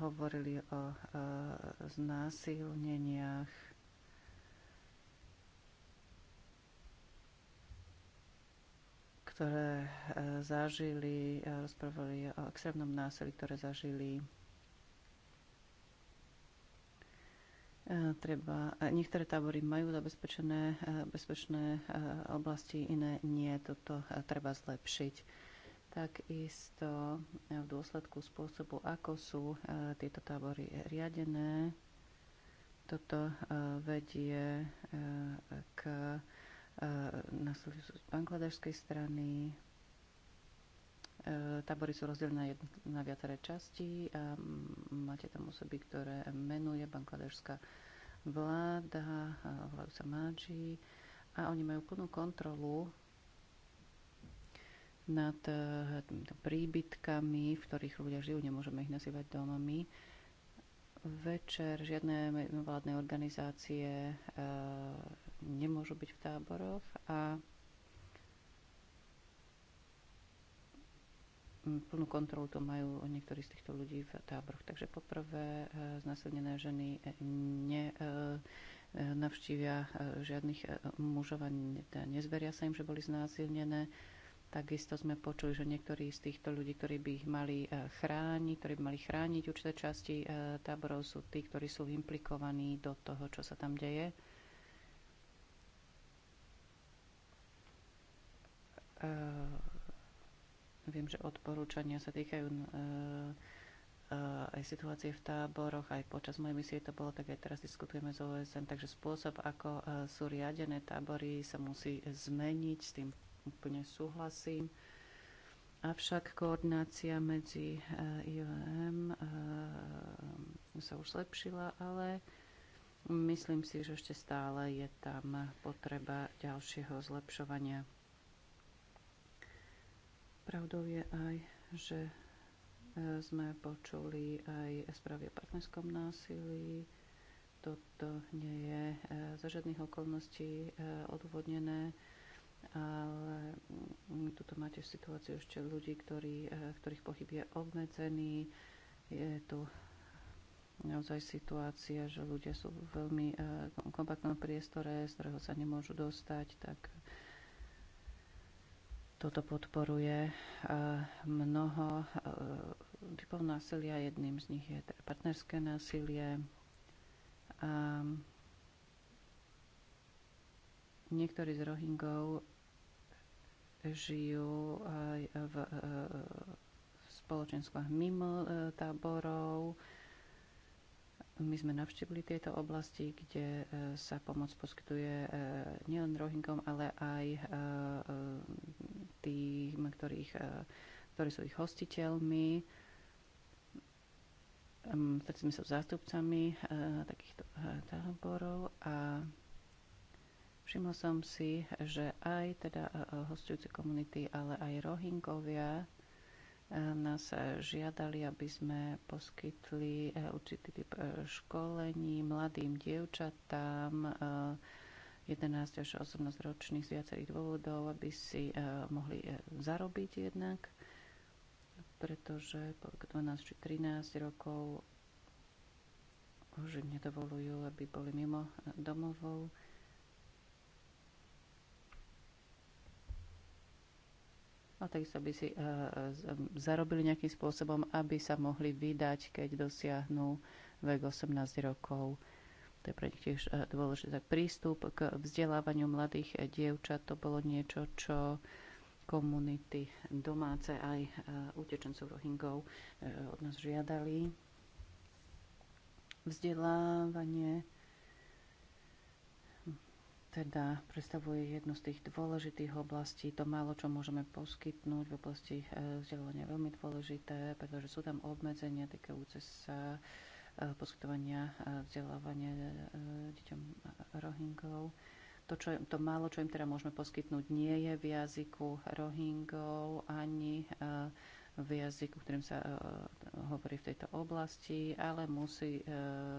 hovorili o e, znásilneniach. ktoré e, zažili, e, rozprávali o extrémnom násilí, ktoré zažili. Treba, niektoré tábory majú zabezpečené bezpečné oblasti, iné nie. Toto treba zlepšiť takisto e, v dôsledku spôsobu, ako sú e, tieto tábory riadené. Toto e, vedie k nasledujúcu z bangladežskej strany. Tábory sú rozdelené na viaceré časti a máte tam osoby, ktoré menuje bangladežská vláda, volajú sa Máči a oni majú plnú kontrolu Eh, nad príbytkami, v ktorých ľudia žijú, nemôžeme ich nazývať domami. Večer žiadne vládne organizácie eh, nemôžu byť v táboroch a plnú kontrolu to majú niektorí z týchto ľudí v táboroch. Takže poprvé eh, znásilnené ženy ne navštívia žiadnych mužov a nezveria sa im, že boli znásilnené. Takisto sme počuli, že niektorí z týchto ľudí, ktorí by ich mali e, chrániť, ktorí by mali chrániť určité časti e, táborov, sú tí, ktorí sú implikovaní do toho, čo sa tam deje. E, viem, že odporúčania sa týkajú aj situácie v táboroch, aj počas mojej misie to bolo, tak aj teraz diskutujeme s OSN, takže spôsob, ako sú riadené tábory, sa musí zmeniť, s tým úplne súhlasím. Avšak koordinácia medzi eh, IOM eh, sa už zlepšila, ale myslím si, že ešte stále je tam potreba ďalšieho zlepšovania. Pravdou je aj, že eh, sme počuli aj správy o partnerskom násilí. Toto nie je za žiadnych okolností odvodnené ale tuto máte situáciu ešte ľudí, ktorí, eh, ktorých pohyb je obmedzený. Je tu naozaj situácia, že ľudia sú v veľmi eh, kompaktnom priestore, z ktorého sa nemôžu dostať, tak toto podporuje eh, mnoho typov násilia. Jedným z nich je teda partnerské násilie. niektorí z Rohingov žijú aj v e, spoločenstvách mimo e, táborov. My sme navštívili tieto oblasti, kde e, sa pomoc poskytuje nielen rohinkom, ale aj tým, ktorých, ktorí sú ich hostiteľmi. Stretli sme sa s zástupcami takýchto táborov a Všimla som si, že aj teda e, e, hostujúce komunity, ale aj rohingovia e, nás žiadali, aby sme poskytli určitý typ školení mladým dievčatám 11 až 18 ročných z viacerých dôvodov, aby si mohli zarobiť jednak, pretože po 12 či 13 rokov už im nedovolujú, aby boli mimo domovov. a takisto by si eh, zarobili nejakým spôsobom, aby sa mohli vydať, keď dosiahnu vek 18 rokov. To je pre nich tiež eh, dôležité. Prístup k vzdelávaniu mladých eh, dievčat to bolo niečo, čo komunity domáce aj utečencov Rohingov od nás žiadali. Vzdelávanie teda predstavuje jednu z tých dôležitých oblastí. To málo, čo môžeme poskytnúť v oblasti e, vzdelávania, je veľmi dôležité, pretože sú tam obmedzenia týkajúce sa e, poskytovania e, vzdelávania deťom rohingov. To, čo, to málo, čo im teda môžeme poskytnúť, nie je v jazyku rohingov ani v jazyku, ktorým sa hovorí v tejto oblasti, ale musí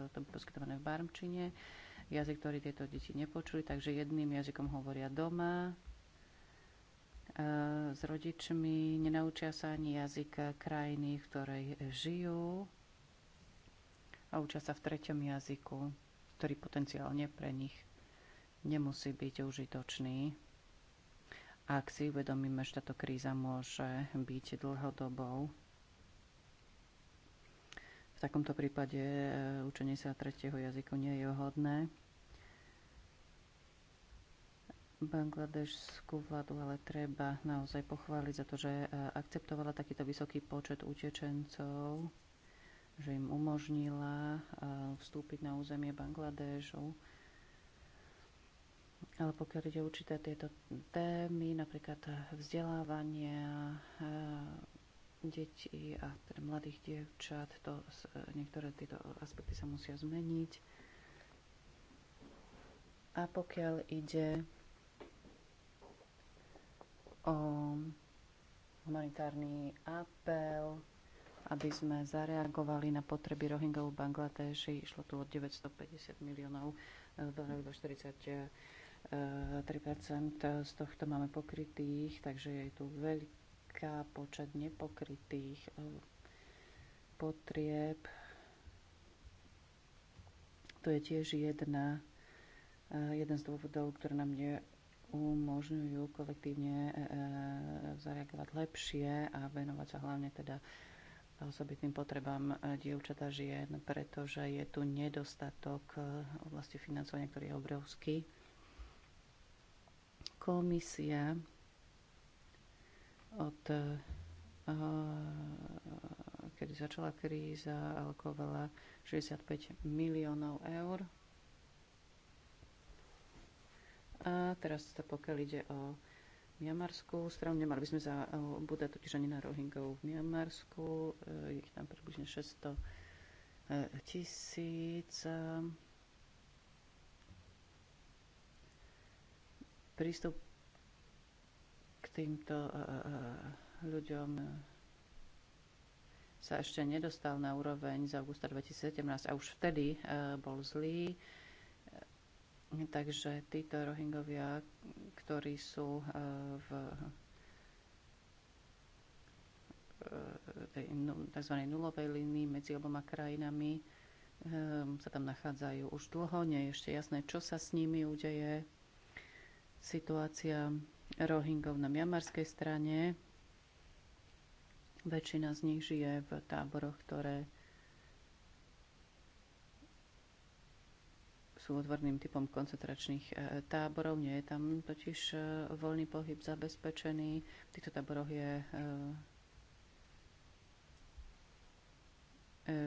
to byť poskytované v barmčine jazyk, ktorý tieto deti nepočuli, takže jedným jazykom hovoria doma e, s rodičmi, nenaučia sa ani jazyk krajiny, v ktorej žijú a učia sa v treťom jazyku, ktorý potenciálne pre nich nemusí byť užitočný. Ak si uvedomíme, že táto kríza môže byť dlhodobou, takomto prípade e, učenie sa tretieho jazyku nie je vhodné. Bangladešskú vládu ale treba naozaj pochváliť za to, že e, akceptovala takýto vysoký počet utečencov, že im umožnila e, vstúpiť na územie Bangladešu. Ale pokiaľ ide určité tieto témy, napríklad vzdelávania, detí a teda mladých dievčat. To, e, niektoré tieto aspekty sa musia zmeniť. A pokiaľ ide o humanitárny apel, aby sme zareagovali na potreby Rohingov v Bangladeši. Išlo tu od 950 miliónov dolarov e, do 43 e, z tohto máme pokrytých, takže je tu veľký týka počet nepokrytých eh, potrieb. To je tiež jedna, eh, jeden z dôvodov, ktoré nám umožňujú kolektívne eh, zareagovať lepšie a venovať sa hlavne teda osobitným potrebám dievčat a žien, pretože je tu nedostatok v oblasti financovania, ktorý je obrovský. Komisia od eh, eh, kedy začala kríza, alokovala 65 miliónov eur. A teraz to pokiaľ ide o Miamarskú stranu, nemali by sme eh, Buda totiž ani na Rohingov v Miamarsku, je ich tam približne 600 tisíc. Prístup týmto e, e, e, ľuďom sa ešte nedostal na úroveň z augusta 2017 a už vtedy bol zlý. Takže títo rohingovia, ktorí sú v tej tzv. nulovej línii medzi oboma krajinami, sa tam nachádzajú už dlho, nie je ešte jasné, čo sa s nimi udeje. Situácia Rohingov na miamarskej strane. Väčšina z nich žije v táboroch, ktoré sú odvorným typom koncentračných e, táborov. Nie je tam totiž e, voľný pohyb zabezpečený. V týchto táboroch je e,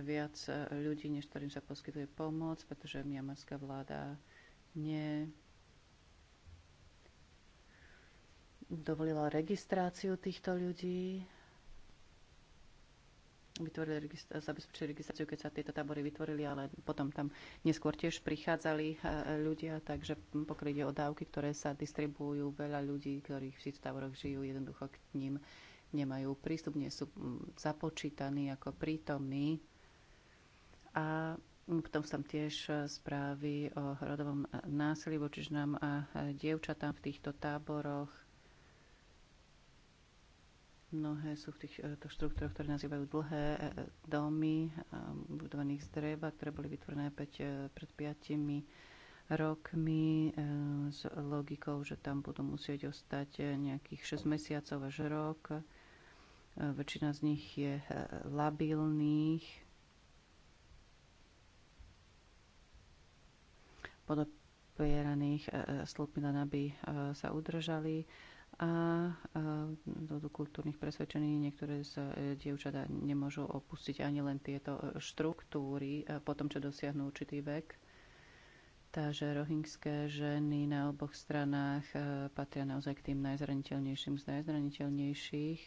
viac ľudí, než ktorým sa poskytuje pomoc, pretože miamarská vláda nie dovolila registráciu týchto ľudí, vytvorili, zabezpečili registráciu, keď sa tieto tábory vytvorili, ale potom tam neskôr tiež prichádzali e, ľudia, takže pokiaľ ide o dávky, ktoré sa distribujú, veľa ľudí, ktorých v týchto táboroch žijú, jednoducho k ním nemajú prístup, nie sú mm, započítaní ako prítomní. A mm, potom som tam tiež e, správy o rodovom e, násilí voči ženám a dievčatám v týchto táboroch Mnohé sú v e, to štruktúrach, ktoré nazývajú dlhé e, e, domy budovaných z dreva, ktoré boli vytvorené 5, pred 5 rokmi s logikou, že tam budú musieť ostať nejakých 6 mesiacov až rok. Väčšina z nich je labilných. Podopieraných stĺpinami, aby sa udržali a do kultúrnych presvedčení niektoré z e, dievčat nemôžu opustiť ani len tieto e, štruktúry e, po tom, čo dosiahnu určitý vek. Takže rohingské ženy na oboch stranách patria naozaj k tým najzraniteľnejším z najzraniteľnejších.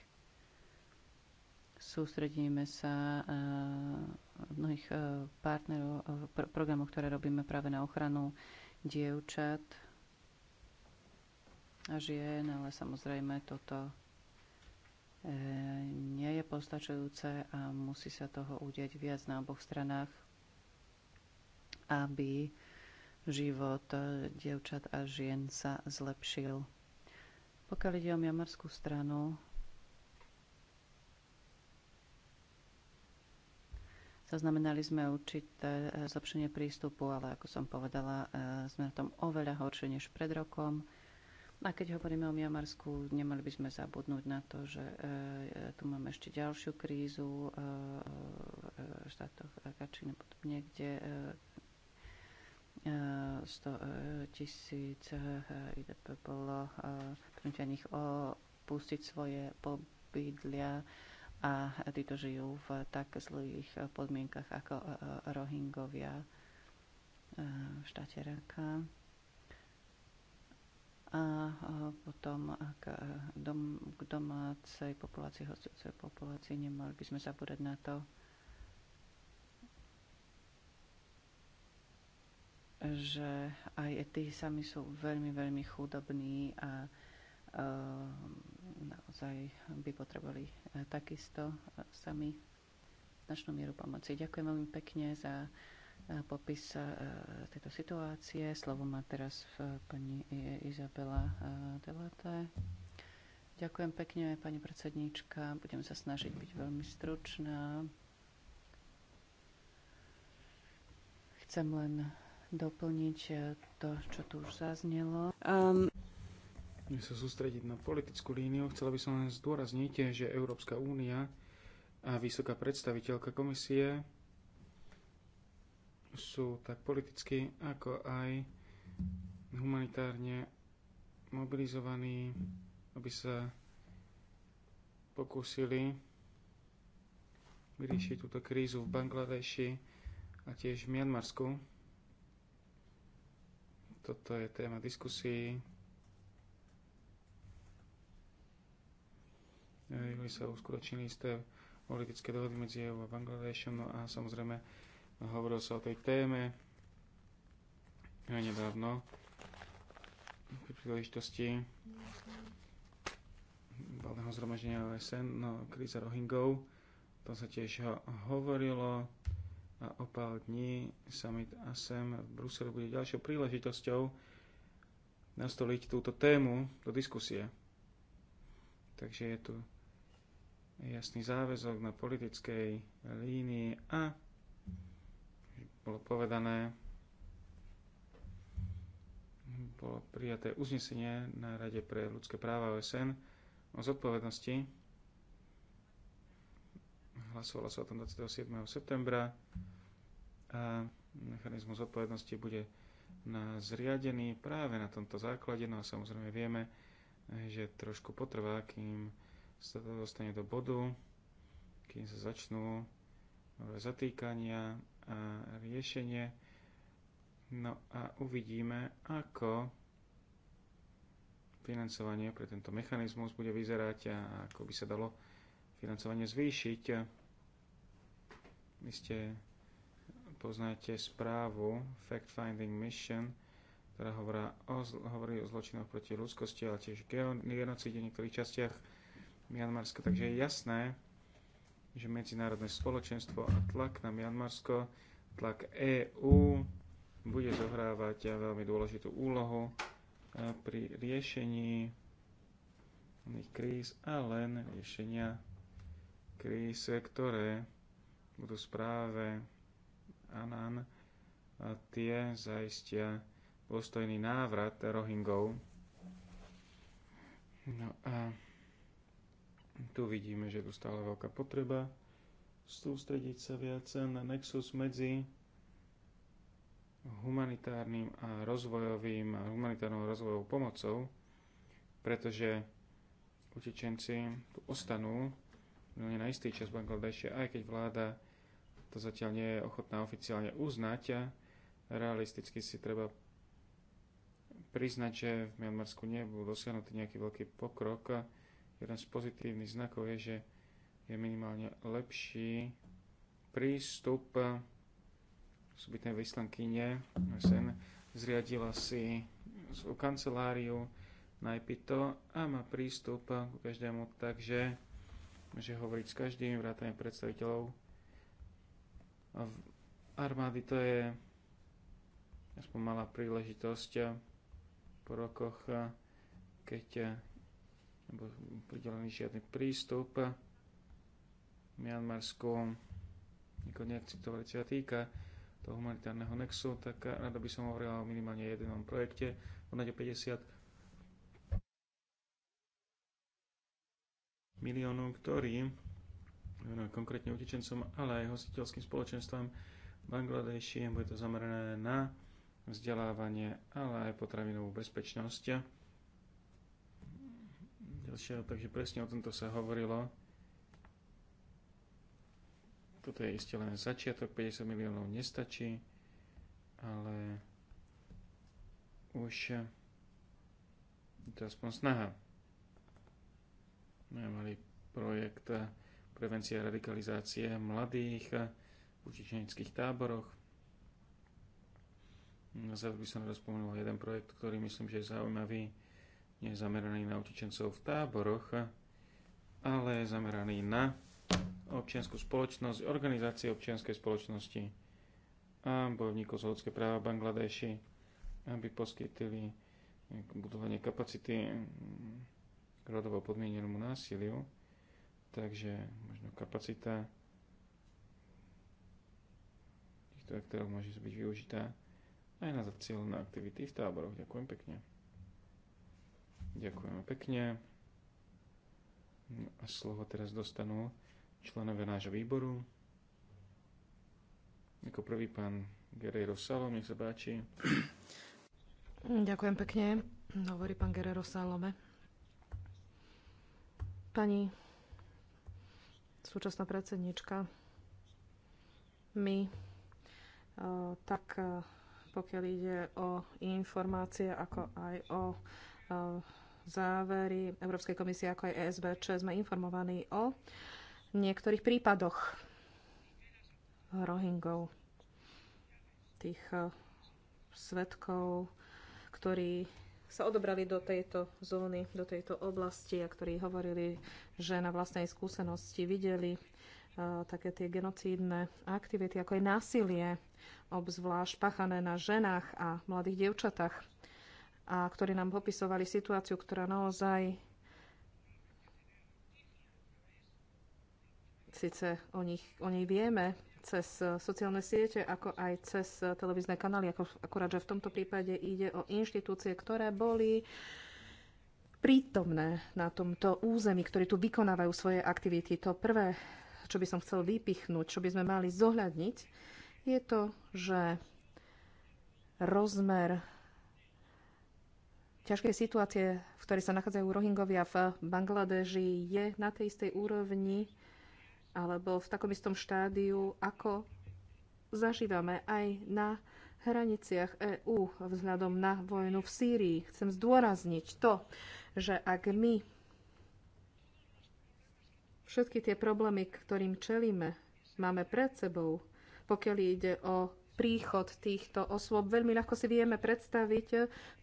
Sústredíme sa v mnohých partnerov, v programoch, ktoré robíme práve na ochranu dievčat, žien, ale samozrejme toto e, nie je postačujúce a musí sa toho udeť viac na oboch stranách, aby život dievčat a žien sa zlepšil. Pokiaľ ide o miamarskú stranu, zaznamenali sme určité e, zlepšenie prístupu, ale ako som povedala, e, sme na tom oveľa horšie než pred rokom. A keď hovoríme o Miamarsku, nemali by sme zabudnúť na to, že e, e, tu máme ešte ďalšiu krízu e, v štátoch Kačiny, potom niekde e, 100 tisíc IDP bolo nich opustiť svoje pobydlia a títo žijú v tak zlých podmienkach ako Rohingovia v štáte Raka a potom k, dom, k domácej populácii, hostujúcej populácii nemali by sme zabúdať na to, že aj tí sami sú veľmi, veľmi chudobní a naozaj by potrebovali e, takisto e, sami značnú mieru pomoci. Ďakujem veľmi pekne za popis e, tejto situácie. Slovo má teraz pani Izabela e, Delaté. Ďakujem pekne, pani predsedníčka. Budem sa snažiť byť veľmi stručná. Chcem len doplniť e, to, čo tu už zaznelo. Um. Chcem sa sústrediť na politickú líniu. Chcela by som len zdôrazniť, že Európska únia a vysoká predstaviteľka komisie sú tak politicky, ako aj humanitárne mobilizovaní, aby sa pokúsili vyriešiť túto krízu v Bangladeši a tiež v Mianmarsku. Toto je téma diskusí. Vy sa uskutočnili isté politické dohody medzi EU a Bangladešom, no a samozrejme Hovoril sa o tej téme aj nedávno pri príležitosti valného zhromaždenia OSN, no kríza Rohingov, Tam sa tiež hovorilo a o pár dní summit ASEM v Bruselu bude ďalšou príležitosťou nastoliť túto tému do diskusie. Takže je tu jasný záväzok na politickej línii a bolo povedané, bolo prijaté uznesenie na Rade pre ľudské práva OSN o zodpovednosti. Hlasovalo sa o tom 27. septembra a mechanizmus zodpovednosti bude na zriadený práve na tomto základe. No a samozrejme vieme, že trošku potrvá, kým sa to dostane do bodu, kým sa začnú zatýkania riešenie. No a uvidíme, ako financovanie pre tento mechanizmus bude vyzerať a ako by sa dalo financovanie zvýšiť. Vy ste poznáte správu Fact Finding Mission, ktorá o, hovorí o zločinoch proti ľudskosti, ale tiež genocíde v niektorých častiach Mianmarska. Takže je jasné, že medzinárodné spoločenstvo a tlak na Mianmarsko, tlak EÚ bude zohrávať veľmi dôležitú úlohu e, pri riešení kríz a len riešenia kríz, ktoré budú správe Anan a tie zaistia dôstojný návrat Rohingov. No a tu vidíme, že je tu stále veľká potreba sústrediť sa viac na nexus medzi humanitárnym a rozvojovým a humanitárnou rozvojovou pomocou, pretože utečenci tu ostanú no na istý čas v Bangladeši, aj keď vláda to zatiaľ nie je ochotná oficiálne uznať a realisticky si treba priznať, že v Mianmarsku nebol dosiahnutý nejaký veľký pokrok Jeden z pozitívnych znakov je, že je minimálne lepší prístup osobitnej vyslankyne SN zriadila si svoju kanceláriu IPITO a má prístup k každému, takže môže hovoriť s každým, vrátane predstaviteľov armády. To je aspoň malá príležitosť po rokoch, keď nebo pridelený žiadny prístup Mianmarsku ako neakceptovali, čo sa týka toho humanitárneho nexu, tak rada by som hovorila o minimálne jednom projekte, hodnote 50 miliónov, ktorý no, konkrétne utečencom, ale aj hostiteľským spoločenstvom v Bangladeši. Bude to zamerané na vzdelávanie, ale aj potravinovú bezpečnosť ďalšieho, takže presne o tomto sa hovorilo. Toto je isté len začiatok, 50 miliónov nestačí, ale už je to aspoň snaha. My mali projekt prevencia radikalizácie mladých v utečeneckých táboroch. Na záver by som rozpomenul jeden projekt, ktorý myslím, že je zaujímavý nie je zameraný na utečencov v táboroch, ale je zameraný na občianskú spoločnosť, organizácie občianskej spoločnosti a bojovníkov za ľudské práva v Bangladeši, aby poskytili budovanie kapacity k rodovo podmienenému násiliu. Takže možno kapacita týchto aktérov môže byť využitá aj na zacielené aktivity v táboroch. Ďakujem pekne. Ďakujem pekne. No a slovo teraz dostanú členové nášho výboru. Ako prvý pán Guerrero Salome, nech sa páči. Ďakujem pekne, hovorí pán Guerrero Salome. Pani súčasná predsednička, my e, tak e, pokiaľ ide o informácie, ako aj o e, závery Európskej komisie ako aj ESBČ sme informovaní o niektorých prípadoch Rohingov, tých eh, svetkov, ktorí sa odobrali do tejto zóny, do tejto oblasti a ktorí hovorili, že na vlastnej skúsenosti videli uh, také tie genocídne aktivity, ako je násilie, obzvlášť pachané na ženách a mladých dievčatách a ktorí nám popisovali situáciu, ktorá naozaj síce o, nich, o nej vieme cez sociálne siete, ako aj cez televízne kanály, ako, akurát že v tomto prípade ide o inštitúcie, ktoré boli prítomné na tomto území, ktorí tu vykonávajú svoje aktivity. To prvé, čo by som chcel vypichnúť, čo by sme mali zohľadniť, je to, že rozmer ťažkej situácie, v ktorej sa nachádzajú Rohingovia v Bangladeži, je na tej istej úrovni alebo v takom istom štádiu, ako zažívame aj na hraniciach EÚ vzhľadom na vojnu v Sýrii. Chcem zdôrazniť to, že ak my všetky tie problémy, ktorým čelíme, máme pred sebou, pokiaľ ide o príchod týchto osôb. Veľmi ľahko si vieme predstaviť,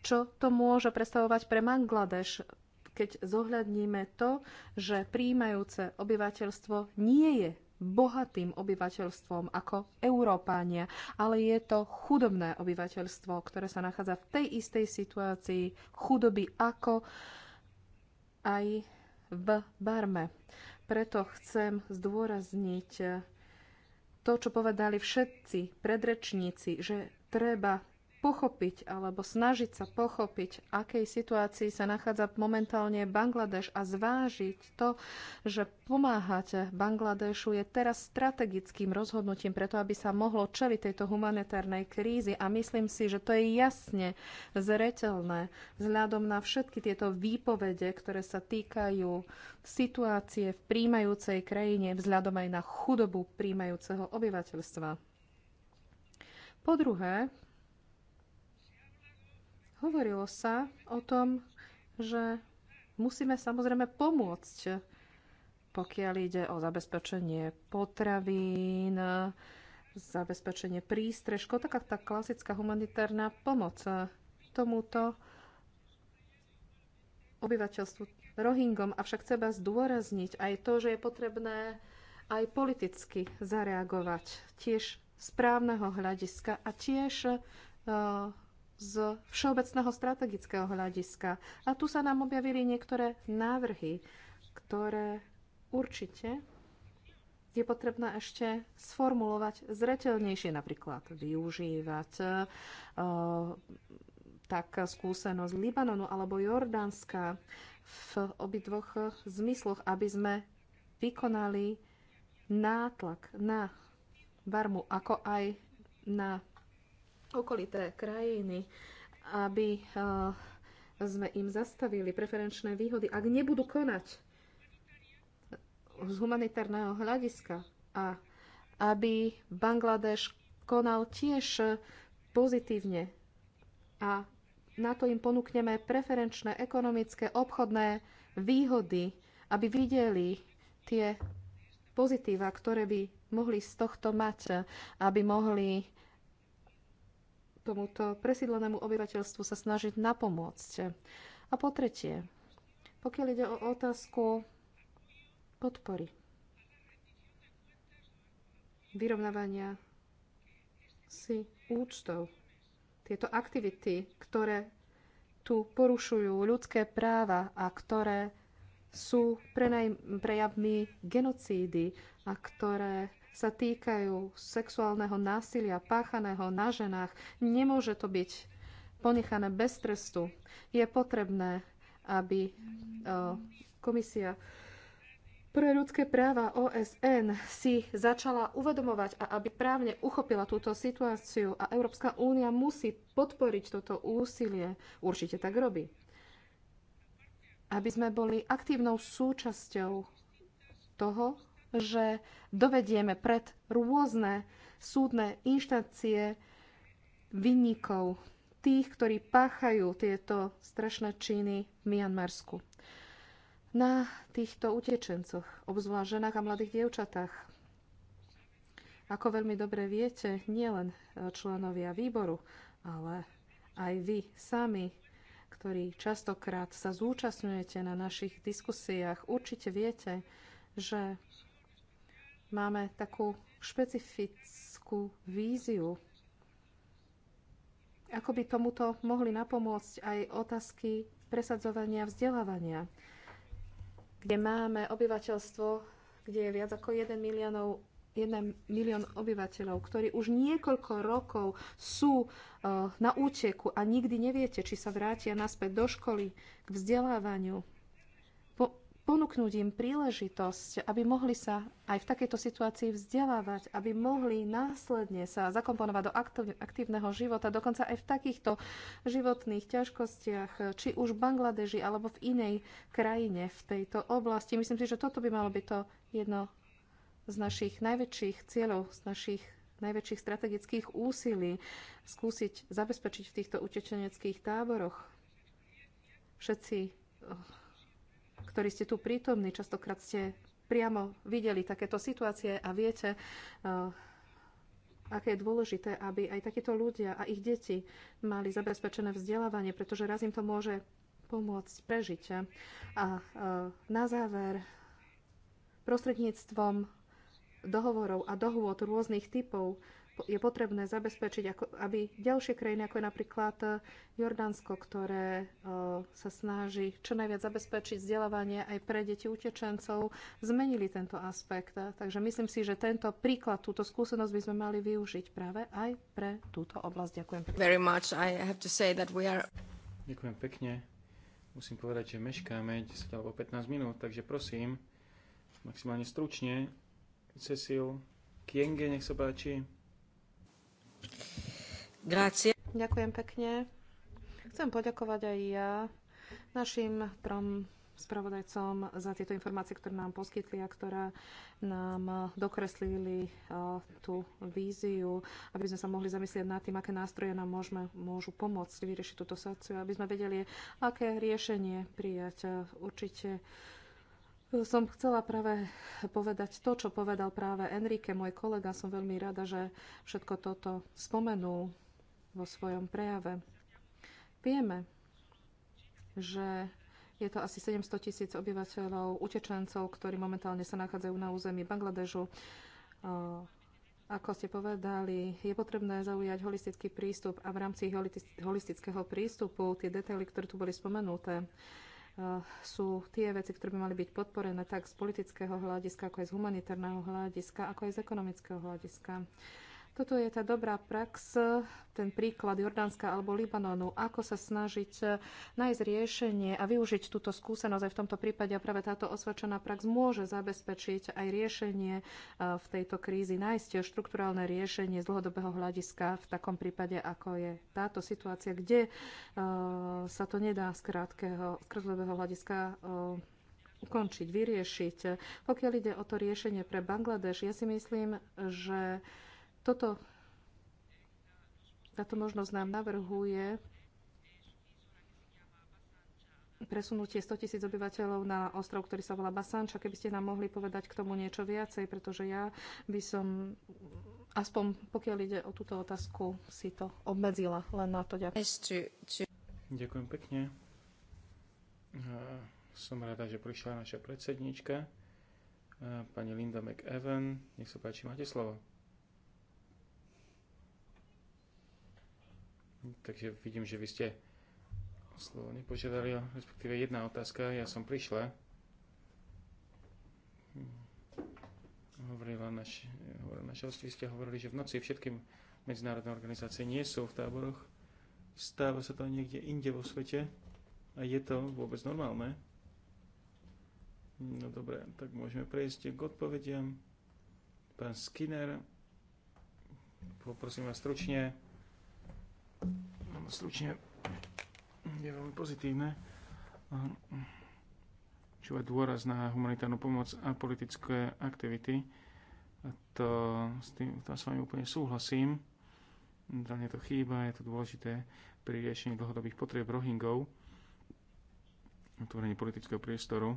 čo to môže predstavovať pre Mangladeš, keď zohľadníme to, že príjmajúce obyvateľstvo nie je bohatým obyvateľstvom ako Európania, ale je to chudobné obyvateľstvo, ktoré sa nachádza v tej istej situácii chudoby ako aj v Barme. Preto chcem zdôrazniť to, čo povedali všetci predrečníci, že treba pochopiť alebo snažiť sa pochopiť, akej situácii sa nachádza momentálne Bangladeš a zvážiť to, že pomáhať Bangladešu je teraz strategickým rozhodnutím preto, aby sa mohlo čeliť tejto humanitárnej krízy a myslím si, že to je jasne zreteľné vzhľadom na všetky tieto výpovede, ktoré sa týkajú situácie v príjmajúcej krajine vzhľadom aj na chudobu príjmajúceho obyvateľstva. Po druhé, Hovorilo sa o tom, že musíme samozrejme pomôcť, pokiaľ ide o zabezpečenie potravín, zabezpečenie prístrežkov, taká tá klasická humanitárna pomoc tomuto obyvateľstvu Rohingom. Avšak treba zdôrazniť aj to, že je potrebné aj politicky zareagovať, tiež správneho hľadiska a tiež uh, z všeobecného strategického hľadiska. A tu sa nám objavili niektoré návrhy, ktoré určite je potrebné ešte sformulovať zretelnejšie, napríklad využívať uh, tak skúsenosť Libanonu alebo Jordánska v obidvoch zmysloch, aby sme vykonali nátlak na Barmu, ako aj na okolité krajiny, aby eh, sme im zastavili preferenčné výhody, ak nebudú konať z humanitárneho hľadiska a aby Bangladeš konal tiež pozitívne a na to im ponúkneme preferenčné ekonomické, obchodné výhody, aby videli tie pozitíva, ktoré by mohli z tohto mať, aby mohli tomuto presídlenému obyvateľstvu sa snažiť napomôcť. A po tretie, pokiaľ ide o otázku podpory, vyrovnávania si účtov, tieto aktivity, ktoré tu porušujú ľudské práva a ktoré sú prejavmi genocídy a ktoré sa týkajú sexuálneho násilia páchaného na ženách, nemôže to byť ponechané bez trestu. Je potrebné, aby e, komisia pre ľudské práva OSN si začala uvedomovať a aby právne uchopila túto situáciu a Európska únia musí podporiť toto úsilie. Určite tak robí. Aby sme boli aktívnou súčasťou toho, že dovedieme pred rôzne súdne inštancie vinníkov, tých, ktorí páchajú tieto strašné činy v Mianmarsku. Na týchto utečencoch, obzvlášť ženách a mladých dievčatách, ako veľmi dobre viete, nielen e, členovia výboru, ale aj vy sami, ktorí častokrát sa zúčastňujete na našich diskusiách, určite viete, že máme takú špecifickú víziu, ako by tomuto mohli napomôcť aj otázky presadzovania vzdelávania, kde máme obyvateľstvo, kde je viac ako 1 miliónov 1 milión obyvateľov, ktorí už niekoľko rokov sú eh, na úteku a nikdy neviete, či sa vrátia naspäť do školy, k vzdelávaniu, ponúknuť im príležitosť, aby mohli sa aj v takejto situácii vzdelávať, aby mohli následne sa zakomponovať do aktívneho života, dokonca aj v takýchto životných ťažkostiach, či už v Bangladeži alebo v inej krajine v tejto oblasti. Myslím si, že toto by malo byť to jedno z našich najväčších cieľov, z našich najväčších strategických úsilí skúsiť zabezpečiť v týchto utečeneckých táboroch. Všetci oh, ktorí ste tu prítomní, častokrát ste priamo videli takéto situácie a viete, eh, aké je dôležité, aby aj takíto ľudia a ich deti mali zabezpečené vzdelávanie, pretože raz im to môže pomôcť prežiť. A eh, na záver, prostredníctvom dohovorov a dohôd rôznych typov je potrebné zabezpečiť, ako, aby ďalšie krajiny, ako je napríklad eh, Jordánsko, ktoré o, eh, sa snaží čo najviac zabezpečiť vzdelávanie aj pre deti utečencov, zmenili tento aspekt. Eh, takže myslím si, že tento príklad, túto skúsenosť by sme mali využiť práve aj pre túto oblasť. Ďakujem pekne. Very much. I have to say that we are... Ďakujem pekne. Musím povedať, že meškáme 10 alebo 15 minút, takže prosím, maximálne stručne. Cecil Kienge, nech sa páči. Ďakujem pekne. Chcem poďakovať aj ja našim trom spravodajcom za tieto informácie, ktoré nám poskytli a ktoré nám dokreslili e, tú víziu, aby sme sa mohli zamyslieť nad tým, aké nástroje nám môžeme, môžu pomôcť vyriešiť túto situáciu, aby sme vedeli, aké riešenie prijať. E, určite som chcela práve povedať to, čo povedal práve Enrique, môj kolega. Som veľmi rada, že všetko toto spomenul vo svojom prejave. Vieme, že je to asi 700 tisíc obyvateľov, utečencov, ktorí momentálne sa nachádzajú na území Bangladežu. Ako ste povedali, je potrebné zaujať holistický prístup a v rámci holistického prístupu tie detaily, ktoré tu boli spomenuté, Eh, sú tie veci, ktoré by mali byť podporené tak z politického hľadiska, ako aj z humanitárneho hľadiska, ako aj z ekonomického hľadiska. Toto je tá dobrá prax, ten príklad Jordánska alebo Libanonu, ako sa snažiť nájsť riešenie a využiť túto skúsenosť aj v tomto prípade. A práve táto osvedčená prax môže zabezpečiť aj riešenie e, v tejto krízi, nájsť štruktúrálne riešenie z dlhodobého hľadiska v takom prípade, ako je táto situácia, kde e, sa to nedá z krátkeho, z krátkeho hľadiska e, ukončiť, vyriešiť. Pokiaľ ide o to riešenie pre Bangladeš, ja si myslím, že toto, táto možnosť nám navrhuje presunutie 100 tisíc obyvateľov na ostrov, ktorý sa volá Basanča. Keby ste nám mohli povedať k tomu niečo viacej, pretože ja by som, aspoň pokiaľ ide o túto otázku, si to obmedzila. Len na to ďakujem. Ďakujem pekne. Som rada, že prišla naša predsednička, pani Linda McEwen. Nech sa páči, máte slovo. Takže vidím, že vy ste slovo nepožiadali, respektíve jedna otázka. Ja som prišla. Hovorila naš, hovorila naš host, vy ste hovorili, že v noci všetky medzinárodné organizácie nie sú v táboroch. Stáva sa to niekde inde vo svete. A je to vôbec normálne? No dobre, tak môžeme prejsť k odpovediam. Pán Skinner, poprosím vás stručne stručne je veľmi pozitívne ehm, Čiže dôraz na humanitárnu pomoc a politické aktivity. to s tým to s vami úplne súhlasím. Za mňa to chýba, je to dôležité pri riešení dlhodobých potrieb Rohingov, otvorení politického priestoru.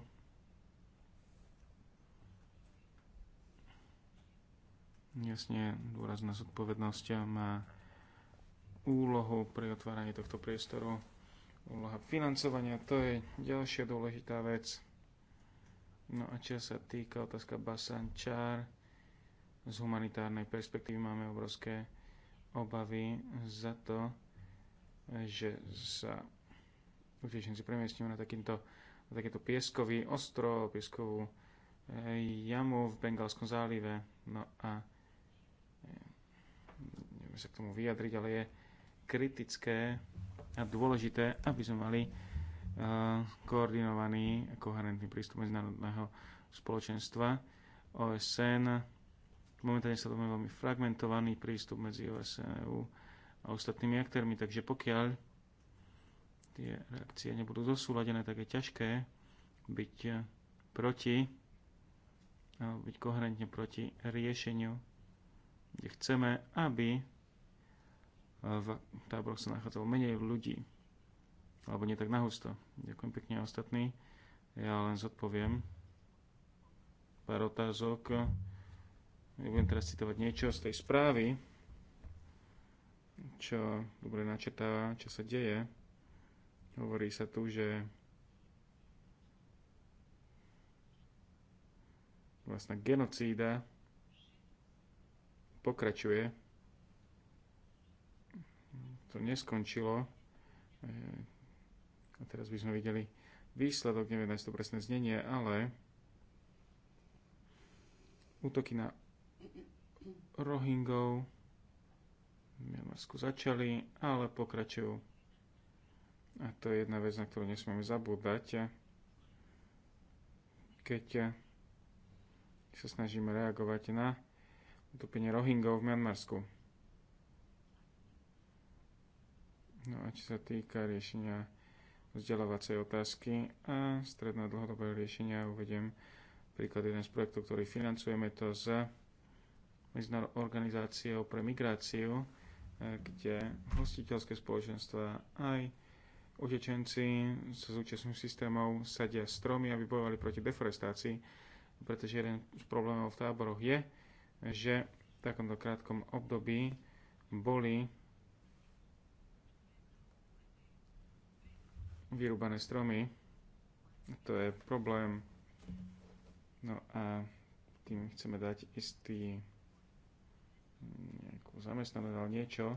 Jasne, dôraz na zodpovednosť má úlohu pri otváraní tohto priestoru. Úloha financovania, to je ďalšia dôležitá vec. No a čo sa týka otázka Basan Čár, z humanitárnej perspektívy máme obrovské obavy za to, že sa utečenci premiestňujú na, takýmto, na takýto pieskový ostrov, pieskovú eh, jamu v Bengalskom zálive. No a eh, neviem sa k tomu vyjadriť, ale je kritické a dôležité, aby sme mali eh, koordinovaný a koherentný prístup medzinárodného spoločenstva OSN. Momentálne sa to veľmi fragmentovaný prístup medzi OSN a EU a ostatnými aktérmi, takže pokiaľ tie reakcie nebudú zosúladené, tak je ťažké byť eh, proti byť koherentne proti riešeniu, kde chceme, aby v táboroch sa nachádzalo menej ľudí. Alebo nie tak nahusto. Ďakujem pekne a ostatní. Ja len zodpoviem pár otázok. Nebudem ja teraz citovať niečo z tej správy, čo dobre načetáva, čo sa deje. Hovorí sa tu, že vlastná genocída pokračuje to neskončilo. E, a teraz by sme videli výsledok, neviem nájsť to presné znenie, ale útoky na Rohingov v Mianmarsku začali, ale pokračujú. A to je jedna vec, na ktorú nesmieme zabúdať. Keď sa snažíme reagovať na utopenie Rohingov v Mianmarsku. No a čo sa týka riešenia vzdelávacej otázky a stredná dlhodobého riešenia, uvediem príklad jeden z projektov, ktorý financujeme to z Medzinárodnou organizáciou pre migráciu, e, kde hostiteľské spoločenstva aj utečenci sa zúčastňujú systémov, sadia stromy, aby bojovali proti deforestácii, pretože jeden z problémov v táboroch je, že v takomto krátkom období boli vyrúbané stromy. To je problém. No a tým chceme dať istý mm, nejakú zamestnanosť, ale niečo,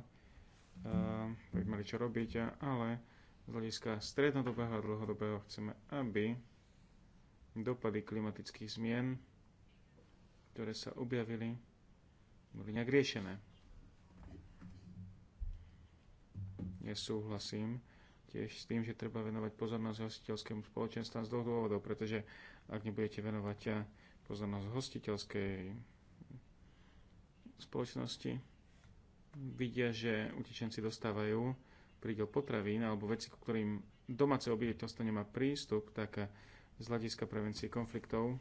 Uh, uh, mali čo robiť, ale z hľadiska strednodobého a dlhodobého chceme, aby dopady klimatických zmien, ktoré sa objavili, boli nejak riešené. Ja tiež s tým, že treba venovať pozornosť hostiteľskému spoločenstvu z dvoch dôvodov, pretože ak nebudete venovať eh, pozornosť hostiteľskej spoločnosti, vidia, že utečenci dostávajú prídel potravín alebo veci, ku ktorým domáce obyvateľstvo nemá prístup, tak eh, z hľadiska prevencie konfliktov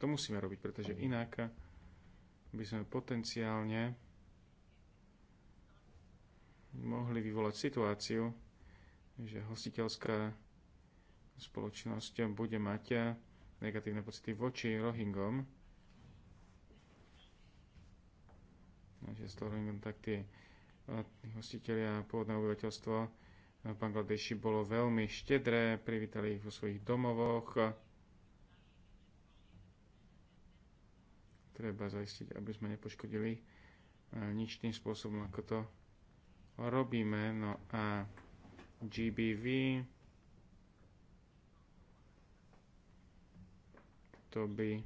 to musíme robiť, pretože inak by sme potenciálne mohli vyvolať situáciu, že hostiteľská spoločnosť bude mať negatívne pocity voči Rohingom. No, že s Rohingom tak tie eh, hostiteľia a pôvodné obyvateľstvo v Bangladeši bolo veľmi štedré, privítali ich vo svojich domovoch. Treba zaistiť, aby sme nepoškodili eh, nič tým spôsobom, ako to robíme. No a GBV. To by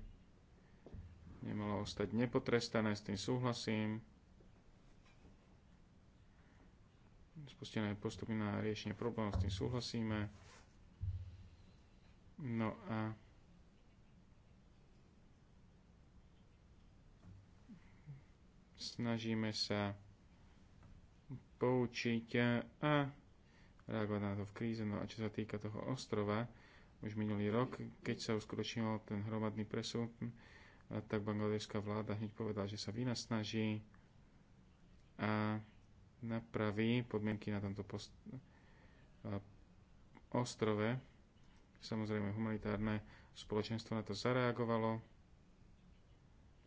nemalo ostať nepotrestané, s tým súhlasím. Spustené postupy na riešenie problémov, s tým súhlasíme. No a snažíme sa poučiť a reagovať na to v kríze. No a čo sa týka toho ostrova, už minulý rok, keď sa uskutočnil ten hromadný presun, tak bangladešská vláda hneď povedala, že sa vynasnaží a napraví podmienky na tomto post- ostrove. Samozrejme, humanitárne spoločenstvo na to zareagovalo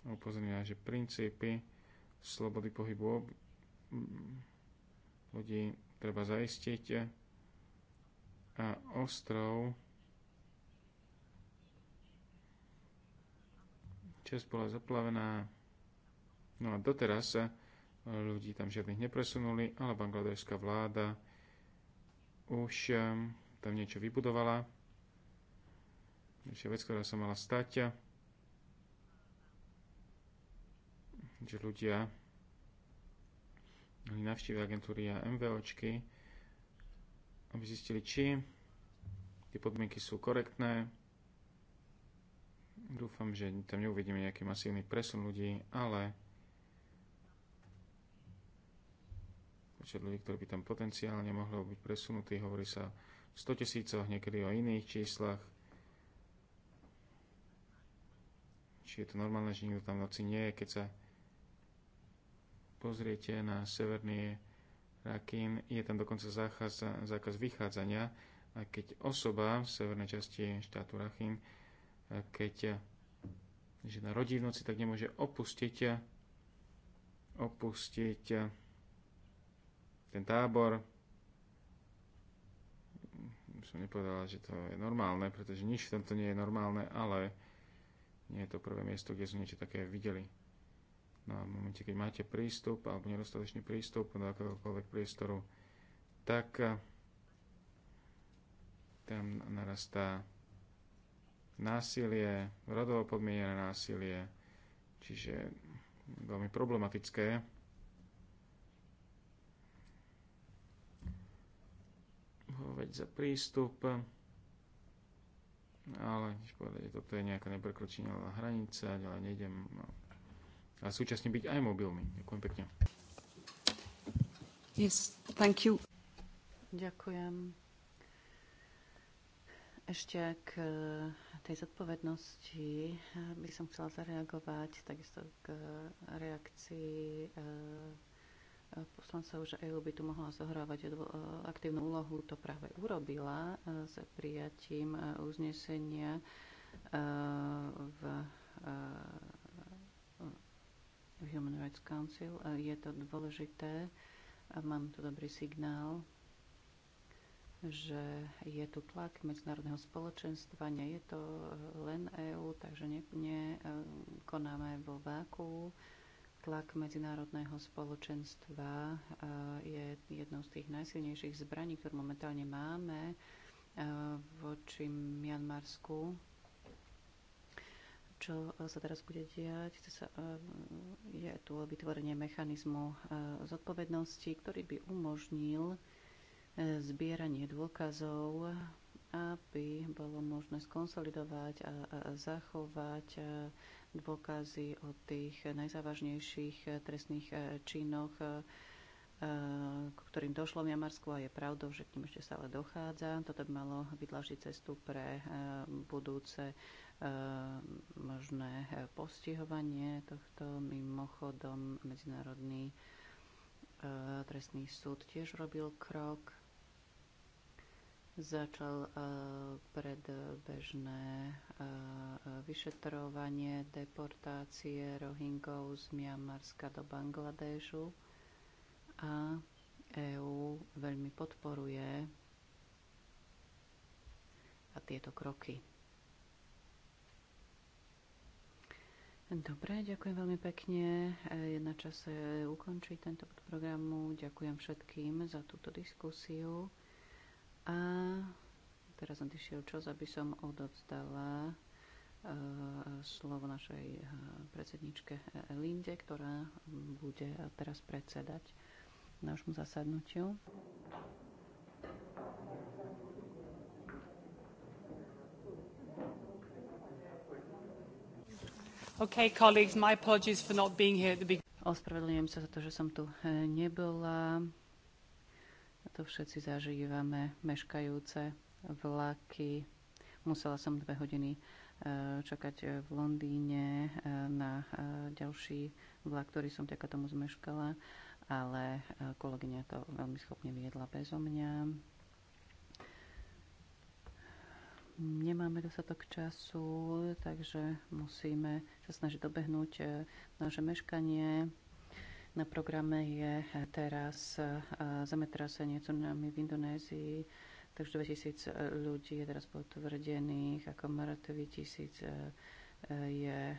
a že princípy slobody pohybu ľudí treba zaistiť a ostrov časť bola zaplavená no a doteraz sa ľudí tam žiadnych nepresunuli ale bangladešská vláda už um, tam niečo vybudovala ešte vec, ktorá sa mala stať že ľudia navštívili agentúry a MVOčky, aby zistili, či tie podmienky sú korektné. Dúfam, že tam neuvidíme nejaký masívny presun ľudí, ale počet ľudí, ktorí by tam potenciálne mohli byť presunutí, hovorí sa v 100 tisícoch, niekedy o iných číslach. Či je to normálne, že nikto tam v noci nie je, keď sa pozriete na severný Rakín, je tam dokonca zákaz, zákaz vychádzania, a keď osoba v severnej časti štátu Rakín, keď žena rodí v noci, tak nemôže opustiť, opustiť ten tábor. Som nepovedala, že to je normálne, pretože nič v tomto nie je normálne, ale nie je to prvé miesto, kde sme niečo také videli. No a v momente, keď máte prístup alebo nedostatočný prístup do akéhokoľvek priestoru, tak eh, tam narastá násilie, rodovo podmienené násilie, čiže veľmi problematické. Veď za prístup, ale než povedať, toto je nejaká neprekročenia hranica, ďalej nejdem, no, a súčasne byť aj mobilný. Ďakujem pekne. Yes, thank you. Ďakujem. Ešte k eh, tej zodpovednosti eh, by som chcela zareagovať, takisto k reakcii eh, poslancov, že EU by tu mohla zohrávať aktívnu úlohu, to práve urobila s prijatím uznesenia v Human Rights Council. Je to dôležité a mám tu dobrý signál, že je tu tlak medzinárodného spoločenstva, nie je to len EÚ, takže nekonáme ne, e, vo váku. Tlak medzinárodného spoločenstva e, je jednou z tých najsilnejších zbraní, ktoré momentálne máme e, voči Mianmarsku čo e, sa teraz bude diať. Chce sa, e, je tu vytvorenie mechanizmu e, zodpovednosti, ktorý by umožnil zbieranie dôkazov, aby bolo možné skonsolidovať a zachovať dôkazy o tých najzávažnejších trestných činoch, k ktorým došlo v Jamarsku a je pravdou, že k ním ešte stále dochádza. Toto by malo vydlažiť cestu pre budúce Ehm, možné e, postihovanie tohto. Mimochodom, Medzinárodný e, trestný súd tiež robil krok. Začal e, predbežné vyšetrovanie deportácie Rohingov z Mianmarska do Bangladešu a EÚ veľmi podporuje a tieto kroky. Dobre, ďakujem veľmi pekne. E, Je na čase ukončiť tento programu. Ďakujem všetkým za túto diskusiu. A teraz som odišiel čas, aby som odovzdala e, slovo našej e, predsedničke Linde, ktorá bude teraz predsedať nášmu zasadnutiu. Okay, colleagues, my apologies for not being here at the beginning. Ospravedlňujem sa za to, že som tu eh, nebola. A to všetci zažívame, meškajúce vlaky. Musela som dve hodiny eh, čakať eh, v Londýne na ďalší vlak, ktorý som vďaka tomu zmeškala, ale kolegyňa to veľmi schopne viedla bezo mňa. Nemáme dostatok času, takže musíme sa snažiť dobehnúť e, naše meškanie. Na programe je e, teraz e, zemetrasenie tsunami v Indonézii, takže 2000 ľudí je teraz potvrdených ako mŕtvi, tisíc je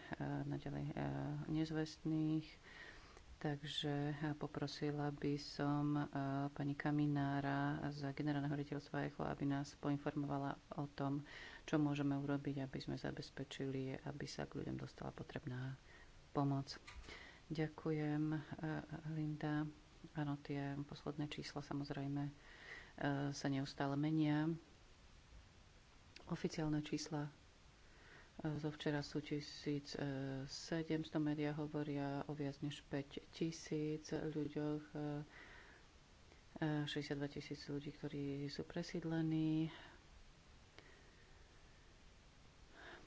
naďalej nezvestných Takže eh, poprosila by som eh, pani Kaminára z generálneho riaditeľstva ECHO, aby nás poinformovala o tom, čo môžeme urobiť, aby sme zabezpečili, aby sa k ľuďom dostala potrebná pomoc. Ďakujem, eh, Linda. Áno, tie posledné čísla samozrejme sa neustále menia. Oficiálne čísla zo včera sú 1700 media hovoria o viac než 5000 ľuďoch. 62 tisíc ľudí, ktorí sú presídlení.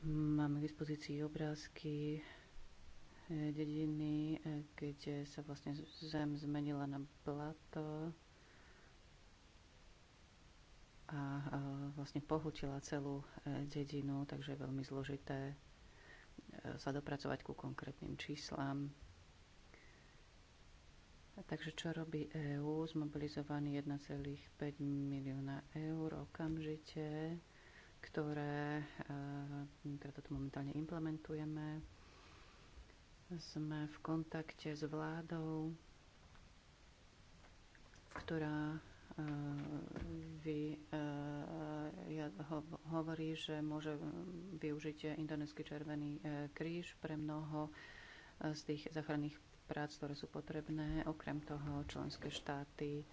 Máme k dispozícii obrázky eh, dediny, eh, kde sa vlastne zem zmenila na plato a vlastne pohutila celú e, dedinu, takže je veľmi zložité e, sa dopracovať ku konkrétnym číslam. Takže čo robí EÚ? Zmobilizovaný 1,5 milióna eur okamžite, ktoré e, teda toto momentálne implementujeme. Sme v kontakte s vládou, ktorá vy, eh, ja ho, hovorí, že môže využiť indonesky červený eh, kríž pre mnoho eh, z tých záchranných prác, ktoré sú potrebné. Okrem toho členské štáty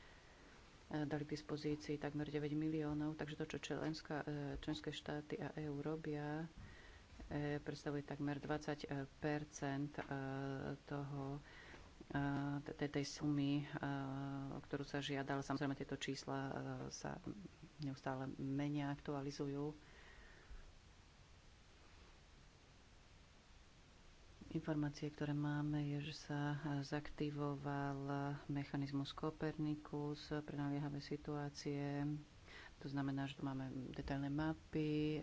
dali k dispozícii takmer 9 miliónov, takže to, čo členská, členské štáty a EU robia, predstavuje takmer 20 toho, tej sumy, o ktorú sa žiada, ale samozrejme tieto čísla sa neustále menia, aktualizujú. Informácie, ktoré máme, je, že sa zaktivoval mechanizmus Kopernikus, pre naliehavé situácie. To znamená, že tu máme detailné mapy, e,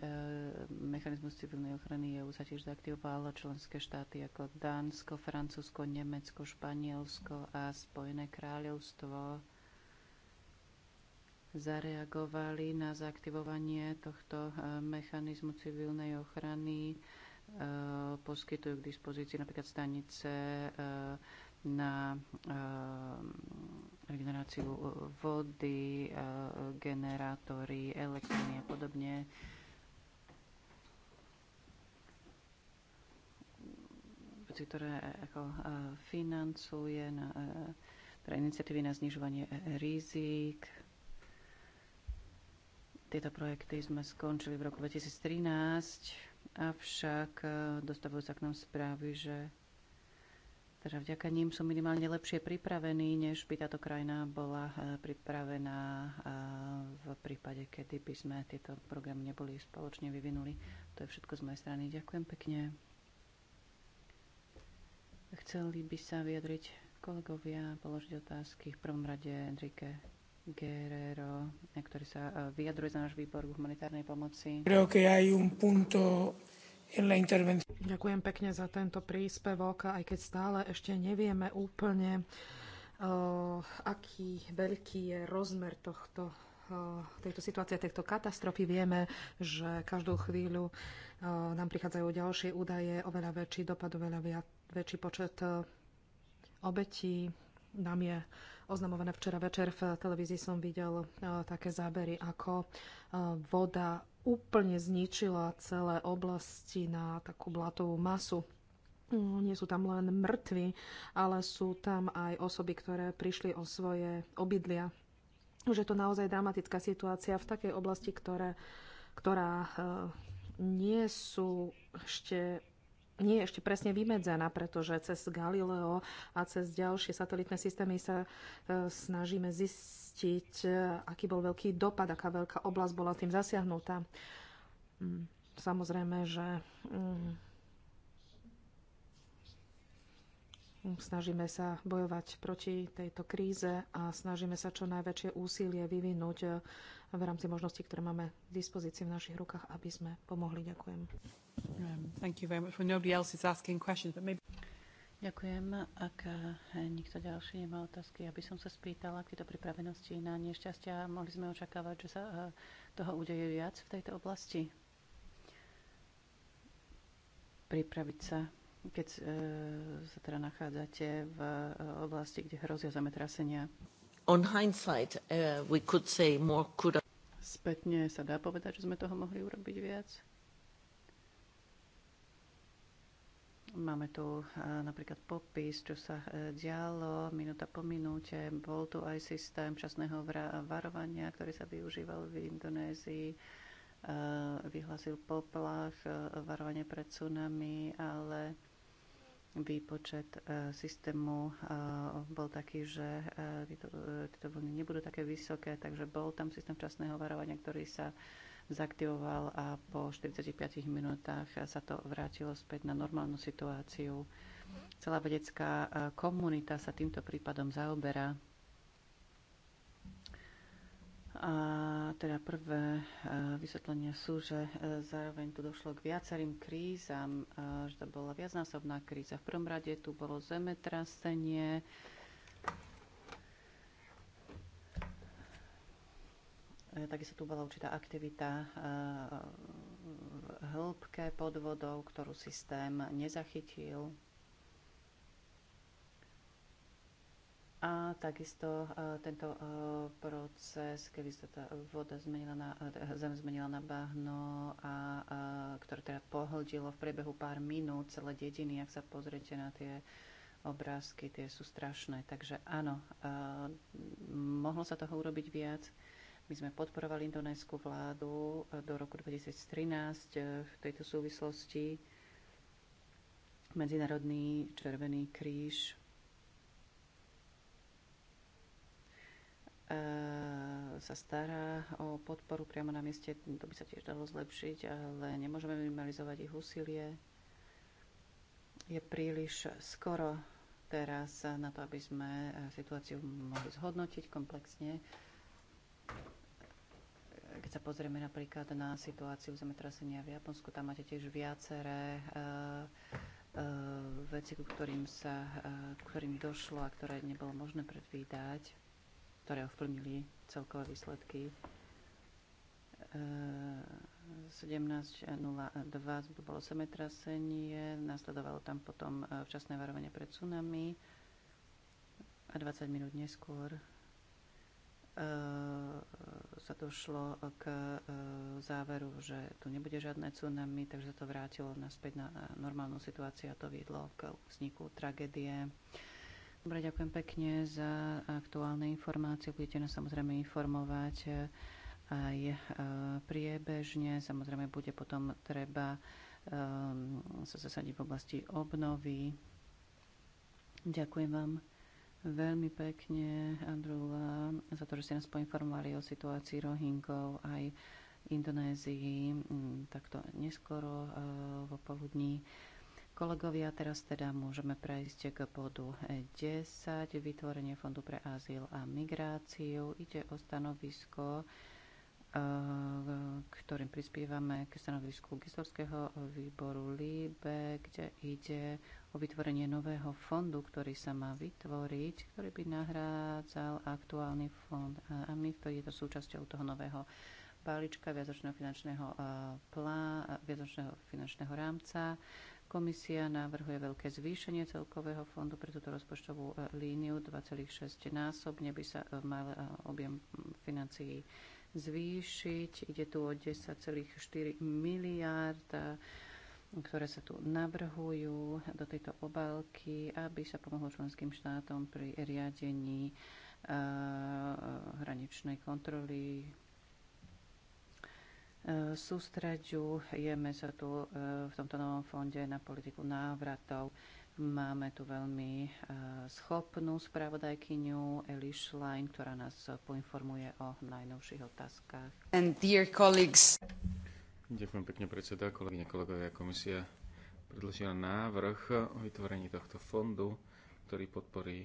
mechanizmus civilnej ochrany EU sa tiež zaaktivoval členské štáty ako Dánsko, Francúzsko, Nemecko, Španielsko a Spojené kráľovstvo zareagovali na zaaktivovanie tohto e, mechanizmu civilnej ochrany. E, poskytujú k dispozícii napríklad stanice na regeneráciu e, vody, e, generátory, elektriny a podobne. veci, ktoré e, ako financuje, na, pre teda iniciatívy na znižovanie rizik. Tieto projekty sme skončili v roku 2013, avšak dostavujú sa k nám správy, že Takže teda vďaka ním sú minimálne lepšie pripravení, než by táto krajina bola eh, pripravená eh, v prípade, kedy by sme tieto programy neboli spoločne vyvinuli. To je všetko z mojej strany. Ďakujem pekne. Chceli by sa vyjadriť kolegovia, položiť otázky. V prvom rade Enrique Guerrero, ktorý sa eh, vyjadruje za náš výbor v humanitárnej pomoci. Creo que hay un punto Ďakujem pekne za tento príspevok, aj keď stále ešte nevieme úplne, uh, aký veľký je rozmer tohto eh, tejto situácie, tejto katastrofy vieme, že každú chvíľu eh, nám prichádzajú ďalšie údaje, oveľa väčší dopad, oveľa väčší počet obetí. Nám je oznamované včera večer v televízii som videl e, také zábery, ako e, voda úplne zničila celé oblasti na takú blatovú masu. Mm, nie sú tam len mŕtvi, ale sú tam aj osoby, ktoré prišli o svoje obydlia. Už je to naozaj dramatická situácia v takej oblasti, ktoré, ktorá e, nie sú ešte nie je ešte presne vymedzená, pretože cez Galileo a cez ďalšie satelitné systémy sa e, snažíme zistiť, e, aký bol veľký dopad, aká veľká oblasť bola tým zasiahnutá. Mm, samozrejme, že mm, snažíme sa bojovať proti tejto kríze a snažíme sa čo najväčšie úsilie vyvinúť e, v rámci možností, ktoré máme v dispozícii v našich rukách, aby sme pomohli. Ďakujem. Um, Ďakujem. Ak eh, nikto ďalší nemá otázky, aby som sa spýtala k tejto pripravenosti na nešťastia. Mohli sme očakávať, že sa eh, toho udeje viac v tejto oblasti? Pripraviť sa keď eh, sa teda nachádzate v oblasti, kde hrozia zametrasenia. On hindsight, uh, we could say more could Spätne sa dá povedať, že sme toho mohli urobiť viac. Máme tu e, napríklad popis, čo sa e, dialo minúta po minúte. Bol tu aj systém časného varovania, ktorý sa využíval v Indonézii. E, Vyhlasil poplach, varovanie pred tsunami, ale výpočet e, systému e, bol taký, že e, tieto, tieto vlny nebudú také vysoké, takže bol tam systém včasného varovania, ktorý sa zaktivoval a po 45 minútach sa to vrátilo späť na normálnu situáciu. Celá vedecká komunita sa týmto prípadom zaoberá a teda prvé e, vysvetlenia sú, že e, zároveň tu došlo k viacerým krízam, e, že to bola viacnásobná kríza. V prvom rade tu bolo zemetrasenie, Takisto tu bola určitá aktivita v hĺbke pod vodou, ktorú systém nezachytil. A takisto e, tento e, proces, kedy sa tá voda zmenila na, e, zem zmenila na bahno, a, a, ktoré teda pohltilo v priebehu pár minút celé dediny, ak sa pozriete na tie obrázky, tie sú strašné. Takže áno, a, mohlo sa toho urobiť viac. My sme podporovali indonéskú vládu do roku 2013 v tejto súvislosti. Medzinárodný Červený kríž Ehm, sa stará o podporu priamo na mieste, to by sa tiež dalo zlepšiť, ale nemôžeme minimalizovať ich úsilie. Je príliš skoro teraz na to, aby sme eh, situáciu mohli zhodnotiť komplexne. Ehm, keď sa pozrieme napríklad na situáciu zemetrasenia v Japonsku, tam máte tiež viaceré eh, eh, veci, ku ktorým, sa, ku ktorým došlo a ktoré nebolo možné predvídať ktoré ovplyvnili celkové výsledky. 17.02 to bolo semetrasenie, nasledovalo tam potom e, včasné varovanie pred tsunami a 20 minút neskôr e, sa došlo k e, záveru, že tu nebude žiadne tsunami, takže sa to vrátilo naspäť na normálnu situáciu a to viedlo k vzniku tragédie. Dobre, ďakujem pekne za aktuálne informácie. Budete nás samozrejme informovať e, aj e, priebežne. Samozrejme bude potom treba e, sa zasadiť v oblasti obnovy. Ďakujem vám veľmi pekne, Andrula, za to, že ste nás poinformovali o situácii Rohingov aj Indonézii takto neskoro vo poludní. Kolegovia, teraz teda môžeme prejsť k bodu 10, vytvorenie Fondu pre azyl a migráciu. Ide o stanovisko, eh, ktorým prispievame k stanovisku gestorského výboru LIBE, kde ide o vytvorenie nového fondu, ktorý sa má vytvoriť, ktorý by nahrádzal aktuálny fond AMIF, ktorý je to súčasťou toho nového balíčka viacročného finančného, eh, plá, eh, viacročného finančného rámca. Komisia navrhuje veľké zvýšenie celkového fondu pre túto rozpočtovú e, líniu 2,6 násobne by sa e, mal e, objem financií zvýšiť. Ide tu o 10,4 miliárd ktoré sa tu navrhujú do tejto obálky, aby sa pomohlo členským štátom pri riadení hraničnej kontroly sústreďujeme sa tu e, v tomto novom fonde na politiku návratov. Máme tu veľmi e, schopnú spravodajkyňu Eli Schlein, ktorá nás poinformuje o najnovších otázkach. And dear colleagues. Ďakujem pekne predseda, kolegyne, kolegovia, komisia predložila návrh o vytvorení tohto fondu, ktorý podporí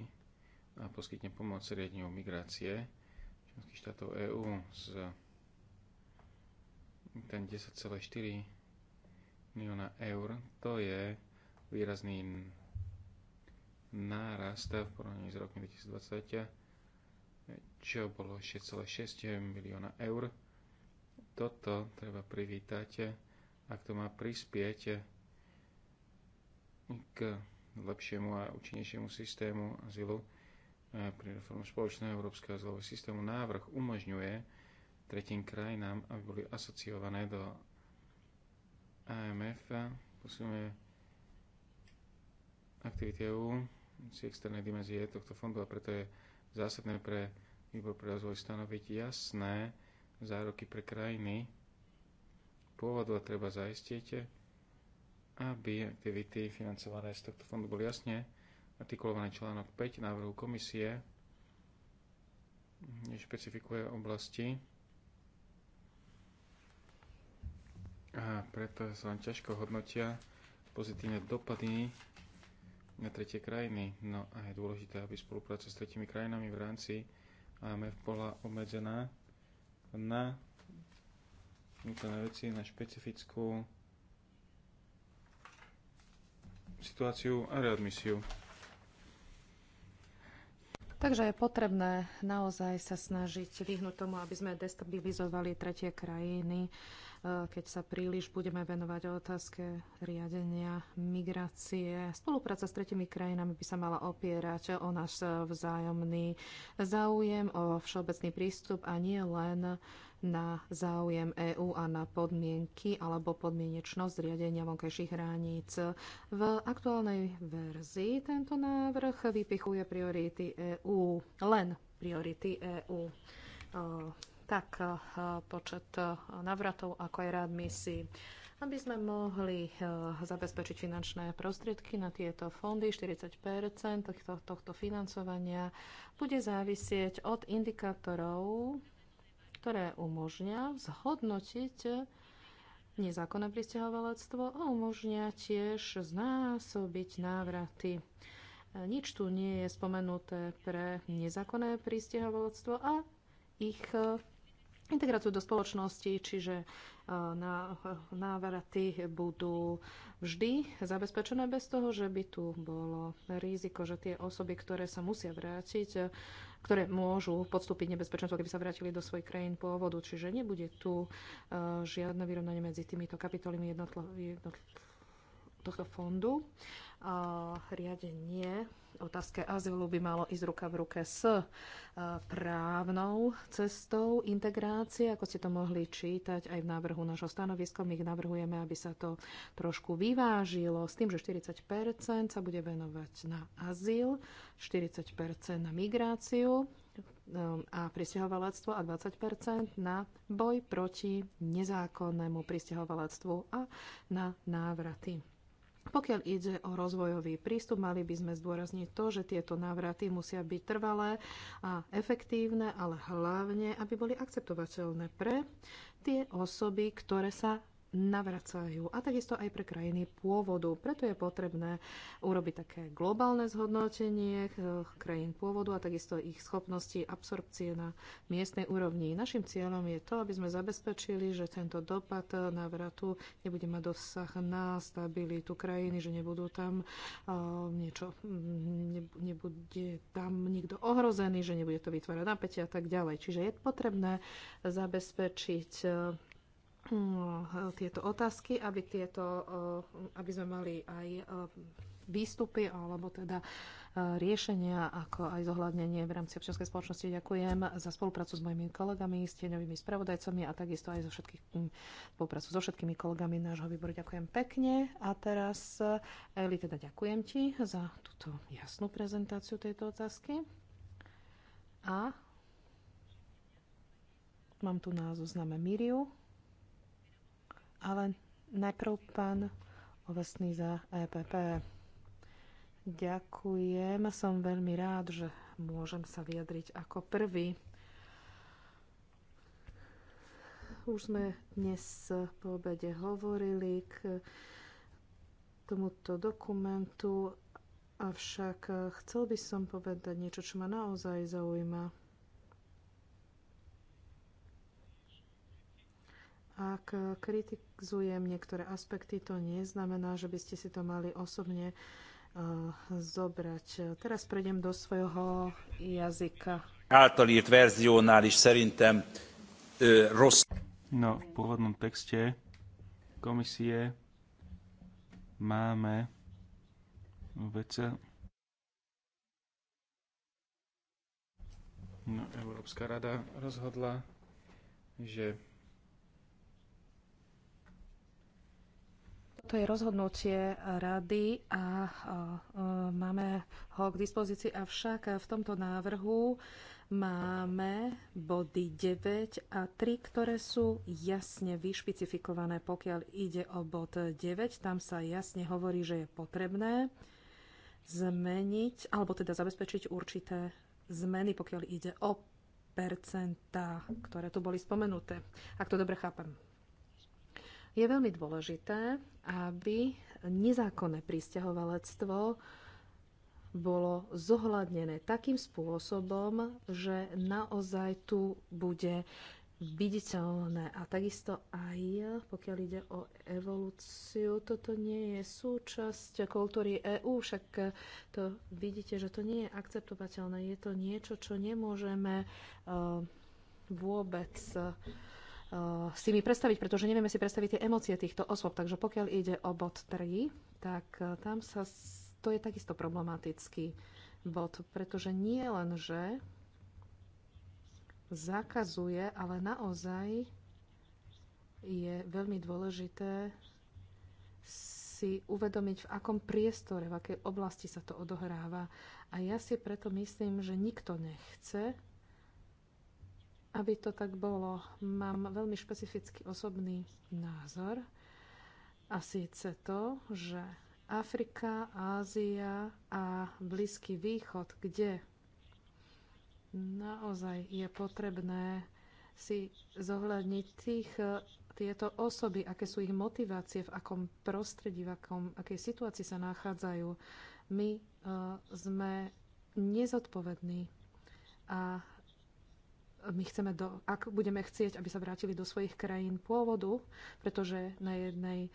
a poskytne pomoc riadeniu migrácie členských štátov EÚ z ten 10,4 milióna eur, to je výrazný nárast v porovnaní s rokom 2020, čo bolo 6,6 milióna eur. Toto treba privítať, ak to má prispieť k lepšiemu a účinnejšiemu systému azylu pri reforme spoločného európskeho azylového systému. Návrh umožňuje tretím krajinám, aby boli asociované do AMF. Posilňuje aktivity EU z externej dimenzie tohto fondu a preto je zásadné pre výbor pre rozvoj stanoviť jasné zároky pre krajiny pôvodu a treba zaistiť, aby aktivity financované z tohto fondu boli jasne artikulované článok 5 návrhu komisie, nešpecifikuje oblasti, A preto sa vám ťažko hodnotia pozitívne dopady na tretie krajiny. No a je dôležité, aby spolupráca s tretimi krajinami v rámci AMF bola obmedzená na vnútorné veci, na špecifickú situáciu a readmisiu. Takže je potrebné naozaj sa snažiť vyhnúť tomu, aby sme destabilizovali tretie krajiny Eh, keď sa príliš budeme venovať o otázke riadenia migrácie. Spolupráca s tretimi krajinami by sa mala opierať o náš eh, vzájomný záujem, o všeobecný prístup a nie len na záujem EÚ a na podmienky alebo podmienečnosť riadenia vonkajších hraníc. V aktuálnej verzii tento návrh vypichuje priority EÚ, len priority EÚ eh, tak eh, počet eh, navratov, ako aj rád misií aby sme mohli eh, zabezpečiť finančné prostriedky na tieto fondy. 40 tohto, tohto financovania bude závisieť od indikátorov, ktoré umožňa zhodnotiť nezákonné pristahovalectvo a umožňa tiež znásobiť návraty. Nič tu nie je spomenuté pre nezákonné pristahovalectvo a ich integráciu do spoločnosti, čiže e, návraty budú vždy zabezpečené bez toho, že by tu bolo riziko, že tie osoby, ktoré sa musia vrátiť, e, ktoré môžu podstúpiť nebezpečenstvo, keby sa vrátili do svojich krajín pôvodu. Čiže nebude tu e, žiadne vyrovnanie medzi týmito kapitolami jednotlivých tohto fondu. A riadenie otázke azylu by malo ísť ruka v ruke s právnou cestou integrácie, ako ste to mohli čítať aj v návrhu nášho stanoviska. My ich navrhujeme, aby sa to trošku vyvážilo s tým, že 40 sa bude venovať na azyl, 40 na migráciu um, a pristahovalectvo a 20 na boj proti nezákonnému pristahovalectvu a na návraty. Pokiaľ ide o rozvojový prístup, mali by sme zdôrazniť to, že tieto návraty musia byť trvalé a efektívne, ale hlavne, aby boli akceptovateľné pre tie osoby, ktoré sa navracajú a takisto aj pre krajiny pôvodu. Preto je potrebné urobiť také globálne zhodnotenie eh, krajín pôvodu a takisto ich schopnosti absorpcie na miestnej úrovni. Našim cieľom je to, aby sme zabezpečili, že tento dopad návratu nebude mať dosah na stabilitu krajiny, že nebudú tam uh, niečo, mm, nebude tam nikto ohrozený, že nebude to vytvárať napätie a tak ďalej. Čiže je potrebné zabezpečiť eh, Hm, tieto otázky, aby, tieto, eh, aby sme mali aj eh, výstupy alebo teda eh, riešenia, ako aj zohľadnenie v rámci občianskej spoločnosti. Ďakujem za spoluprácu s mojimi kolegami, s tieňovými spravodajcami a takisto aj so všetkých, hm, spoluprácu so všetkými kolegami nášho výboru. Ďakujem pekne. A teraz, Eli, teda ďakujem ti za túto jasnú prezentáciu tejto otázky. A mám tu na zozname Miriu. Ale najprv pán Ovesný za EPP. Ďakujem. Som veľmi rád, že môžem sa vyjadriť ako prvý. Už sme dnes po obede hovorili k tomuto dokumentu, avšak chcel by som povedať niečo, čo ma naozaj zaujíma Ak kritizujem niektoré aspekty, to neznamená, že by ste si to mali osobne uh, zobrať. Teraz prejdem do svojho jazyka. Általírt verziónál is szerintem rossz. No, v pôvodnom texte komisie máme vece No, Európska rada rozhodla, že To je rozhodnutie rady a e, máme ho k dispozícii, avšak v tomto návrhu máme body 9 a 3, ktoré sú jasne vyšpecifikované. Pokiaľ ide o bod 9, tam sa jasne hovorí, že je potrebné zmeniť, alebo teda zabezpečiť určité zmeny, pokiaľ ide o percentá, ktoré tu boli spomenuté. Ak to dobre chápem. Je veľmi dôležité, aby nezákonné pristahovalectvo bolo zohľadnené takým spôsobom, že naozaj tu bude viditeľné. A takisto aj, pokiaľ ide o evolúciu, toto nie je súčasť kultúry EÚ, však to vidíte, že to nie je akceptovateľné. Je to niečo, čo nemôžeme uh, vôbec uh, Eh, si mi predstaviť, pretože nevieme si predstaviť tie emócie týchto osôb. Takže pokiaľ ide o bod 3, tak eh, tam sa, to je takisto problematický bod, pretože nie len, že zakazuje, ale naozaj je veľmi dôležité si uvedomiť, v akom priestore, v akej oblasti sa to odohráva. A ja si preto myslím, že nikto nechce, aby to tak bolo. Mám veľmi špecifický osobný názor a síce to, že Afrika, Ázia a Blízky východ, kde naozaj je potrebné si zohľadniť tých, tieto osoby, aké sú ich motivácie, v akom prostredí, v akom, akej situácii sa nachádzajú. My uh, sme nezodpovední a my chceme, do, ak budeme chcieť, aby sa vrátili do svojich krajín pôvodu, pretože na jednej e,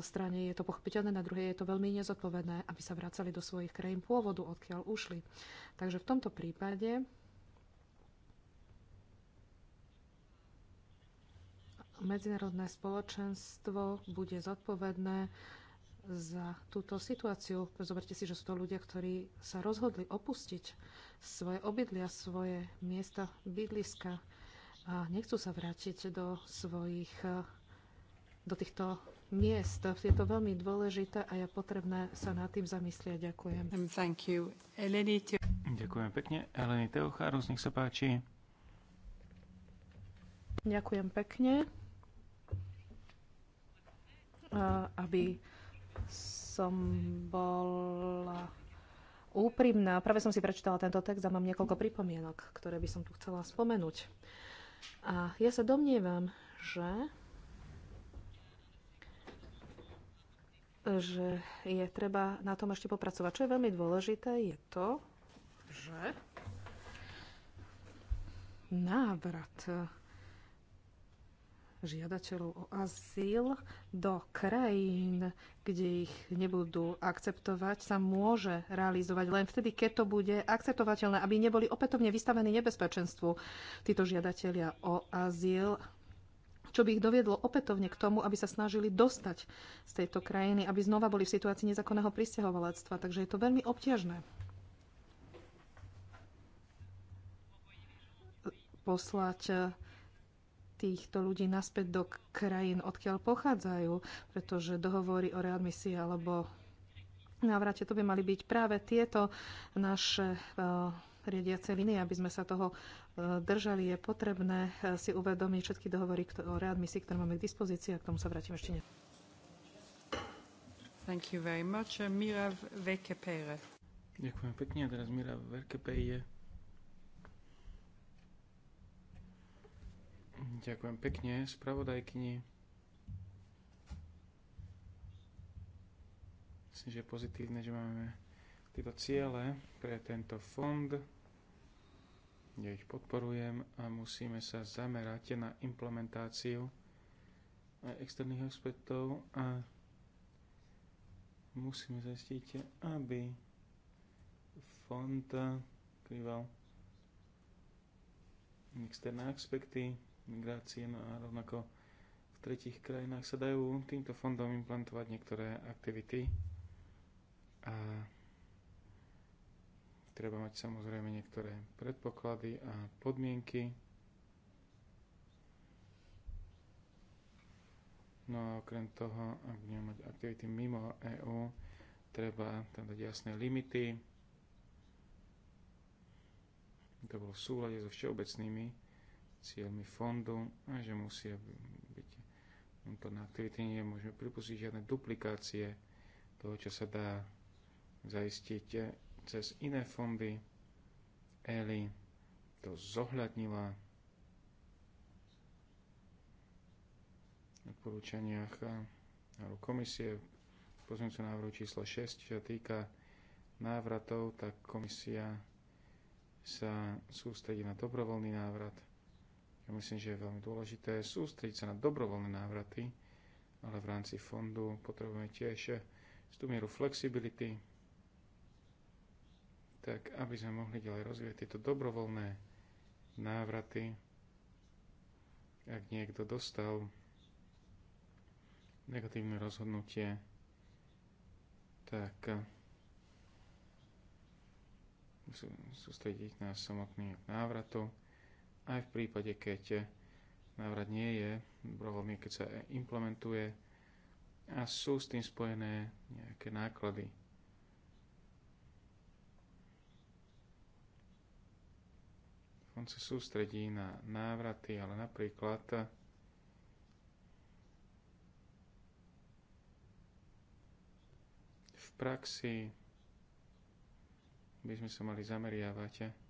strane je to pochopiteľné, na druhej je to veľmi nezodpovedné, aby sa vracali do svojich krajín pôvodu, odkiaľ ušli. Takže v tomto prípade medzinárodné spoločenstvo bude zodpovedné za túto situáciu. Zoberte si, že sú to ľudia, ktorí sa rozhodli opustiť svoje obydlia, svoje miesta bydliska a nechcú sa vrátiť do svojich, do týchto miest. Je to veľmi dôležité a je potrebné sa nad tým zamyslieť. Ďakujem. Um, thank you. Eleni te- Ďakujem pekne. Eleni Teocharus, nech sa páči. Ďakujem pekne. Aby som bola úprimná. Práve som si prečítala tento text a mám niekoľko pripomienok, ktoré by som tu chcela spomenúť. A ja sa domnievam, že že je treba na tom ešte popracovať. Čo je veľmi dôležité, je to, že návrat žiadateľov o azyl do krajín, kde ich nebudú akceptovať, sa môže realizovať len vtedy, keď to bude akceptovateľné, aby neboli opätovne vystavení nebezpečenstvu títo žiadatelia o azyl čo by ich doviedlo opätovne k tomu, aby sa snažili dostať z tejto krajiny, aby znova boli v situácii nezákonného pristahovalectva. Takže je to veľmi obťažné. Poslať týchto ľudí naspäť do krajín, odkiaľ pochádzajú, pretože dohovory o readmisii alebo návrate to by mali byť práve tieto naše e, riadiace linie, aby sme sa toho e, držali. Je potrebné e, si uvedomiť všetky dohovory o readmisii, ktoré máme k dispozícii a k tomu sa vrátim ešte ne. Thank you very much. Mira Vekepere. Ďakujem pekne. A teraz Mira Vekepere Ďakujem pekne spravodajkyni. Myslím, že je pozitívne, že máme tieto ciele pre tento fond. Ja ich podporujem a musíme sa zamerať na implementáciu externých aspektov a musíme zistiť, aby fond krýval externé aspekty migrácie, no a rovnako v tretich krajinách sa dajú týmto fondom implantovať niektoré aktivity a treba mať samozrejme niektoré predpoklady a podmienky. No a okrem toho, ak budeme mať aktivity mimo EÚ, treba tam dať jasné limity. To bolo v súlade so všeobecnými cieľmi fondu a že musia byť vnútorné aktivity. Nemôžeme pripustiť žiadne duplikácie toho, čo sa dá zaistiť eh, cez iné fondy. Eli to zohľadnila v odporúčaniach eh, komisie pozmeňujúcu návrhu číslo 6, čo sa týka návratov, tak komisia sa sústredí na dobrovoľný návrat – ja myslím, že je veľmi dôležité sústrediť sa na dobrovoľné návraty, ale v rámci fondu potrebujeme tiež tú mieru flexibility, tak aby sme mohli ďalej rozvíjať tieto dobrovoľné návraty. Ak niekto dostal negatívne rozhodnutie, tak eh, sústrediť na samotný návratu aj v prípade, keď návrat nie je, problém je, keď sa implementuje a sú s tým spojené nejaké náklady. On sa sústredí na návraty, ale napríklad v praxi by sme sa mali zameriavať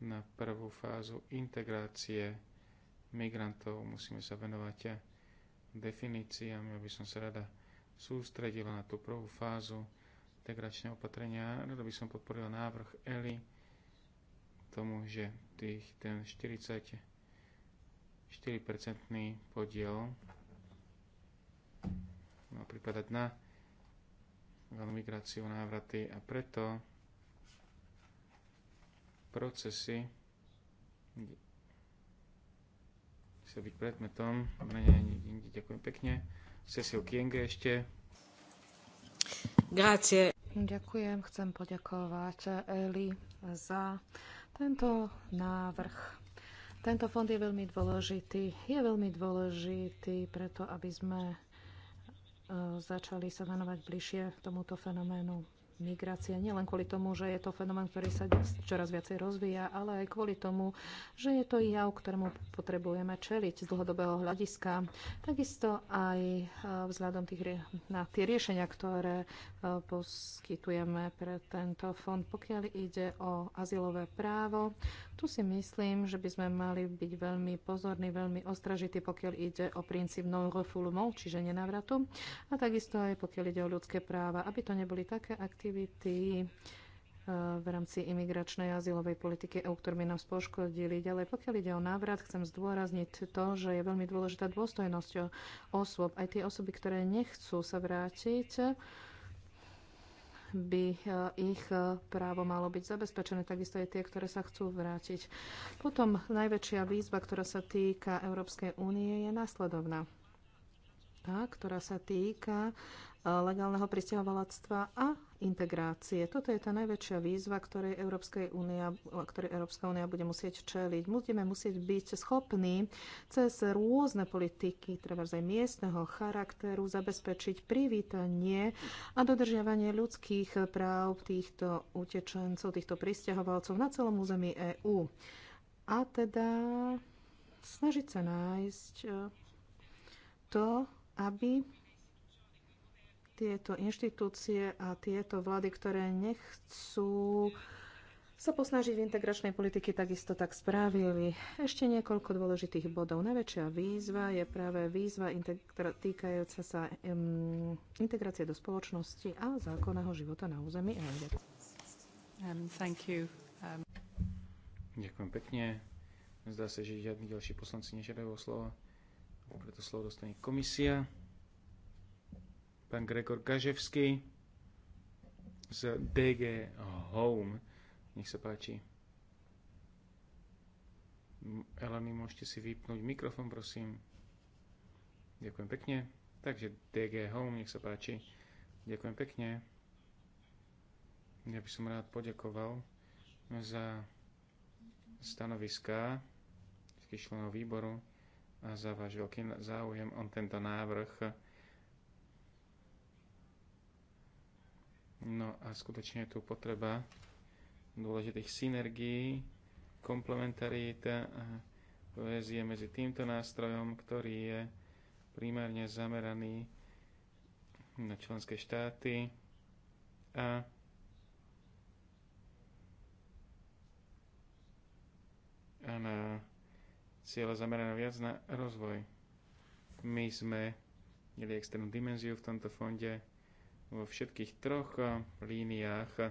na prvú fázu integrácie migrantov. Musíme sa venovať definíciám. Ja by som sa rada sústredila na tú prvú fázu integračného opatrenia. Rada by som podporila návrh ELI tomu, že tých, ten 44 4-percentný podiel má pripadať na migráciu, návraty a preto procesy musia byť predmetom menej inde. Ďakujem pekne. Cecil Kienge ešte. Grácie. Ďakujem, chcem poďakovať Eli za tento návrh. Tento fond je veľmi dôležitý. Je veľmi dôležitý preto, aby sme e, začali sa venovať bližšie tomuto fenoménu migrácia nielen kvôli tomu, že je to fenomén, ktorý sa čoraz viacej rozvíja, ale aj kvôli tomu, že je to jav, ktorému potrebujeme čeliť z dlhodobého hľadiska. Takisto aj e, vzhľadom tých, na tie riešenia, ktoré e, poskytujeme pre tento fond. Pokiaľ ide o azylové právo, tu si myslím, že by sme mali byť veľmi pozorní, veľmi ostražití, pokiaľ ide o princíp non-refoulement, čiže nenávratu. a takisto aj pokiaľ ide o ľudské práva, aby to neboli také aktivity, aktivity eh, v rámci imigračnej a azylovej politiky EU, nám nás poškodili. Ďalej, pokiaľ ide o návrat, chcem zdôrazniť to, že je veľmi dôležitá dôstojnosť osôb. Aj tie osoby, ktoré nechcú sa vrátiť, by eh, ich právo malo byť zabezpečené, takisto aj tie, ktoré sa chcú vrátiť. Potom najväčšia výzva, ktorá sa týka Európskej únie, je následovná. Tá, ktorá sa týka eh, legálneho pristahovalectva a integrácie. Toto je tá najväčšia výzva, ktorej, Európskej únia, ktorej Európska únia bude musieť čeliť. Budeme musieť byť schopní cez rôzne politiky, treba aj miestneho charakteru, zabezpečiť privítanie a dodržiavanie ľudských práv týchto utečencov, týchto pristahovalcov na celom území EÚ. A teda snažiť sa nájsť eh, to, aby tieto inštitúcie a tieto vlády, ktoré nechcú sa posnažiť v integračnej politike, takisto tak spravili. Ešte niekoľko dôležitých bodov. Najväčšia výzva je práve výzva integra- týkajúca sa um, integrácie do spoločnosti a zákonného života na území Um, thank you. Um... Ďakujem pekne. Zdá sa, že žiadni ďalší poslanci nežiadajú o slovo. Preto slovo dostane komisia pán Gregor Gaževský z DG Home. Nech sa páči. Elany, môžete si vypnúť mikrofón, prosím. Ďakujem pekne. Takže DG Home, nech sa páči. Ďakujem pekne. Ja by som rád poďakoval za stanoviská členov výboru a za váš veľký záujem o tento návrh No a skutočne je tu potreba dôležitých synergií, komplementarita a väzie medzi týmto nástrojom, ktorý je primárne zameraný na členské štáty a a na cieľa zameraná viac na rozvoj. My sme mieli externú dimenziu v tomto fonde, vo všetkých troch eh, líniách eh,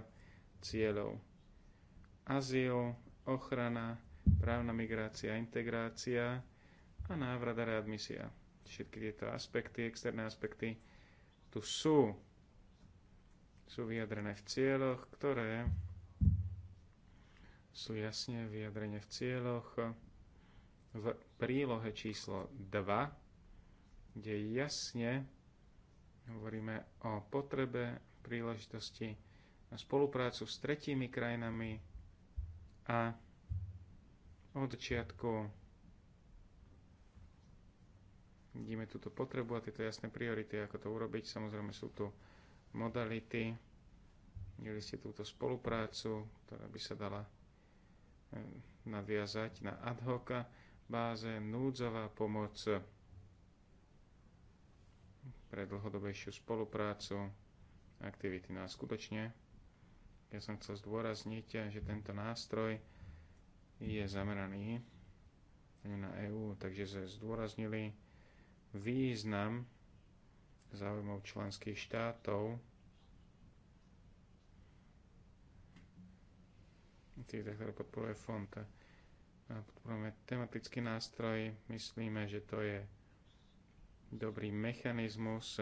cieľov. Azyl, ochrana, právna migrácia, integrácia a návrat a readmisia. Všetky tieto aspekty, externé aspekty tu sú. Sú vyjadrené v cieľoch, ktoré sú jasne vyjadrené v cieľoch eh, v prílohe číslo 2, kde jasne Hovoríme o potrebe, príležitosti na spoluprácu s tretími krajinami a od začiatku vidíme túto potrebu a tieto jasné priority, ako to urobiť. Samozrejme sú tu modality, videli ste túto spoluprácu, ktorá by sa dala eh, nadviazať na ad hoc báze, núdzová pomoc, pre dlhodobejšiu spoluprácu, aktivity. No a skutočne, ja som chcel zdôrazniť, že tento nástroj je zameraný na EÚ, takže sa zdôraznili význam záujmov členských štátov tých, ktoré podporuje fond. Podporujeme tematický nástroj, myslíme, že to je dobrý mechanizmus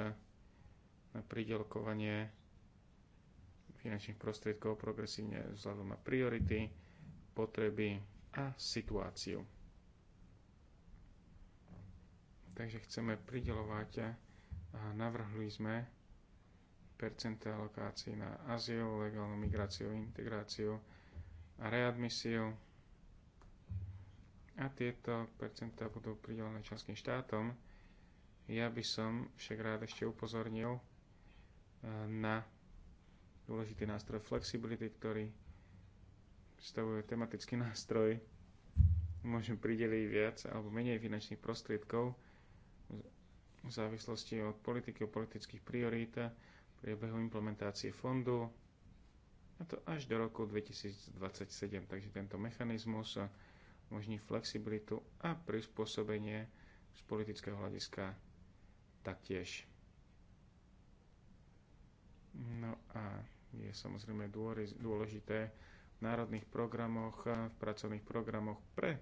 na pridelkovanie finančných prostriedkov progresívne vzhľadom na priority, potreby a situáciu. Takže chceme pridelovať a navrhli sme percenté alokácií na aziu, legálnu migráciu, integráciu a readmisiu. A tieto percentá budú pridelené členským štátom ja by som však rád ešte upozornil eh, na dôležitý nástroj flexibility, ktorý predstavuje tematický nástroj. Môžem prideliť viac alebo menej finančných prostriedkov v závislosti od politiky, a politických priorít, priebehu implementácie fondu, a to až do roku 2027. Takže tento mechanizmus umožní flexibilitu a prispôsobenie z politického hľadiska taktiež. No a je samozrejme dôležité v národných programoch, v pracovných programoch pre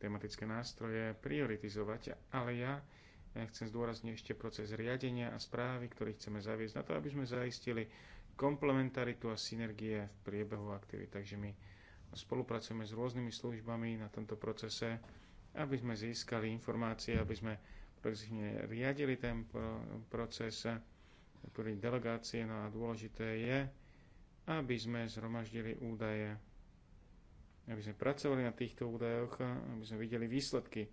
tematické nástroje prioritizovať, ale ja chcem zdôrazniť ešte proces riadenia a správy, ktorý chceme zaviesť na to, aby sme zaistili komplementaritu a synergie v priebehu aktivit. Takže my spolupracujeme s rôznymi službami na tomto procese, aby sme získali informácie, aby sme presne riadili ten proces, podporili delegácie, no a dôležité je, aby sme zhromaždili údaje, aby sme pracovali na týchto údajoch, aby sme videli výsledky.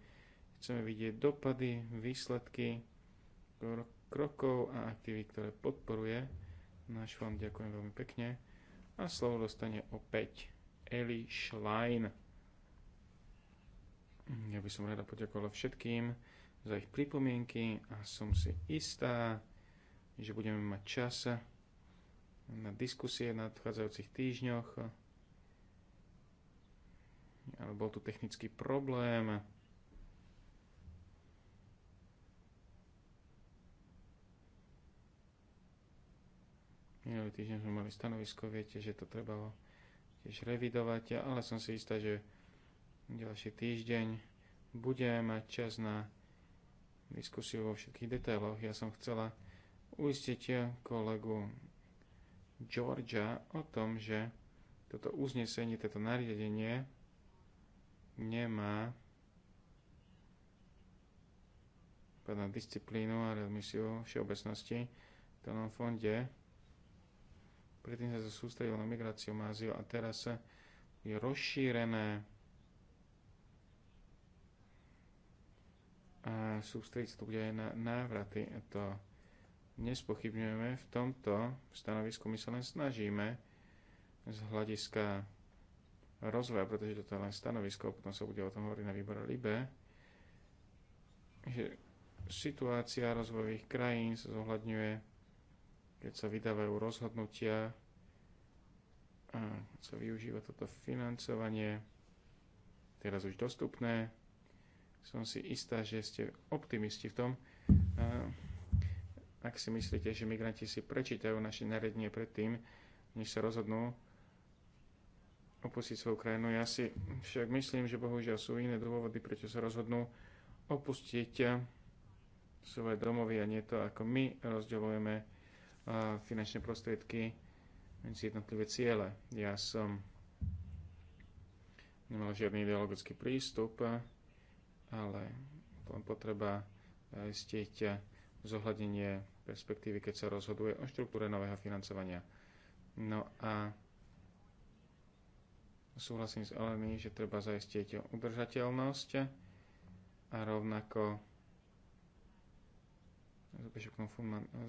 Chceme vidieť dopady, výsledky krokov a aktivít, ktoré podporuje náš fond. Ďakujem veľmi pekne. A slovo dostane opäť Eli Schlein. Ja by som rada poďakovala všetkým za ich pripomienky a som si istá, že budeme mať čas na diskusie v nadchádzajúcich týždňoch. Ale bol tu technický problém. Minulý týždeň sme mali stanovisko, viete, že to trebalo tiež revidovať, ale som si istá, že ďalší týždeň budem mať čas na diskusiu vo všetkých detailoch. Ja som chcela uistiť kolegu Georgia o tom, že toto uznesenie, toto nariadenie nemá na disciplínu a readmisiu všeobecnosti v tom fonde. Predtým sa sústredil na migráciu Máziu a teraz je rozšírené a sústrediť tu, kde na návraty. To nespochybňujeme. V tomto stanovisku my sa len snažíme z hľadiska rozvoja, pretože toto je len stanovisko, potom sa bude o tom hovoriť na výbore LIBE, že situácia rozvojových krajín sa zohľadňuje, keď sa vydávajú rozhodnutia, a sa využíva toto financovanie, teraz už dostupné, som si istá, že ste optimisti v tom, ak si myslíte, že migranti si prečítajú naše nariadenie predtým, než sa rozhodnú opustiť svoju krajinu. Ja si však myslím, že bohužiaľ sú iné dôvody, prečo sa rozhodnú opustiť svoje domovy a nie to, ako my rozdeľujeme finančné prostriedky medzi jednotlivé ciele. Ja som nemal žiadny ideologický prístup ale len potreba e, zistiť e, zohľadenie perspektívy, keď sa rozhoduje o štruktúre nového financovania. No a súhlasím s Eleny, že treba zaistiť udržateľnosť a rovnako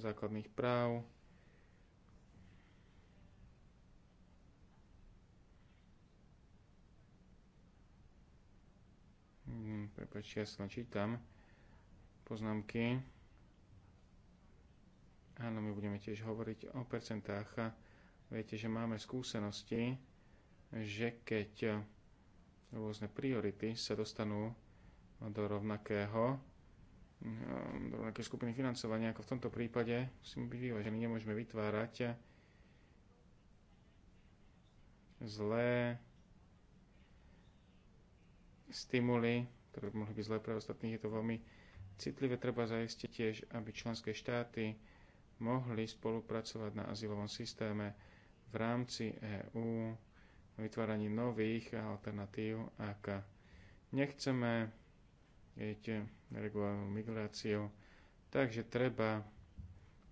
základných práv, Mm, prepačte, ja sa načítam poznámky. Áno, my budeme tiež hovoriť o percentách. Viete, že máme skúsenosti, že keď rôzne priority sa dostanú do rovnakého mm, do rovnakej skupiny financovania, ako v tomto prípade musíme byť vyvážení, nemôžeme vytvárať zlé stimuly, ktoré by mohli byť zlé pre ostatných, je to veľmi citlivé. Treba zaistiť tiež, aby členské štáty mohli spolupracovať na azylovom systéme v rámci EÚ na vytváraní nových alternatív, ak nechceme jejte regulárnu migráciu, Takže treba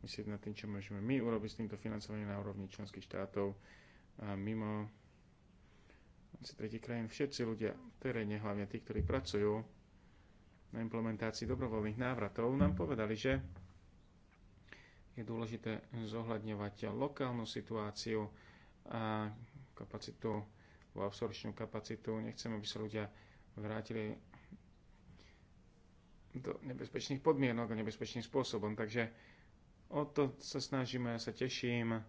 myslieť nad tým, čo môžeme my urobiť s týmto financovaním na úrovni členských štátov a mimo rámci tretich krajín všetci ľudia v teréne, hlavne tí, ktorí pracujú na implementácii dobrovoľných návratov, nám povedali, že je dôležité zohľadňovať lokálnu situáciu a kapacitu, absorpčnú kapacitu. Nechceme, aby sa ľudia vrátili do nebezpečných podmienok a nebezpečným spôsobom. Takže o to sa snažíme, ja sa teším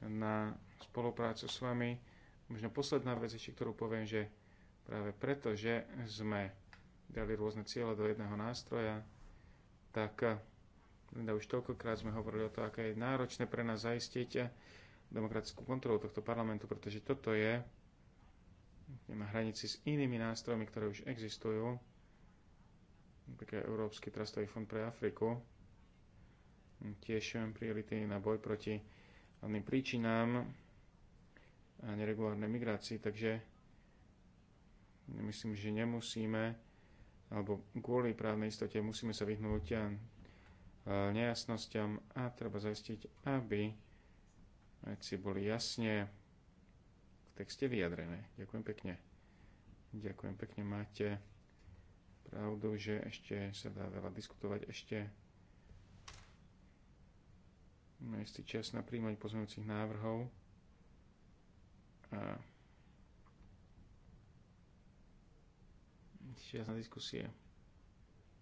na spoluprácu s vami Možno posledná vec ešte, ktorú poviem, že práve preto, že sme dali rôzne cieľe do jedného nástroja, tak Linda, eh, teda už toľkokrát sme hovorili o to, aké je náročné pre nás zaistiť eh, demokratickú kontrolu tohto parlamentu, pretože toto je na hranici s inými nástrojmi, ktoré už existujú, napríklad Európsky trastový fond pre Afriku, tiež eh, priority na boj proti hlavným príčinám a neregulárnej migrácii, takže myslím, že nemusíme, alebo kvôli právnej istote musíme sa vyhnúť nejasnosťam nejasnostiam a treba zaistiť, aby veci boli jasne v texte vyjadrené. Ďakujem pekne. Ďakujem pekne, máte pravdu, že ešte sa dá veľa diskutovať, ešte na istý čas na príjmať pozmeňujúcich návrhov čas ehm. na diskusie.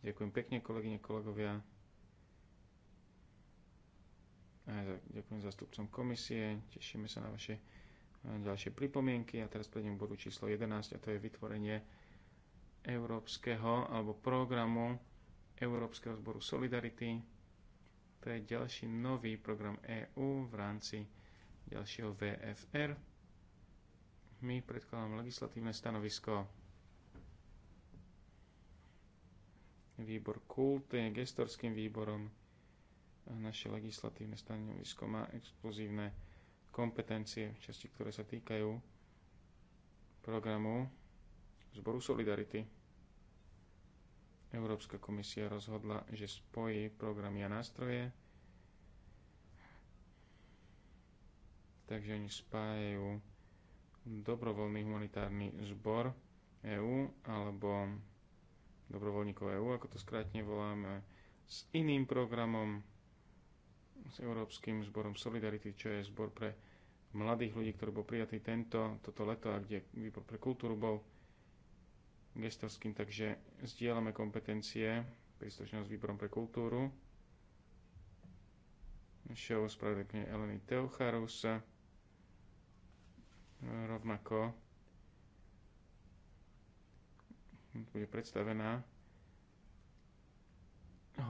Ďakujem pekne, kolegyne, kolegovia. A za, ďakujem zastupcom komisie. Tešíme sa na vaše e, ďalšie pripomienky. A teraz prejdem k bodu číslo 11, a to je vytvorenie európskeho alebo programu Európskeho zboru Solidarity. To je ďalší nový program EÚ v rámci ďalšieho VFR my predkladáme legislatívne stanovisko. Výbor KULT je gestorským výborom. A naše legislatívne stanovisko má exkluzívne kompetencie, v časti, ktoré sa týkajú programu Zboru Solidarity. Európska komisia rozhodla, že spojí programy a nástroje, takže oni spájajú dobrovoľný humanitárny zbor EÚ alebo dobrovoľníkov EÚ, ako to skrátne voláme, s iným programom, s Európskym zborom Solidarity, čo je zbor pre mladých ľudí, ktorý bol prijatý tento, toto leto a kde výbor pre kultúru bol gestorským, takže zdieľame kompetencie príslušnosť s výborom pre kultúru. Show spravodajkne Eleny Teocharus rovnako bude predstavená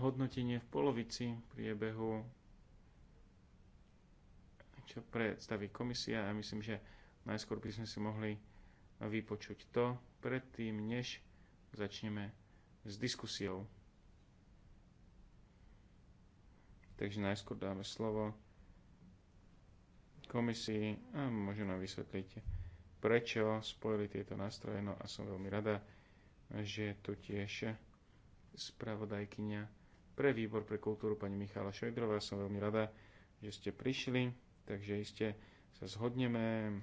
hodnotenie v polovici priebehu, čo predstaví komisia a myslím, že najskôr by sme si mohli vypočuť to predtým, než začneme s diskusiou. Takže najskôr dáme slovo komisii a možno nám vysvetlíte, prečo spojili tieto nástroje. No a som veľmi rada, že tu tiež spravodajkyňa pre výbor pre kultúru pani Michála Šojdrová. Som veľmi rada, že ste prišli, takže iste sa zhodneme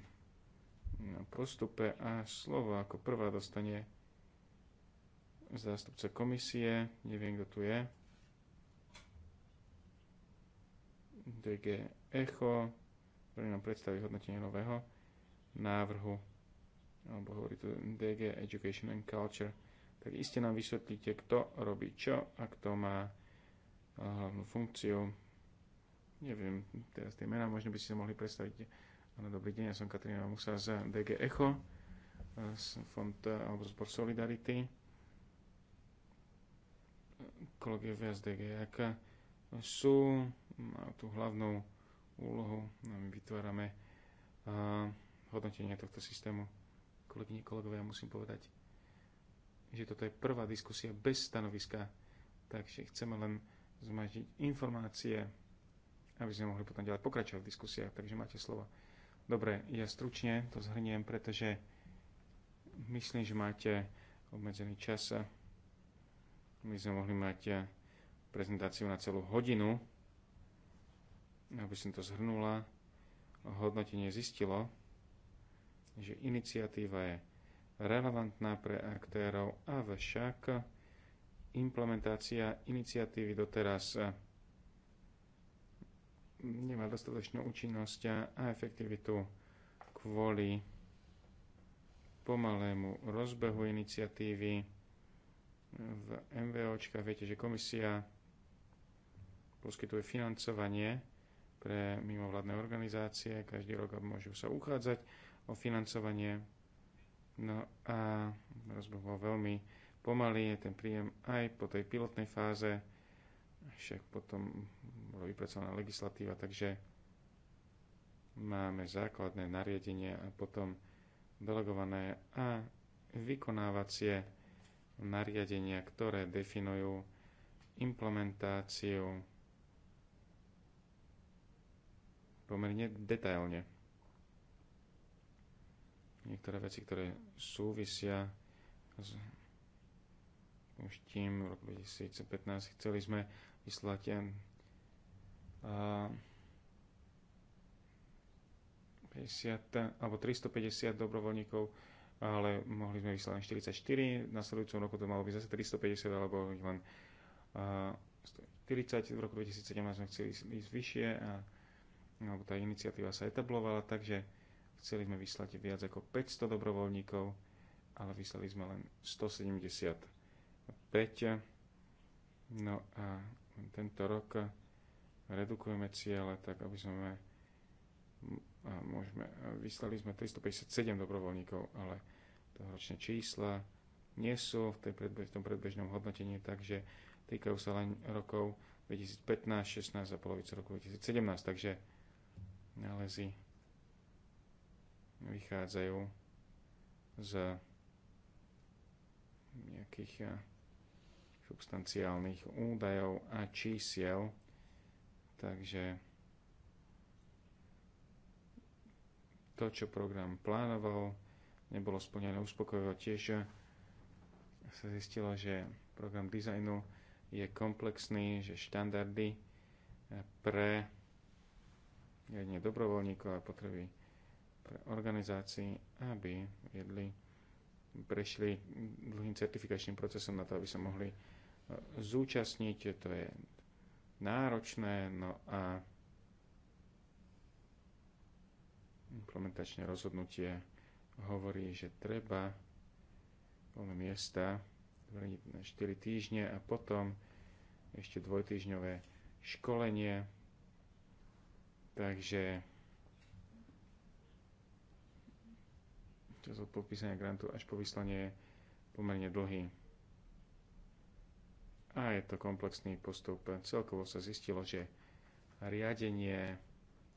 na postupe a slovo ako prvá dostane zástupca komisie, neviem kto tu je, DG Echo, ktorý nám predstaví hodnotenie nového návrhu, alebo hovorí to DG Education and Culture, tak iste nám vysvetlíte, kto robí čo a kto má eh, hlavnú funkciu. Neviem teraz tie mená, možno by ste sa mohli predstaviť. Áno, dobrý deň, ja som Katrina Musa z DG Echo, eh, z Fond eh, alebo Zbor Solidarity. Kolegovia z DG AK sú tú hlavnú úlohu. No, my vytvárame hodnotenie tohto systému. Kolegyne, kolegovia, musím povedať, že toto je prvá diskusia bez stanoviska, takže chceme len zmažiť informácie, aby sme mohli potom ďalej pokračovať v diskusiách, takže máte slovo. Dobre, ja stručne to zhrniem, pretože myslím, že máte obmedzený čas. My sme mohli mať prezentáciu na celú hodinu, aby som to zhrnula, hodnotenie zistilo, že iniciatíva je relevantná pre aktérov, avšak implementácia iniciatívy doteraz nemá dostatočnú účinnosť a efektivitu kvôli pomalému rozbehu iniciatívy v MVOčka. Viete, že komisia poskytuje financovanie pre mimovládne organizácie. Každý rok môžu sa uchádzať o financovanie. No a rozbeh bol veľmi pomalý, je ten príjem aj po tej pilotnej fáze, však potom bola vypracovaná legislatíva, takže máme základné nariadenie a potom delegované a vykonávacie nariadenia, ktoré definujú implementáciu pomerne detailne. Niektoré veci, ktoré súvisia s už tým v roku 2015 chceli sme vyslať eh, a 50, alebo 350 dobrovoľníkov, ale mohli sme vyslať len 44, v nasledujúcom roku to malo byť zase 350, alebo ich len 40, eh, v roku 2017 sme chceli ísť vyššie a alebo no, tá iniciatíva sa etablovala, takže chceli sme vyslať viac ako 500 dobrovoľníkov, ale vyslali sme len 175. No a tento rok redukujeme ciele, tak aby sme a môžeme, vyslali sme 357 dobrovoľníkov, ale to ročné čísla nie sú v, tej predbež, v tom predbežnom hodnotení, takže týkajú sa len rokov 2015, 16 a polovice roku 2017, takže nálezy vychádzajú z nejakých eh, substanciálnych údajov a čísiel, takže to, čo program plánoval, nebolo splnené uspokojivo. Tiež eh, sa zistilo, že program dizajnu je komplexný, že štandardy eh, pre jedne dobrovoľníkov a potreby pre organizácií, aby jedli, prešli dlhým certifikačným procesom na to, aby sa mohli e, zúčastniť. To je náročné, no a implementačné rozhodnutie hovorí, že treba voľné miesta na 4 týždne a potom ešte dvojtýždňové školenie Takže čas od podpísania grantu až po vyslanie je pomerne dlhý. A je to komplexný postup. Celkovo sa zistilo, že riadenie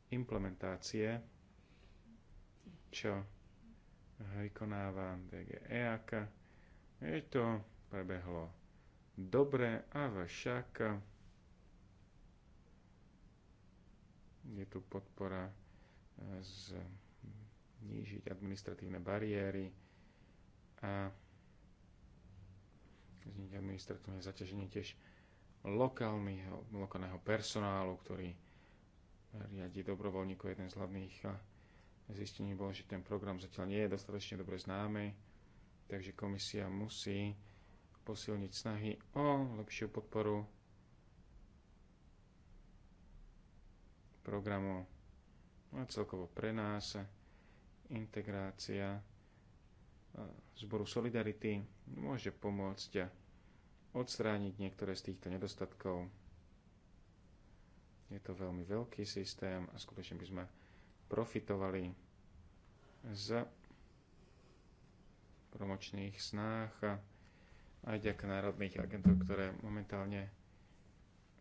implementácie, čo vykonáva DGEAK, je to prebehlo dobre, avšak je tu podpora e, znížiť administratívne bariéry a znižiť administratívne zaťaženie tiež lokálneho, lokálneho personálu, ktorý riadi dobrovoľníkov. Jeden z hlavných e, zistení bolo, že ten program zatiaľ nie je dostatočne dobre známy, takže komisia musí posilniť snahy o lepšiu podporu programov no A celkovo pre nás integrácia e, zboru Solidarity môže pomôcť odstrániť niektoré z týchto nedostatkov. Je to veľmi veľký systém a skutočne by sme profitovali z promočných snách a aj ďaká národných agentov, ktoré momentálne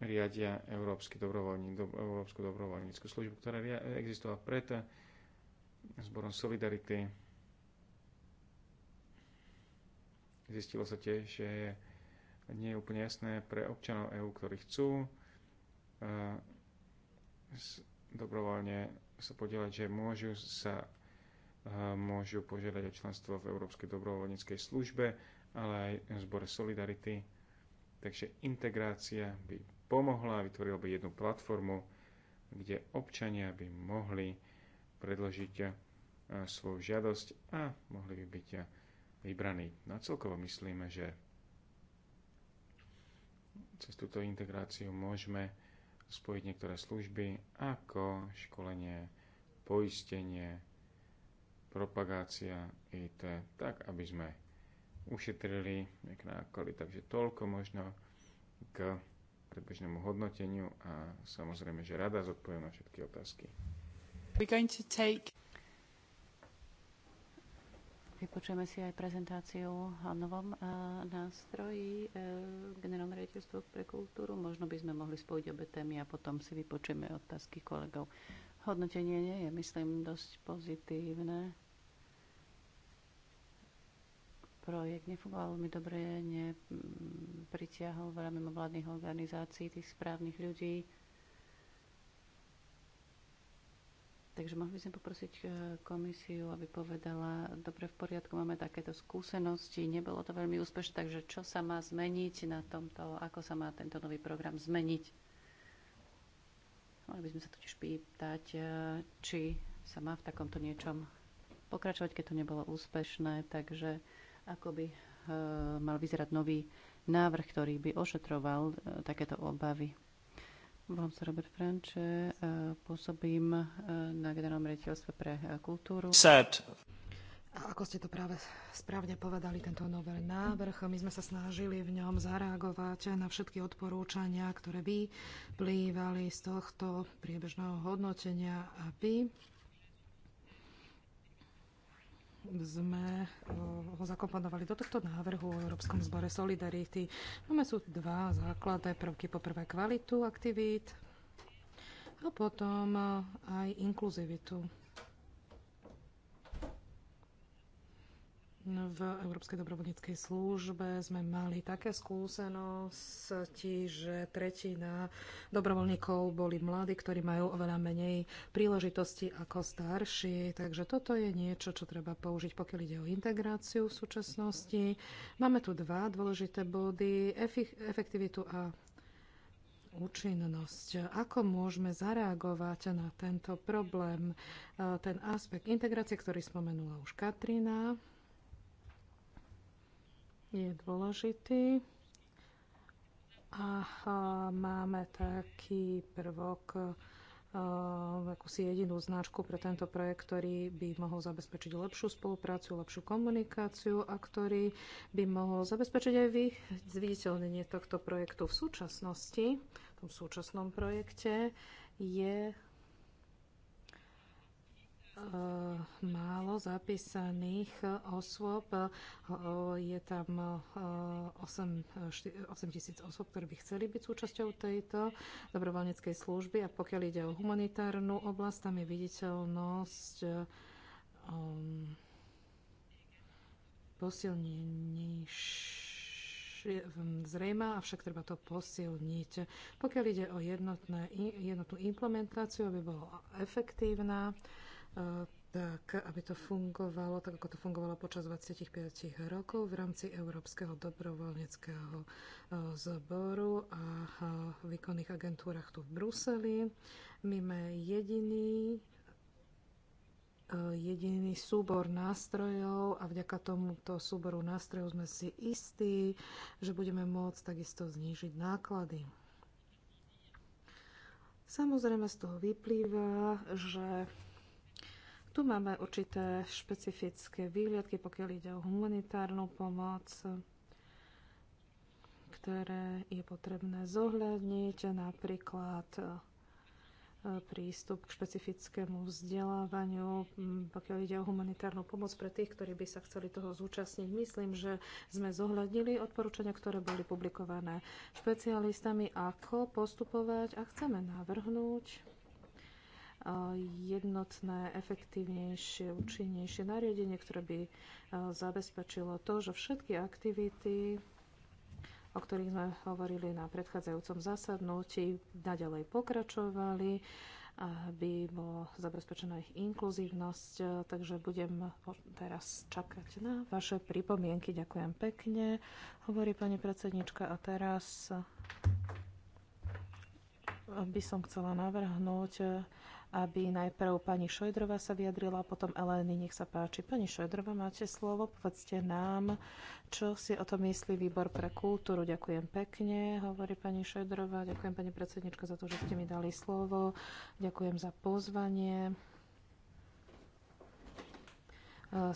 riadia Európsky dobrovoľník, do, Európsku dobrovoľníckú službu, ktorá existovala pred zborom Solidarity. Zistilo sa tiež, že nie je úplne jasné pre občanov EÚ, ktorí chcú e, dobrovoľne sa podielať, že môžu sa e, môžu požiadať o členstvo v Európskej dobrovoľníckej službe, ale aj v zbore Solidarity. Takže integrácia by pomohla a vytvorila by jednu platformu, kde občania by mohli predložiť eh, svoju žiadosť a mohli by byť eh, vybraní. No a celkovo myslíme, že cez túto integráciu môžeme spojiť niektoré služby ako školenie, poistenie, propagácia IT, tak aby sme ušetrili nejaké náklady. Takže toľko možno k predbežnému hodnoteniu a samozrejme, že rada zodpoviem na všetky otázky. Vypočujeme si aj prezentáciu o novom e, nástroji e, generálne riaditeľstvo pre kultúru. Možno by sme mohli spojiť obe témy a potom si vypočujeme otázky kolegov. Hodnotenie nie je, myslím, dosť pozitívne projekt nefungoval veľmi dobre, nepritiahol mm, veľa mimovládnych organizácií, tých správnych ľudí. Takže mohli by sme poprosiť e, komisiu, aby povedala, dobre, v poriadku, máme takéto skúsenosti, nebolo to veľmi úspešné, takže čo sa má zmeniť na tomto, ako sa má tento nový program zmeniť. Mohli by sme sa totiž pýtať, e, či sa má v takomto niečom pokračovať, keď to nebolo úspešné, takže ako by eh, mal vyzerať nový návrh, ktorý by ošetroval eh, takéto obavy. Volám sa Robert Franče, eh, pôsobím na generálnom riaditeľstve pre kultúru. Set. A ako ste to práve správne povedali, tento nový návrh, my sme sa snažili v ňom zareagovať na všetky odporúčania, ktoré vyplývali z tohto priebežného hodnotenia, a vy sme eh, ho zakomponovali do tohto návrhu o Európskom zbore Solidarity. No, máme sú dva základné prvky. Poprvé kvalitu aktivít a potom eh, aj inkluzivitu v Európskej dobrovoľníckej službe sme mali také skúsenosti, že tretina dobrovoľníkov boli mladí, ktorí majú oveľa menej príležitosti ako starší. Takže toto je niečo, čo treba použiť, pokiaľ ide o integráciu v súčasnosti. Máme tu dva dôležité body, efektivitu a účinnosť. Ako môžeme zareagovať na tento problém, ten aspekt integrácie, ktorý spomenula už Katrina, je dôležitý. A máme taký prvok, akúsi jedinú značku pre tento projekt, ktorý by mohol zabezpečiť lepšiu spoluprácu, lepšiu komunikáciu a ktorý by mohol zabezpečiť aj vy zviditeľnenie tohto projektu v súčasnosti. V tom súčasnom projekte je Eh, málo zapísaných eh, osôb. Eh, je tam 8, 8 tisíc osôb, ktoré by chceli byť súčasťou tejto dobrovoľníckej služby. A pokiaľ ide o humanitárnu oblasť, tam je viditeľnosť um, ehm, ehm, zrejma, avšak treba to posilniť. Pokiaľ ide o jednotné, jednotnú implementáciu, aby bola efektívna, uh, E, tak, aby to fungovalo, tak ako to fungovalo počas 25 rokov v rámci Európskeho dobrovoľneckého e, zboru a e, výkonných agentúrach tu v Bruseli. My sme jediný jediný súbor nástrojov a vďaka tomuto súboru nástrojov sme si istí, že budeme môcť takisto znížiť náklady. Samozrejme z toho vyplýva, že tu máme určité špecifické výhľadky, pokiaľ ide o humanitárnu pomoc, ktoré je potrebné zohľadniť, napríklad e, prístup k špecifickému vzdelávaniu, pokiaľ ide o humanitárnu pomoc pre tých, ktorí by sa chceli toho zúčastniť. Myslím, že sme zohľadnili odporúčania, ktoré boli publikované špecialistami, ako postupovať a chceme navrhnúť jednotné, efektívnejšie, účinnejšie nariadenie, ktoré by e, zabezpečilo to, že všetky aktivity, o ktorých sme hovorili na predchádzajúcom zasadnutí, naďalej pokračovali aby bola zabezpečená ich inkluzívnosť. E, takže budem teraz čakať na vaše pripomienky. Ďakujem pekne, hovorí pani predsednička. A teraz e, by som chcela navrhnúť aby najprv pani Šojdrova sa vyjadrila, potom Eleny, nech sa páči. Pani Šojdrova, máte slovo, povedzte nám, čo si o tom myslí výbor pre kultúru. Ďakujem pekne, hovorí pani Šojdrova. Ďakujem pani predsednička za to, že ste mi dali slovo. Ďakujem za pozvanie.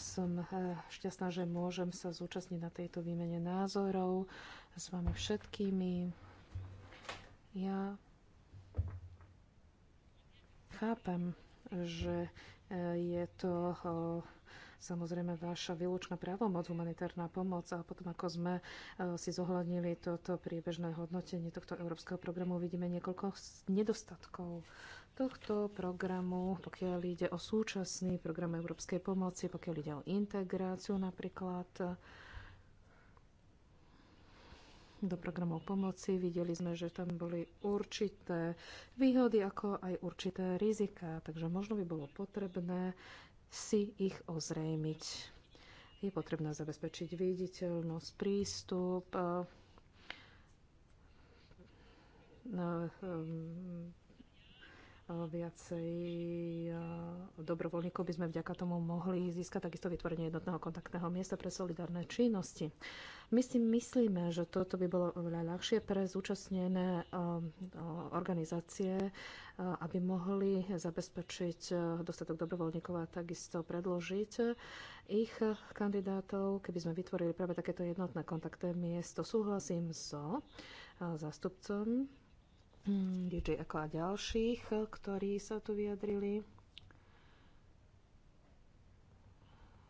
Som e, šťastná, že môžem sa zúčastniť na tejto výmene názorov s vami všetkými. Ja Chápem, že e, je to samozrejme vaša výlučná právomoc, humanitárna pomoc a potom ako sme e, si zohľadnili toto priebežné hodnotenie tohto európskeho programu, vidíme niekoľko nedostatkov tohto programu, pokiaľ ide o súčasný program európskej pomoci, pokiaľ ide o integráciu napríklad do programov pomoci. Videli sme, že tam boli určité výhody, ako aj určité rizika, takže možno by bolo potrebné si ich ozrejmiť. Je potrebné zabezpečiť viditeľnosť, prístup, eh, eh, viacej dobrovoľníkov by sme vďaka tomu mohli získať takisto vytvorenie jednotného kontaktného miesta pre solidárne činnosti. My si myslíme, že toto by bolo oveľa ľahšie pre zúčastnené organizácie, aby mohli zabezpečiť dostatok dobrovoľníkov a takisto predložiť ich kandidátov, keby sme vytvorili práve takéto jednotné kontaktné miesto. Súhlasím so zástupcom Mm, DJ Eko a ďalších, eh, ktorí sa tu vyjadrili.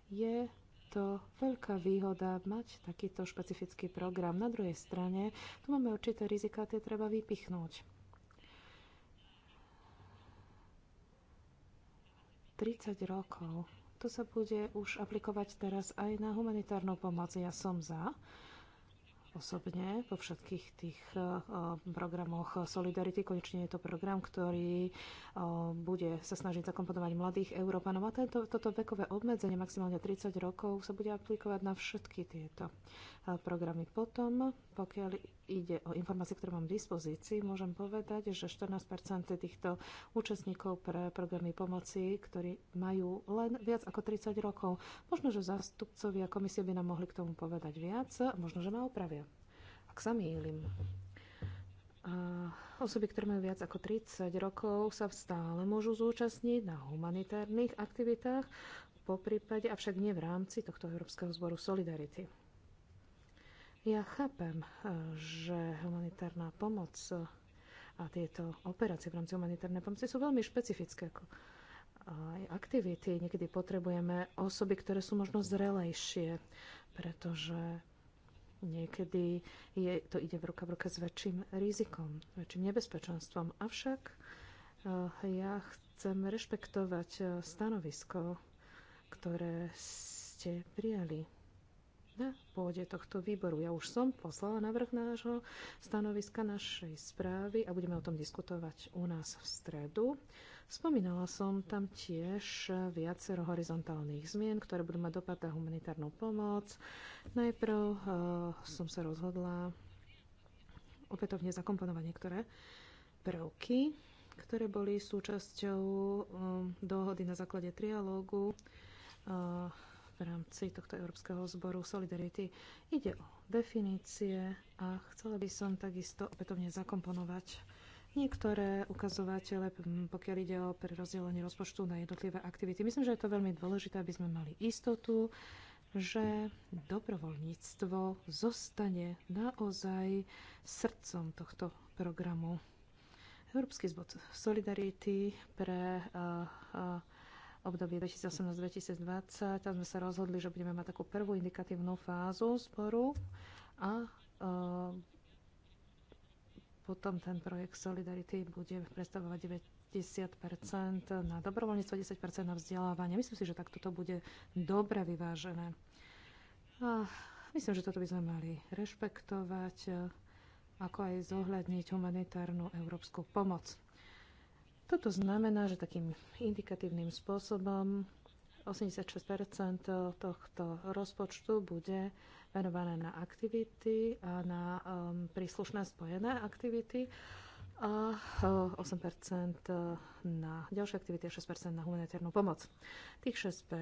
Je to veľká výhoda mať takýto špecifický program. Na druhej strane, tu máme určité rizika, tie treba vypichnúť. Tridsať rokov. To sa bude už aplikovať teraz aj na humanitárnu pomoc. Ja som za osobne vo všetkých tých eh, eh, programoch Solidarity. Konečne je to program, ktorý eh, bude sa snažiť zakomponovať mladých Európanov a tento, toto vekové obmedzenie maximálne 30 rokov sa bude aplikovať na všetky tieto programy. Potom, pokiaľ ide o informácie, ktoré mám v dispozícii, môžem povedať, že 14 týchto účastníkov pre programy pomoci, ktorí majú len viac ako 30 rokov, možno, že zástupcovia komisie by nám mohli k tomu povedať viac, možno, že ma opravia, ak sa mýlim. Osoby, ktoré majú viac ako 30 rokov, sa stále môžu zúčastniť na humanitárnych aktivitách, po prípade, avšak nie v rámci tohto Európskeho zboru Solidarity. Ja chápem, eh, že humanitárna pomoc eh, a tieto operácie v rámci humanitárnej pomoci sú veľmi špecifické ako eh, aktivity. Niekedy potrebujeme osoby, ktoré sú možno zrelejšie, pretože niekedy je, to ide v ruka v ruka s väčším rizikom, väčším nebezpečenstvom. Avšak ja chcem rešpektovať stanovisko, ktoré ste prijali na pôde tohto výboru. Ja už som poslala navrh nášho stanoviska našej správy a budeme o tom diskutovať u nás v stredu. Spomínala som tam tiež viacero horizontálnych zmien, ktoré budú mať dopad na humanitárnu pomoc. Najprv uh, som sa rozhodla opätovne zakomponovať niektoré prvky, ktoré boli súčasťou um, dohody na základe trialógu uh, v rámci tohto Európskeho zboru Solidarity. Ide o definície a chcela by som takisto opätovne zakomponovať niektoré ukazovatele, pokiaľ ide o prerozdelenie rozpočtu na jednotlivé aktivity. Myslím, že je to veľmi dôležité, aby sme mali istotu, že dobrovoľníctvo zostane naozaj srdcom tohto programu. Európsky zbod Solidarity pre uh, uh, obdobie 2018-2020. Tam sme sa rozhodli, že budeme mať takú prvú indikatívnu fázu sporu a e, potom ten projekt Solidarity bude predstavovať 90% na dobrovoľníctvo, 10% na vzdelávanie. Myslím si, že takto to bude dobre vyvážené. A myslím, že toto by sme mali rešpektovať, ako aj zohľadniť humanitárnu európsku pomoc. Toto znamená, že takým indikatívnym spôsobom 86 tohto rozpočtu bude venované na aktivity a na um, príslušné spojené aktivity a 8 uh, uh, na ďalšie aktivity a 6 na humanitárnu pomoc. Tých 6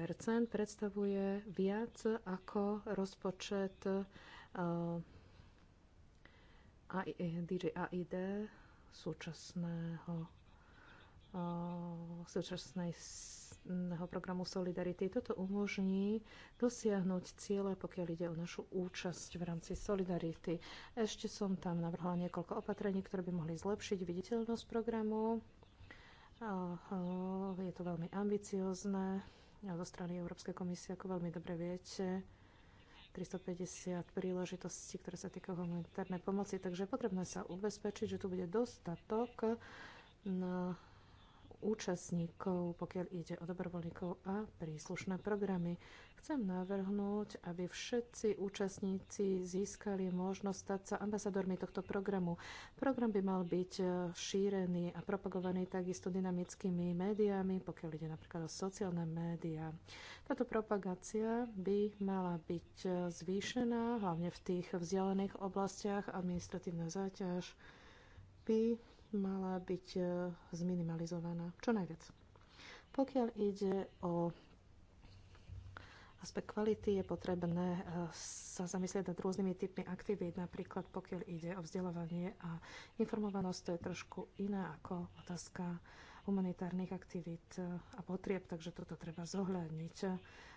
predstavuje viac ako rozpočet uh, eh, súčasného súčasného programu Solidarity. Toto umožní dosiahnuť ciele, pokiaľ ide o našu účasť v rámci Solidarity. Ešte som tam navrhla niekoľko opatrení, ktoré by mohli zlepšiť viditeľnosť programu. Je to veľmi ambiciozne zo strany Európskej komisie, ako veľmi dobre viete. 350 príležitostí, ktoré sa týkajú humanitárnej pomoci. Takže je potrebné sa ubezpečiť, že tu bude dostatok na účastníkov, pokiaľ ide o dobrovoľníkov a príslušné programy. Chcem navrhnúť, aby všetci účastníci získali možnosť stať sa ambasadormi tohto programu. Program by mal byť e, šírený a propagovaný takisto dynamickými médiami, pokiaľ ide napríklad o sociálne médiá. Táto propagácia by mala byť e, zvýšená, hlavne v tých vzdialených oblastiach administratívna záťaž by mala byť e, zminimalizovaná čo najviac. Pokiaľ ide o aspekt kvality, je potrebné e, sa zamyslieť nad rôznymi typmi aktivít, napríklad pokiaľ ide o vzdelávanie a informovanosť, to je trošku iná ako otázka humanitárnych aktivít e, a potrieb, takže toto treba zohľadniť.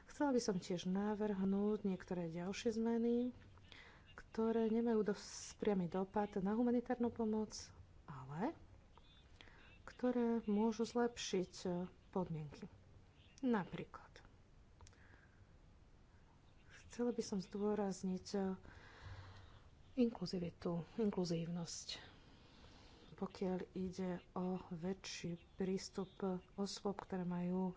Chcela by som tiež navrhnúť niektoré ďalšie zmeny, ktoré nemajú dosť priamy dopad na humanitárnu pomoc, ale ktoré môžu zlepšiť e, podmienky. Napríklad, chcela by som zdôrazniť e, inkluzivitu, inkluzívnosť. Pokiaľ ide o väčší prístup osôb, ktoré majú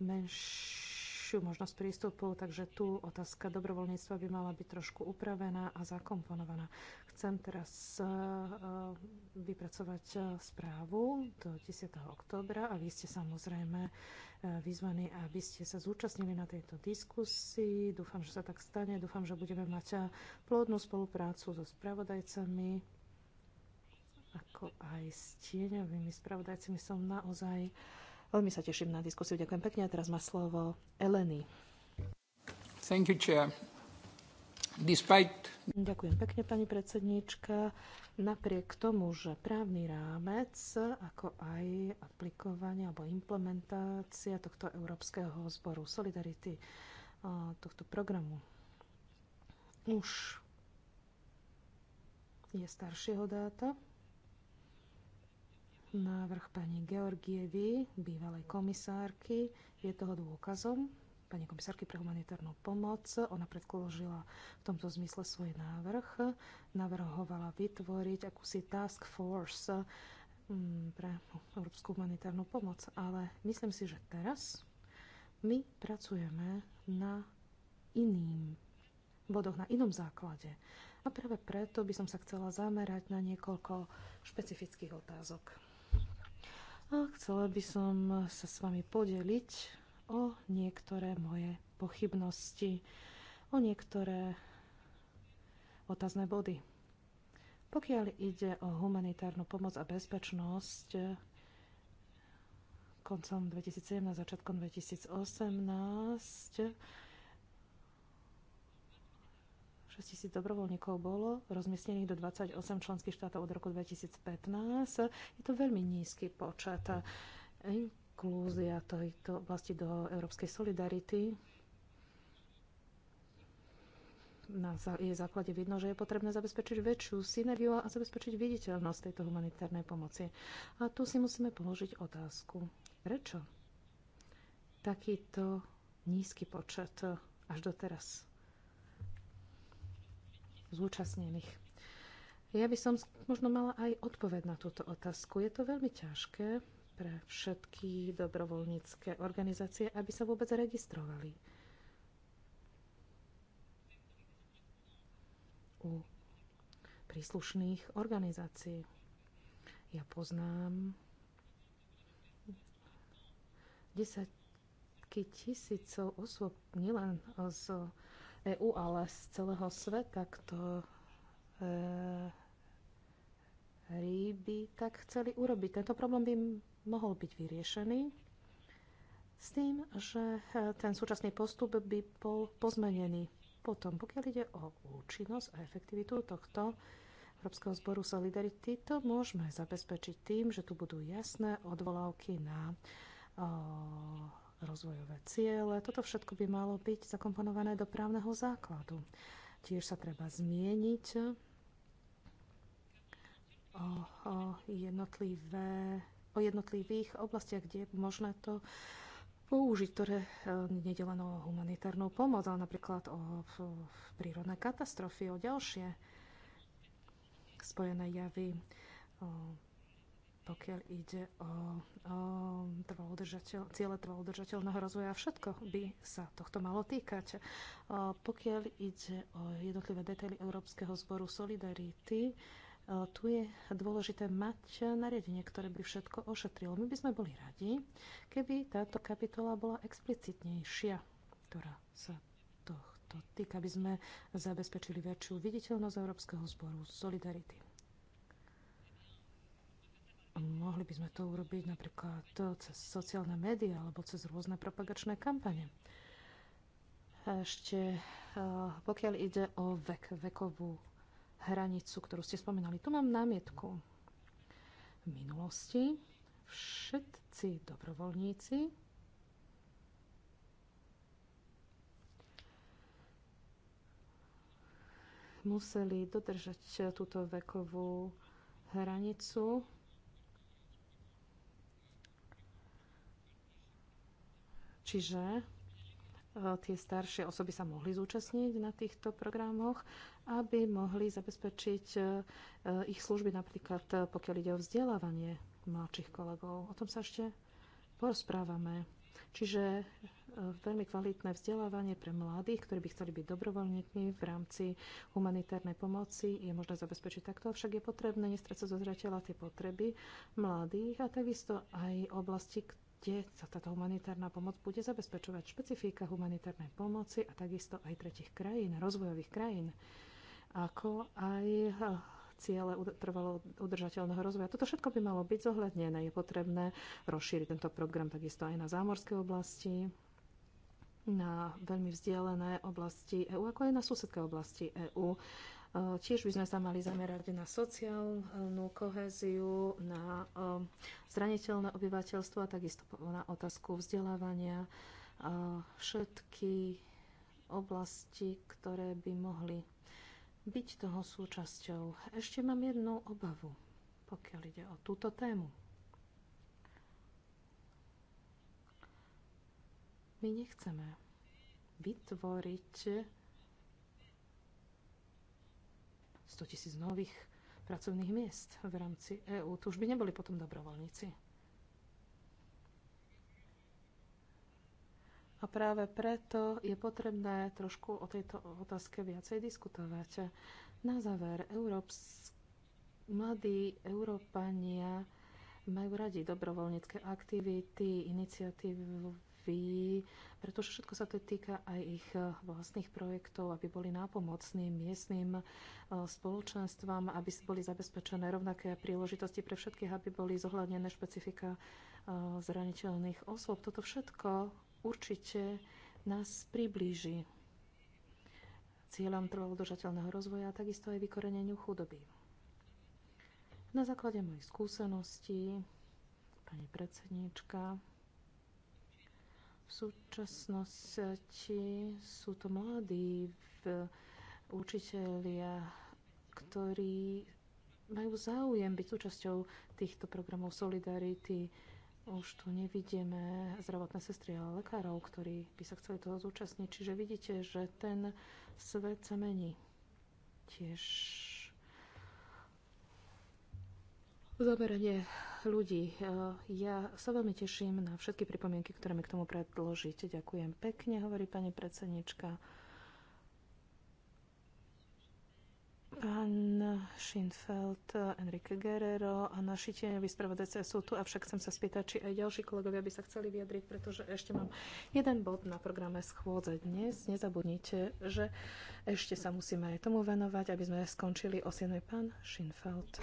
menšiu možnosť prístupu, takže tu otázka dobrovoľníctva by mala byť trošku upravená a zakomponovaná. Chcem teraz eh, eh, vypracovať eh, správu do 10. oktobra a vy ste samozrejme vyzvaní, aby ste sa zúčastnili na tejto diskusii. Dúfam, že sa tak stane. Dúfam, že budeme mať plodnú spoluprácu so spravodajcami ako aj s tieňovými spravodajcami. Som naozaj veľmi sa teším na diskusiu. Ďakujem pekne a teraz má slovo Eleny. Thank you, Chair. Ďakujem pekne, pani predsedníčka. Napriek tomu, že právny rámec, ako aj aplikovanie alebo implementácia tohto Európskeho zboru Solidarity, tohto programu, už je staršieho dáta. Návrh pani Georgievy, bývalej komisárky, je toho dôkazom pani komisárky pre humanitárnu pomoc. Ona predložila v tomto zmysle svoj návrh. Navrhovala vytvoriť akúsi task force mm, pre európsku humanitárnu pomoc, ale myslím si, že teraz my pracujeme na iným bodoch, na inom základe. A práve preto by som sa chcela zamerať na niekoľko špecifických otázok. A chcela by som sa s vami podeliť o niektoré moje pochybnosti, o niektoré otázne body. Pokiaľ ide o humanitárnu pomoc a bezpečnosť, eh, koncom 2017, začiatkom 2018, 6 tisíc dobrovoľníkov bolo rozmiestnených do 28 členských štátov od roku 2015. Je to veľmi nízky počet. Eh, inklúzia tejto oblasti do európskej solidarity na, je základe vidno, že je potrebné zabezpečiť väčšiu synergiu a zabezpečiť viditeľnosť tejto humanitárnej pomoci. A tu si musíme položiť otázku. Prečo takýto nízky počet až doteraz zúčastnených? Ja by som možno mala aj odpoveď na túto otázku. Je to veľmi ťažké, pre všetky dobrovoľnícke organizácie, aby sa vôbec registrovali u príslušných organizácií. Ja poznám desaťky tisícov osôb, nielen z EU, ale z celého sveta, kto e, ryby, tak chceli urobiť. Tento problém by mohol byť vyriešený s tým, že e, ten súčasný postup by bol pozmenený. Potom, pokiaľ ide o účinnosť a efektivitu tohto Európskeho zboru Solidarity, to môžeme zabezpečiť tým, že tu budú jasné odvolávky na o, rozvojové ciele. Toto všetko by malo byť zakomponované do právneho základu. Tiež sa treba zmieniť o, o jednotlivé o jednotlivých oblastiach, kde je možné to použiť, ktoré e, nejde len o humanitárnu pomoc, ale napríklad o prírodné katastrofy, o ďalšie spojené javy, e, pokiaľ ide o, o trvalodržateľ, ciele trvalodržateľného rozvoja. Všetko by sa tohto malo týkať. O, e, pokiaľ ide o jednotlivé detaily Európskeho zboru Solidarity, E, tu je dôležité mať nariadenie, ktoré by všetko ošetrilo. My by sme boli radi, keby táto kapitola bola explicitnejšia, ktorá sa tohto týka, aby sme zabezpečili väčšiu viditeľnosť Európskeho zboru Solidarity. Mohli by sme to urobiť napríklad cez sociálne médiá alebo cez rôzne propagačné kampane. Ešte e, pokiaľ ide o vek, vekovú hranicu, ktorú ste spomínali. Tu mám námietku. V minulosti všetci dobrovoľníci museli dodržať túto vekovú hranicu. Čiže E, tie staršie osoby sa mohli zúčastniť na týchto programoch, aby mohli zabezpečiť e, e, ich služby, napríklad pokiaľ ide o vzdelávanie mladších kolegov. O tom sa ešte porozprávame. Čiže veľmi kvalitné vzdelávanie pre mladých, ktorí by chceli byť dobrovoľníkmi v rámci humanitárnej pomoci je možné zabezpečiť takto, avšak je potrebné nestrácať zo zreteľa tie potreby mladých a takisto aj oblasti, kde sa táto humanitárna pomoc bude zabezpečovať špecifika humanitárnej pomoci a takisto aj tretich krajín, rozvojových krajín, ako aj eh, ciele trvalo udržateľného rozvoja. Toto všetko by malo byť zohľadnené. Je potrebné rozšíriť tento program takisto aj na zámorské oblasti, na veľmi vzdialené oblasti EÚ, ako aj na susedské oblasti EÚ Eh, tiež by sme sa mali zamerať na sociálnu koheziu, na eh, zraniteľné obyvateľstvo a takisto na otázku vzdelávania. Eh, všetky oblasti, ktoré by mohli byť toho súčasťou. Ešte mám jednu obavu, pokiaľ ide o túto tému. My nechceme vytvoriť 100 tisíc nových pracovných miest v rámci EÚ. To už by neboli potom dobrovoľníci. A práve preto je potrebné trošku o tejto otázke viacej diskutovať. Na záver, Európs... mladí Európania majú radi dobrovoľnícke aktivity, iniciatívu obavy, pretože všetko sa to týka aj ich eh, vlastných projektov, aby boli nápomocní miestnym eh, spoločenstvám, aby boli zabezpečené rovnaké príležitosti pre všetkých, aby boli zohľadnené špecifika eh, zraniteľných osôb. Toto všetko určite nás priblíži cieľom trvalo držateľného rozvoja a takisto aj vykoreneniu chudoby. Na základe mojich skúseností, pani predsedníčka, v súčasnosti sú to mladí učitelia, ktorí majú záujem byť súčasťou týchto programov Solidarity. Už tu nevidíme zdravotné sestry a lekárov, ktorí by sa chceli toho zúčastniť. Čiže vidíte, že ten svet sa mení. Tiež zameranie ľudí. E, ja sa veľmi teším na všetky pripomienky, ktoré mi k tomu predložíte. Ďakujem pekne, hovorí pani predsednička. Pán Schinfeld, Enrique Guerrero a naši tieňoví spravodajce sú tu, avšak chcem sa spýtať, či aj ďalší kolegovia by sa chceli vyjadriť, pretože ešte mám jeden bod na programe schôdze dnes. Nezabudnite, že ešte sa musíme aj tomu venovať, aby sme skončili o 7. Pán Schinfeld.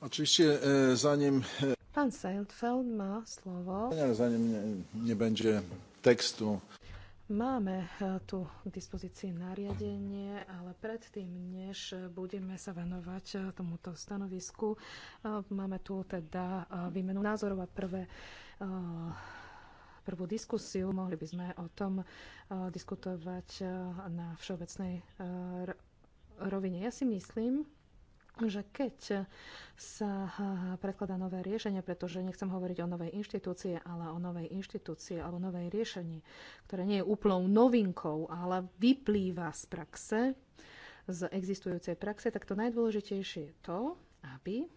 Oczywiście zanim... E, Pan Seinfeld má slovo. Zanim nie, nie będzie tekstu. Máme e, tu k dispozícii nariadenie, ale predtým, než budeme sa venovať e, tomuto stanovisku, máme tu teda výmenu názorov a prvé prvú diskusiu. Mohli by sme o tom diskutovať na všeobecnej rovine. Ja si myslím, že keď sa predkladá nové riešenie, pretože nechcem hovoriť o novej inštitúcie, ale o novej inštitúcie alebo novej riešení, ktoré nie je úplnou novinkou, ale vyplýva z praxe, z existujúcej praxe, tak to najdôležitejšie je to, aby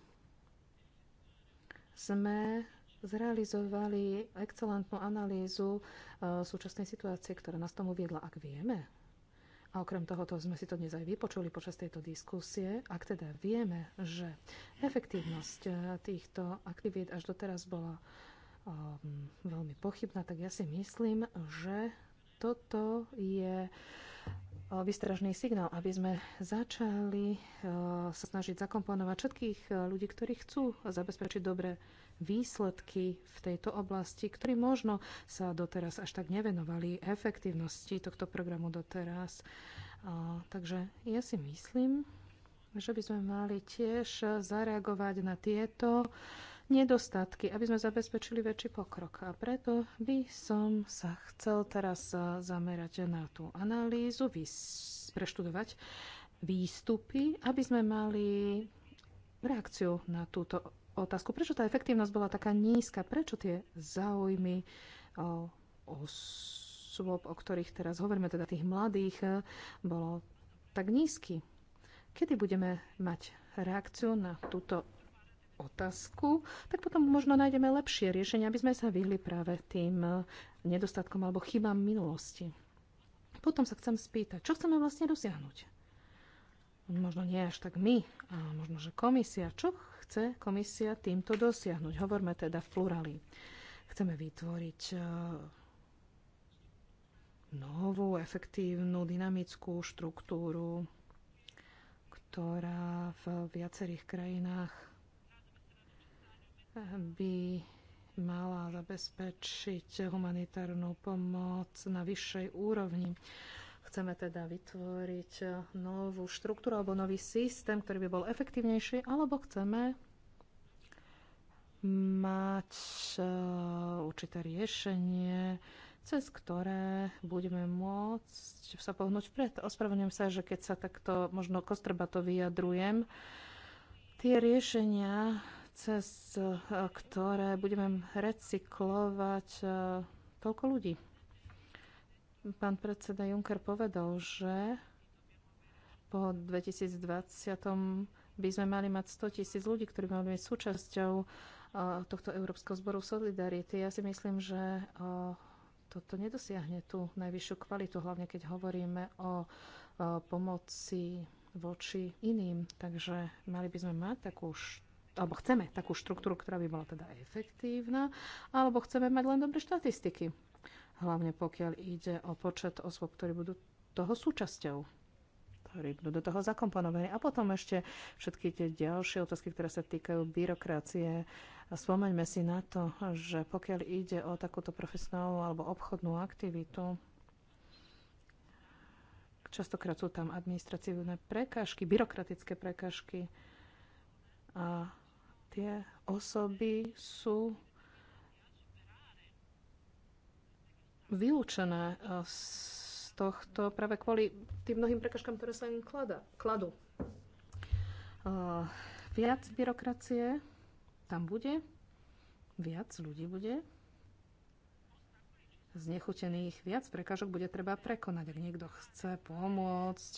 sme zrealizovali excelentnú analýzu eh, súčasnej situácie, ktorá nás tomu viedla, ak vieme, a okrem tohoto sme si to dnes aj vypočuli počas tejto diskusie. Ak teda vieme, že efektívnosť eh, týchto aktivít až doteraz bola um, veľmi pochybná, tak ja si myslím, že toto je eh, výstražný signál, aby sme začali sa snažiť zakomponovať všetkých ľudí, ktorí chcú zabezpečiť dobré výsledky v tejto oblasti, ktorí možno sa doteraz až tak nevenovali efektívnosti tohto programu doteraz. A, takže ja si myslím, že by sme mali tiež zareagovať na tieto nedostatky, aby sme zabezpečili väčší pokrok. A preto by som sa chcel teraz zamerať na tú analýzu, preštudovať výstupy, aby sme mali reakciu na túto otázku, prečo tá efektívnosť bola taká nízka, prečo tie záujmy osôb, o ktorých teraz hovoríme, teda tých mladých, bolo tak nízky. Kedy budeme mať reakciu na túto otázku, tak potom možno nájdeme lepšie riešenie, aby sme sa vyhli práve tým nedostatkom alebo chybám minulosti. Potom sa chcem spýtať, čo chceme vlastne dosiahnuť? Možno nie až tak my, a možno, že komisia. Čo chce komisia týmto dosiahnuť. Hovorme teda v plurali. Chceme vytvoriť e, novú, efektívnu, dynamickú štruktúru, ktorá v viacerých krajinách e, by mala zabezpečiť humanitárnu pomoc na vyššej úrovni. Chceme teda vytvoriť eh, novú štruktúru alebo nový systém, ktorý by bol efektívnejší, alebo chceme mať eh, určité riešenie, cez ktoré budeme môcť sa pohnúť vpred. Ospravedlňujem sa, že keď sa takto možno kostrbato vyjadrujem, tie riešenia, cez eh, ktoré budeme recyklovať toľko ľudí. Pán predseda Juncker povedal, že po 2020 by sme mali mať 100 tisíc ľudí, ktorí mali byť súčasťou e, tohto Európskeho zboru Solidarity. Ja si myslím, že e, toto nedosiahne tú najvyššiu kvalitu, hlavne keď hovoríme o e, pomoci voči iným. Takže mali by sme mať takú alebo chceme takú štruktúru, ktorá by bola teda efektívna, alebo chceme mať len dobré štatistiky hlavne pokiaľ ide o počet osôb, ktorí budú toho súčasťou ktorí budú do toho zakomponovaní. A potom ešte všetky tie ďalšie otázky, ktoré sa týkajú byrokracie. A spomeňme si na to, že pokiaľ ide o takúto profesionálnu alebo obchodnú aktivitu, častokrát sú tam administratívne prekážky, byrokratické prekážky a tie osoby sú vylúčené eh, z tohto práve kvôli tým mnohým prekažkám, ktoré sa im klada, kladú. Eh, viac byrokracie tam bude, viac ľudí bude, znechutených, viac prekážok bude treba prekonať. Ak niekto chce pomôcť,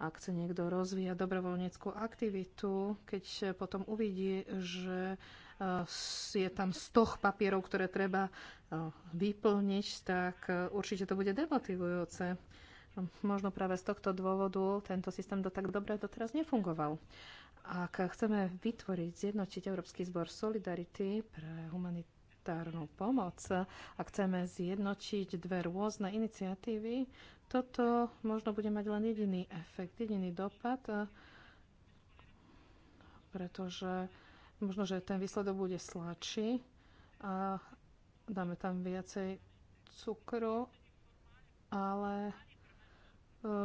ak chce niekto rozvíjať dobrovoľníckú aktivitu, keď potom uvidí, že Eh, je tam stoch papierov, ktoré treba eh, vyplniť, tak eh, určite to bude demotivujúce. Možno práve z tohto dôvodu tento systém do tak dobre doteraz nefungoval. Ak chceme vytvoriť, zjednotiť Európsky zbor Solidarity pre humanitárnu pomoc, ak chceme zjednotiť dve rôzne iniciatívy, toto možno bude mať len jediný efekt, jediný dopad, pretože Možno, že ten výsledok bude sladší a dáme tam viacej cukru, ale e,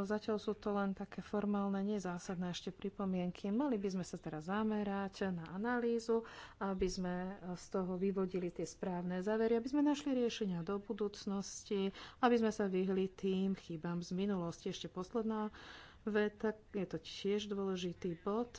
zatiaľ sú to len také formálne, nezásadné ešte pripomienky. Mali by sme sa teraz zamerať na analýzu, aby sme z toho vyvodili tie správne závery, aby sme našli riešenia do budúcnosti, aby sme sa vyhli tým chybám z minulosti. Ešte posledná veta, je to tiež dôležitý bod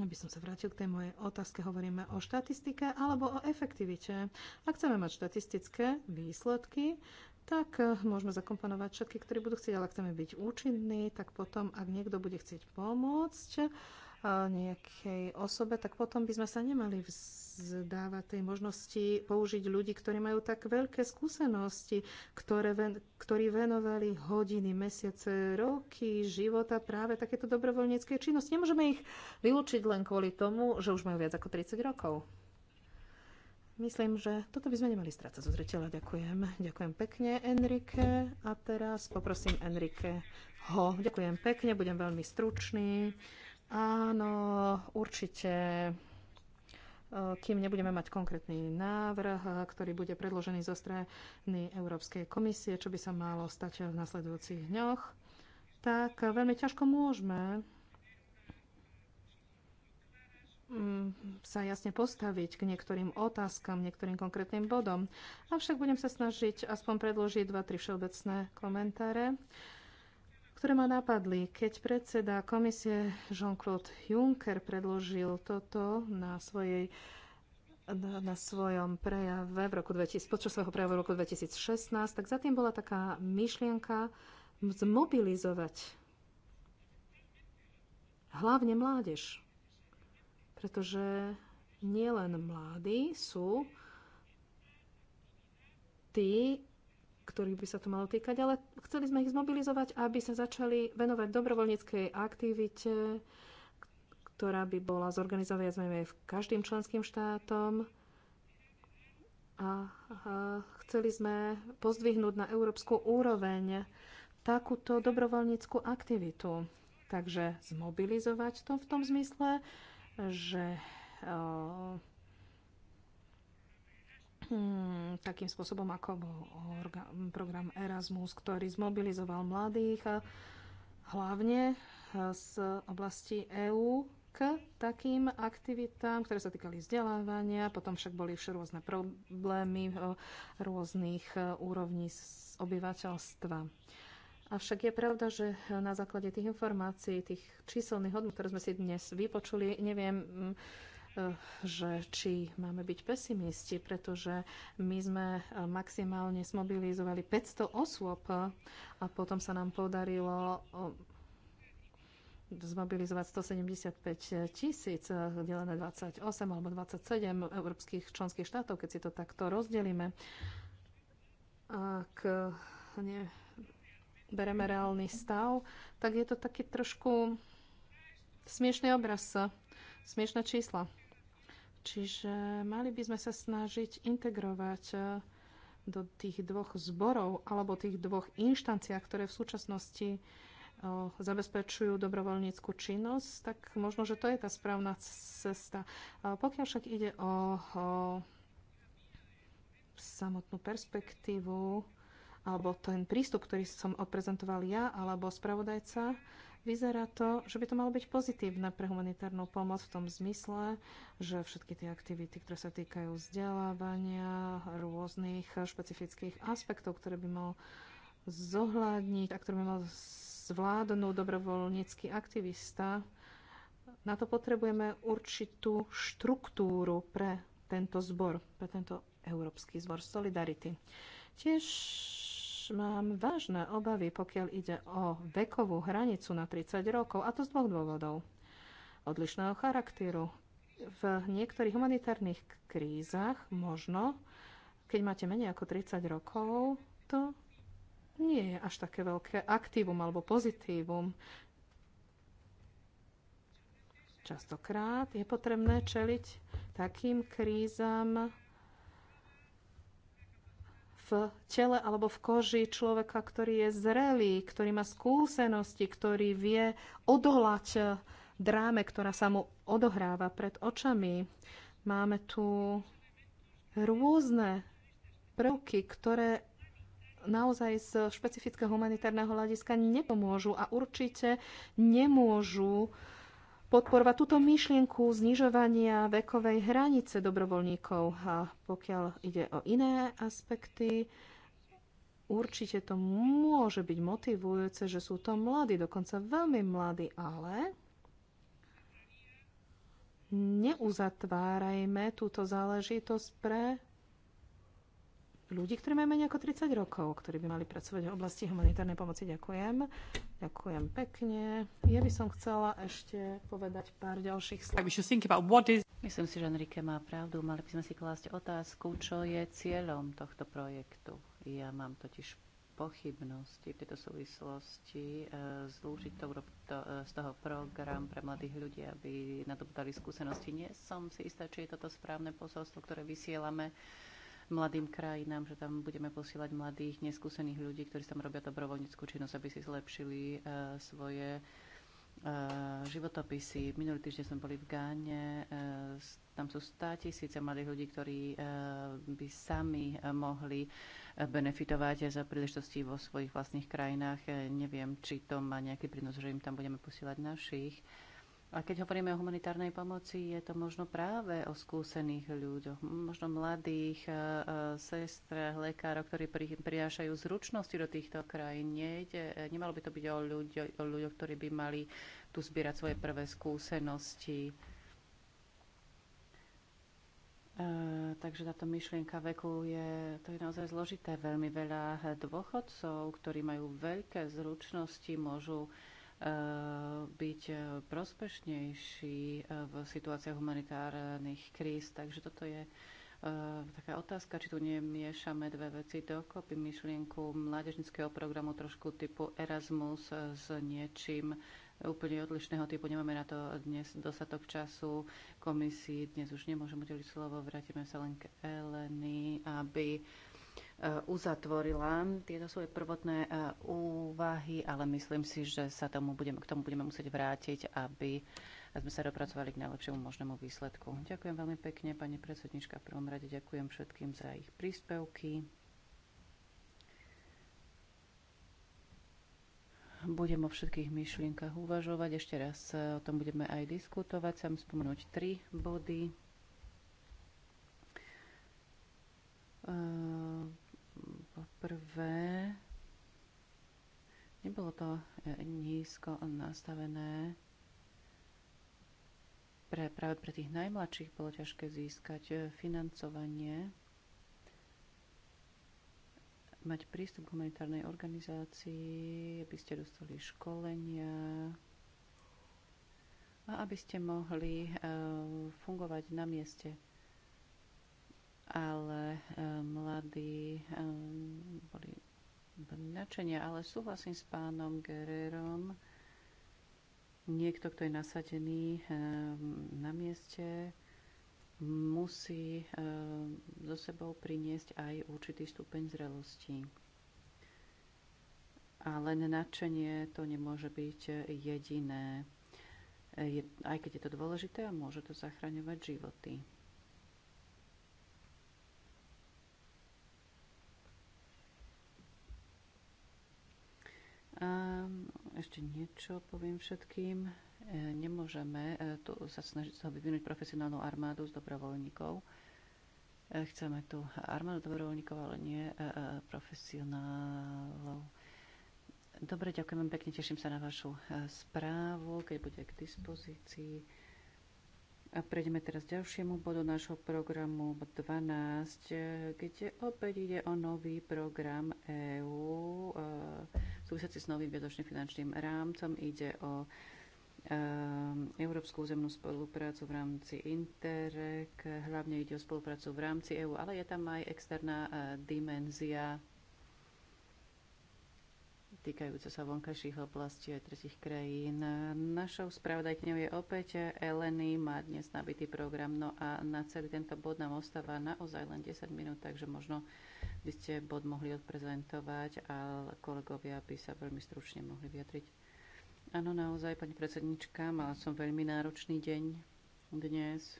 aby som sa vrátil k tej mojej otázke, hovoríme o štatistike alebo o efektivite. Ak chceme mať štatistické výsledky, tak eh, môžeme zakomponovať všetky, ktorí budú chcieť, ale chceme byť účinní, tak potom, ak niekto bude chcieť pomôcť eh, nejakej osobe, tak potom by sme sa nemali vz dáva tej možnosti použiť ľudí, ktorí majú tak veľké skúsenosti, ktoré ven, ktorí venovali hodiny, mesiace, roky života práve takéto dobrovoľníckej činnosti. Nemôžeme ich vylúčiť len kvôli tomu, že už majú viac ako 30 rokov. Myslím, že toto by sme nemali strácať zo zreteľa. Ďakujem. Ďakujem pekne, Enrique. A teraz poprosím Enrique ho. Ďakujem pekne, budem veľmi stručný. Áno, určite kým nebudeme mať konkrétny návrh, ktorý bude predložený zo strany Európskej komisie, čo by sa malo stať v nasledujúcich dňoch, tak veľmi ťažko môžeme mm, sa jasne postaviť k niektorým otázkam, niektorým konkrétnym bodom. Avšak budem sa snažiť aspoň predložiť dva, tri všeobecné komentáre ktoré ma napadli, keď predseda komisie Jean-Claude Juncker predložil toto na svojej na svojom prejave v roku 2000, počas svojho prejavu v roku 2016, tak za tým bola taká myšlienka zmobilizovať hlavne mládež. Pretože nielen mladí sú tí, ktorých by sa to malo týkať, ale chceli sme ich zmobilizovať, aby sa začali venovať dobrovoľníckej aktivite, ktorá by bola zorganizovaná sme v každým členským štátom. A, a chceli sme pozdvihnúť na európsku úroveň takúto dobrovoľníckú aktivitu. Takže zmobilizovať to v tom zmysle, že o, Hmm, takým spôsobom, ako bol program Erasmus, ktorý zmobilizoval mladých hlavne eh, z oblasti EÚ k takým aktivitám, ktoré sa týkali vzdelávania, potom však boli však rôzne problémy eh, rôznych eh, úrovní obyvateľstva. Avšak je pravda, že na základe tých informácií, tých číselných hodnot, ktoré sme si dnes vypočuli, neviem, hm, Eh, že či máme byť pesimisti, pretože my sme eh, maximálne smobilizovali 500 osôb eh, a potom sa nám podarilo zmobilizovať 175 tisíc, delené 28 alebo 27 európskych členských štátov, keď si to takto rozdelíme. Ak nie, bereme reálny stav, tak je to taký trošku smiešný obraz, smiešné čísla. Čiže mali by sme sa snažiť integrovať e, do tých dvoch zborov alebo tých dvoch inštanciách, ktoré v súčasnosti e, zabezpečujú dobrovoľníckú činnosť, tak možno, že to je tá správna cesta. E, pokiaľ však ide o, o samotnú perspektívu alebo ten prístup, ktorý som odprezentoval ja alebo spravodajca, Vyzerá to, že by to malo byť pozitívne pre humanitárnu pomoc v tom zmysle, že všetky tie aktivity, ktoré sa týkajú vzdelávania, rôznych špecifických aspektov, ktoré by mal zohľadniť a ktoré by mal zvládnuť dobrovoľnícky aktivista, na to potrebujeme určitú štruktúru pre tento zbor, pre tento Európsky zbor Solidarity. Tiež mám vážne obavy, pokiaľ ide o vekovú hranicu na 30 rokov, a to z dvoch dôvodov. Odlišného charakteru. V niektorých humanitárnych krízach možno, keď máte menej ako 30 rokov, to nie je až také veľké aktívum alebo pozitívum. Častokrát je potrebné čeliť takým krízam, v tele alebo v koži človeka, ktorý je zrelý, ktorý má skúsenosti, ktorý vie odolať eh, dráme, ktorá sa mu odohráva pred očami. Máme tu rôzne prvky, ktoré naozaj z špecifického humanitárneho hľadiska nepomôžu a určite nemôžu uh, podporovať túto myšlienku znižovania vekovej hranice dobrovoľníkov. A pokiaľ ide o iné aspekty, určite to môže byť motivujúce, že sú to mladí, dokonca veľmi mladí, ale neuzatvárajme túto záležitosť pre ľudí, ktorí majú menej ako 30 rokov, ktorí by mali pracovať v oblasti humanitárnej pomoci. Ďakujem. Ďakujem pekne. Ja by som chcela ešte povedať pár ďalších slov. Myslím si, že Enrique má pravdu. Mali by sme si klásť otázku, čo je cieľom tohto projektu. Ja mám totiž pochybnosti v tejto súvislosti eh, zlúžiť to, to, eh, z toho program pre mladých ľudí, aby nadobudali skúsenosti. Nie som si istá, či je toto správne posolstvo, ktoré vysielame mladým krajinám, že tam budeme posielať mladých, neskúsených ľudí, ktorí tam robia dobrovoľníckú činnosť, aby si zlepšili uh, svoje uh, životopisy. Minulý týždeň sme boli v Gáne, uh, tam sú stá tisíce mladých ľudí, ktorí uh, by sami uh, mohli benefitovať za príležitosti vo svojich vlastných krajinách. Neviem, či to má nejaký prínos, že im tam budeme posielať našich. Uh, a keď hovoríme o humanitárnej pomoci, je to možno práve o skúsených ľuďoch, možno mladých e, e, sestr, lekárov, ktorí pri, prinášajú zručnosti do týchto krajín. E, nemalo by to byť o, ľuďoch, o ľuďoch, ktorí by mali tu zbierať svoje prvé skúsenosti. Uh, takže táto myšlienka veku je, to je naozaj zložité. Veľmi veľa dôchodcov, ktorí majú veľké zručnosti, môžu uh, byť eh, prospešnejší eh, v situáciách humanitárnych kríz. Takže toto je eh, taká otázka, či tu nemiešame dve veci dokopy. Myšlienku mládežnického programu trošku typu Erasmus s niečím úplne odlišného typu. Nemáme na to dnes dostatok času. Komisii dnes už nemôžem udeliť slovo. Vrátime sa len k Eleni, aby Eh, uzatvorila tieto svoje prvotné eh, úvahy, ale myslím si, že sa tomu budeme, k tomu budeme musieť vrátiť, aby sme sa dopracovali k najlepšiemu možnému výsledku. Ďakujem veľmi pekne, pani predsednička. V prvom rade ďakujem všetkým za ich príspevky. Budem o všetkých myšlienkach uvažovať. Ešte raz eh, o tom budeme aj diskutovať. Chcem spomenúť tri body. Poprvé, nebolo to e, nízko nastavené. Pre, práve pre tých najmladších bolo ťažké získať e, financovanie, mať prístup k humanitárnej organizácii, aby ste dostali školenia, a aby ste mohli uh, fungovať na mieste ale eh, mladí eh, boli, boli nadšenia. Ale súhlasím s pánom Gererom, niekto, kto je nasadený eh, na mieste, musí so sebou priniesť aj určitý stupeň zrelosti. A len nadšenie to nemôže byť jediné, je, aj keď je to dôležité a môže to zachraňovať životy. Ehm, ešte niečo poviem všetkým. E, nemôžeme e, tu sa snažiť sa vyvinúť profesionálnu armádu z dobrovoľníkov. E, chceme tu armádu dobrovoľníkov, ale nie profesionálov. Dobre, ďakujem vám pekne, teším sa na vašu správu, keď bude k dispozícii. A prejdeme teraz k ďalšiemu bodu nášho programu, bod 12, kde opäť ide o nový program EÚ súvisiaci s novým viedočným finančným rámcom. Ide o ehm, európsku územnú spoluprácu v rámci Interreg. Hlavne ide o spoluprácu v rámci EÚ, ale je tam aj externá eh, dimenzia týkajúce sa vonkajších oblastí aj tretich krajín. Našou spravodajkňou je opäť Eleny, má dnes nabitý program, no a na celý tento bod nám ostáva naozaj len 10 minút, takže možno by ste bod mohli odprezentovať a kolegovia by sa veľmi stručne mohli vyjadriť. Áno, naozaj, pani predsednička, mala som veľmi náročný deň dnes.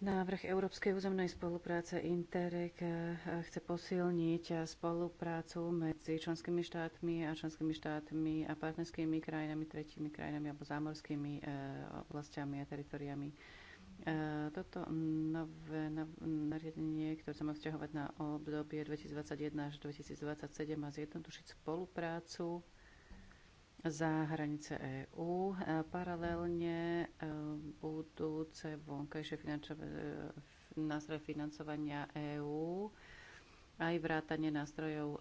Návrh Európskej územnej spolupráce Interreg eh, chce posilniť eh, spoluprácu medzi členskými štátmi a členskými štátmi a partnerskými krajinami, tretími krajinami alebo zámorskými eh, oblastiami a teritoriami. Toto nové nariadenie, ktoré sa má vzťahovať na obdobie 2021 až 2027, má zjednodušiť spoluprácu za hranice EÚ. Paralelne e, budúce vonkajšie e, nástroje financovania EÚ aj vrátanie nástrojov e,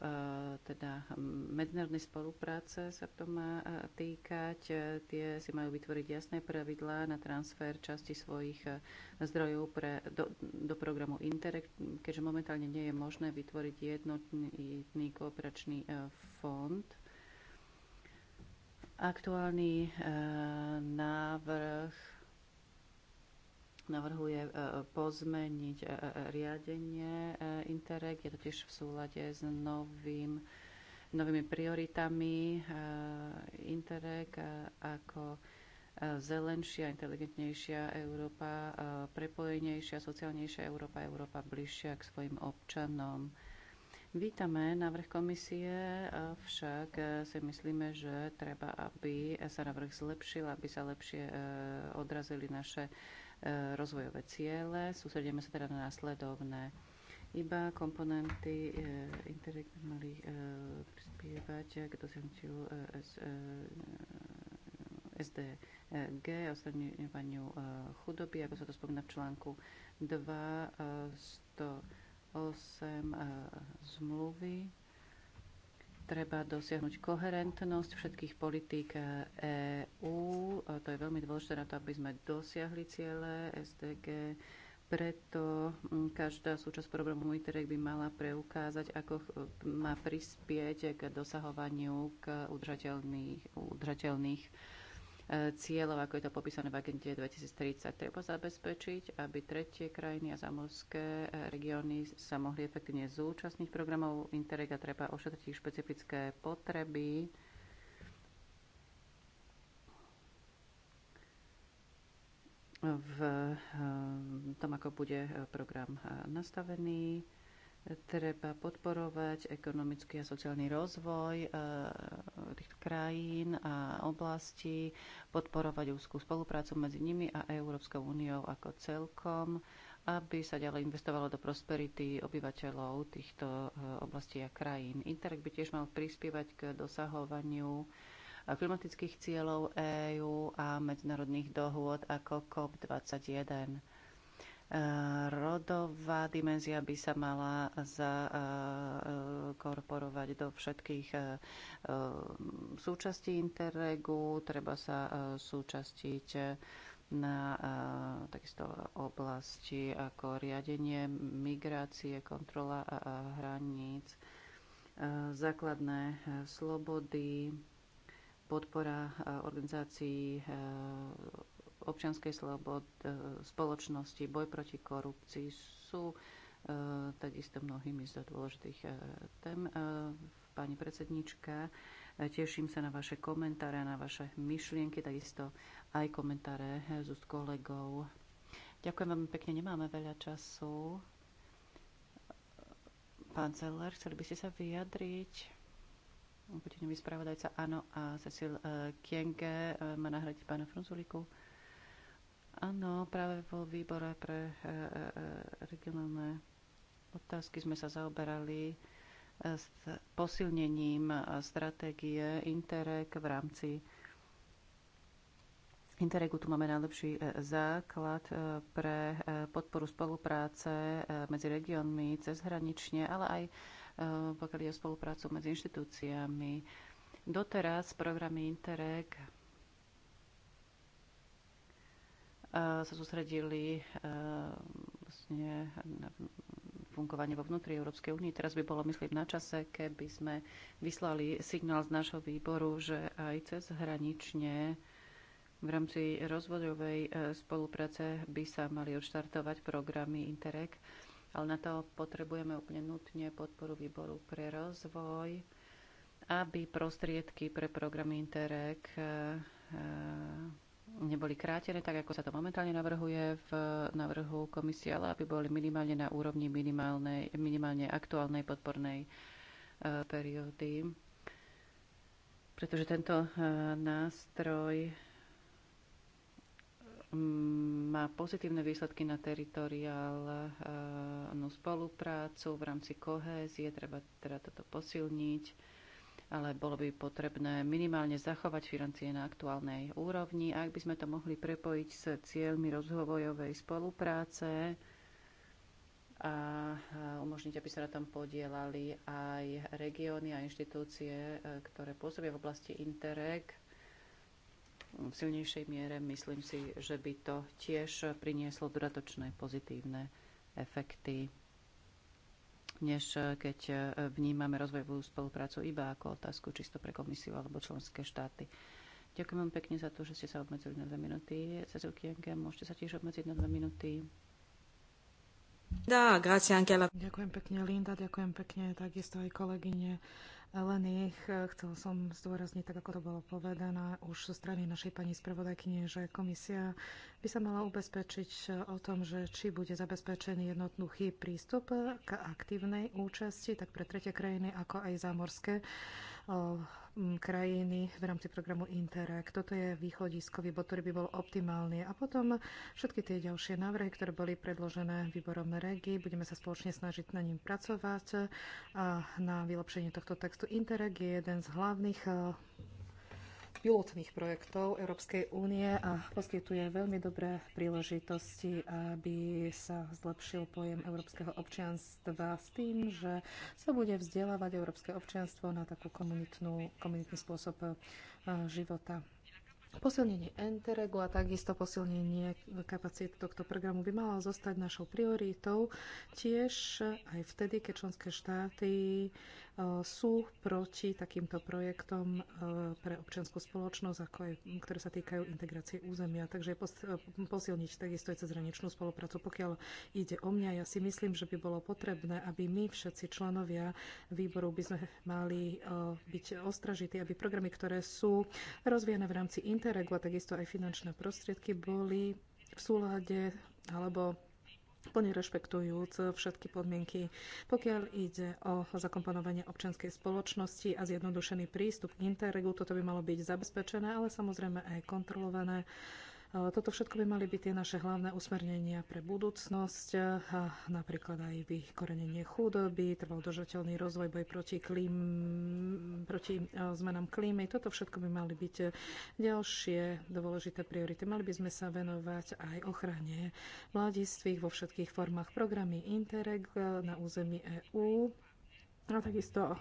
teda medzinárodnej spolupráce sa to má týkať. Tie si majú vytvoriť jasné pravidlá na transfer časti svojich zdrojov pre, do, do programu Interreg, keďže momentálne nie je možné vytvoriť jednotný kooperačný fond Aktuálny e, návrh navrhuje e, pozmeniť e, riadenie Interreg. Je to tiež v súlade s novým, novými prioritami Interreg ako zelenšia, inteligentnejšia Európa, prepojenejšia, sociálnejšia Európa, Európa bližšia k svojim občanom. Vítame návrh komisie, však eh, si myslíme, že treba, aby sa návrh zlepšil, aby sa lepšie eh, odrazili naše eh, rozvojové ciele. Sústredíme sa teda na následovné iba komponenty Interreg mali prispievať k dosiahnutiu SDG, odstraňovaniu chudoby, ako sa to spomína v článku 2, 100 Eh, zmluvy treba dosiahnuť koherentnosť všetkých politík EÚ. Eh, e to je veľmi dôležité na to, aby sme dosiahli ciele SDG. Preto hm, každá súčasť programu Interreg by mala preukázať, ako má prispieť k dosahovaniu k udržateľných, udržateľných cieľov, ako je to popísané v agente 2030. Treba zabezpečiť, aby tretie krajiny a zamorské eh, regióny sa mohli efektívne zúčastniť programov Interreg a treba ošetriť ich špecifické potreby. v eh, tom, ako bude eh, program nastavený treba podporovať ekonomický a sociálny rozvoj eh, tých krajín a oblastí, podporovať úzkú spoluprácu medzi nimi a Európskou úniou ako celkom, aby sa ďalej investovalo do prosperity obyvateľov týchto eh, oblastí a krajín. Interreg by tiež mal prispievať k dosahovaniu eh, klimatických cieľov EÚ a medzinárodných dohôd ako COP21 Rodová dimenzia by sa mala zakorporovať do všetkých eh, eh, súčastí Interregu. Treba sa eh, súčastiť na takisto oblasti ako riadenie migrácie, kontrola hraníc, základné slobody, podpora organizácií občianskej slobod, e, spoločnosti, boj proti korupcii sú e, takisto mnohými z dôležitých e, tém. Pani predsednička, teším sa na vaše komentáre, na vaše myšlienky, takisto aj komentáre z úst kolegov. Ďakujem veľmi pekne, nemáme veľa času. Pán Zeller, chceli by ste sa vyjadriť? Budete mi spravodajca, áno, a Cecil Kienge má nahradiť pána Frunzulíku. Áno, práve vo výbore pre e, e, e, regionálne otázky sme sa zaoberali s posilnením stratégie Interreg v rámci Interregu tu máme najlepší základ pre podporu spolupráce medzi regiónmi cezhranične, ale aj pokiaľ je o spoluprácu medzi inštitúciami. Doteraz programy Interreg E, sa sústredili e, vlastne na fungovanie vo vnútri Európskej únie. Teraz by bolo, myslím, na čase, keby sme vyslali signál z nášho výboru, že aj cez hranične v rámci rozvojovej e, spolupráce by sa mali odštartovať programy Interreg, ale na to potrebujeme úplne nutne podporu výboru pre rozvoj, aby prostriedky pre programy Interreg neboli krátené, tak ako sa to momentálne navrhuje v eh, navrhu komisie, ale aby boli minimálne na úrovni minimálnej, minimálne aktuálnej podpornej eh, periódy. Pretože tento eh, nástroj mm, má pozitívne výsledky na teritoriálnu no spoluprácu v rámci kohézie, treba teda toto posilniť ale bolo by potrebné minimálne zachovať financie na aktuálnej úrovni. A ak by sme to mohli prepojiť s cieľmi rozhovojovej spolupráce a umožniť, aby sa na tom podielali aj regióny a inštitúcie, e, ktoré pôsobia v oblasti Interreg, v silnejšej miere myslím si, že by to tiež prinieslo dodatočné pozitívne efekty než eh, keď eh, vnímame rozvojovú spoluprácu iba ako otázku čisto pre komisiu alebo členské štáty. Ďakujem vám pekne za to, že ste sa obmedzili na dve minúty. Cezil Kienke, môžete sa tiež obmedziť na dve minúty. Dá, grazie Ďakujem pekne Linda, ďakujem pekne takisto aj kolegyne len ich. Eh, chcel som zdôrazniť, tak ako to bolo povedané už zo strany našej pani spravodajkyne, že komisia by sa mala ubezpečiť eh, o tom, že či bude zabezpečený jednotnuchý prístup eh, k aktívnej účasti, tak pre tretie krajiny, ako aj zámorské krajiny v rámci programu Interreg. Toto je východiskový bod, ktorý by bol optimálny. A potom všetky tie ďalšie návrhy, ktoré boli predložené výborom REGI, budeme sa spoločne snažiť na ním pracovať. A na vylepšenie tohto textu Interreg je jeden z hlavných pilotných projektov Európskej únie a poskytuje veľmi dobré príležitosti, aby sa zlepšil pojem európskeho občianstva s tým, že sa bude vzdelávať európske občianstvo na takú komunitnú, komunitný spôsob e, života. Posilnenie Enteregu a takisto posilnenie kapacít tohto programu by malo zostať našou prioritou tiež aj vtedy, keď členské štáty sú proti takýmto projektom eh, pre občianskú spoločnosť, ako aj, ktoré sa týkajú integrácie územia. Takže posilniť takisto aj hraničnú spoluprácu. Pokiaľ ide o mňa, ja si myslím, že by bolo potrebné, aby my všetci členovia výboru by sme mali eh, byť ostražití, aby programy, ktoré sú rozvíjane v rámci Interregu a takisto aj finančné prostriedky boli v súlade alebo plne rešpektujúc všetky podmienky, pokiaľ ide o zakomponovanie občianskej spoločnosti a zjednodušený prístup k Interregu. Toto by malo byť zabezpečené, ale samozrejme aj kontrolované toto všetko by mali byť tie naše hlavné usmernenia pre budúcnosť, napríklad aj vykorenenie chudoby, trvalodržateľný rozvoj, boj proti, klím, proti e, zmenám klímy. Toto všetko by mali byť ďalšie dôležité priority. Mali by sme sa venovať aj ochrane mladistvých vo všetkých formách programy Interreg e, na území EÚ No takisto eh,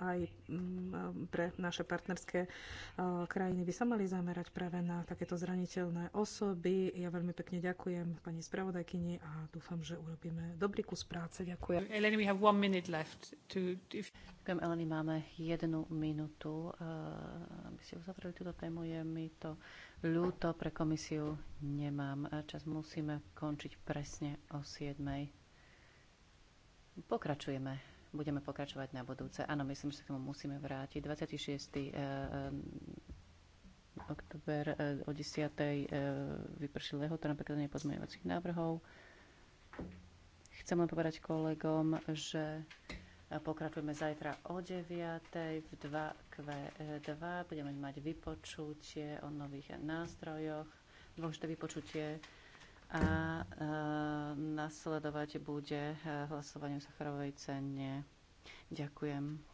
aj mm, eh, pre naše partnerské eh, krajiny by sa mali zamerať práve na takéto zraniteľné osoby. Ja veľmi pekne ďakujem pani spravodajkyni a dúfam, že urobíme dobrý kus práce. Ďakujem. Eleni, we have one minute left. To... Ďakujem, Eleni, máme jednu minútu. Aby ste uzavreli túto tému, je mi to ľúto. Pre komisiu nemám čas. Musíme končiť presne o 7. Pokračujeme budeme pokračovať na budúce. Áno, myslím, že sa k tomu musíme vrátiť. 26. Eh, eh, október eh, o 10. vypršil lehota na prekladanie pozmeňovacích návrhov. Chcem len povedať kolegom, že pokračujeme zajtra o 9. v 2Q2. Budeme mať vypočutie o nových nástrojoch. Dôležité vypočutie a e, nasledovať bude e, hlasovanie o Sacharovej cene. Ďakujem.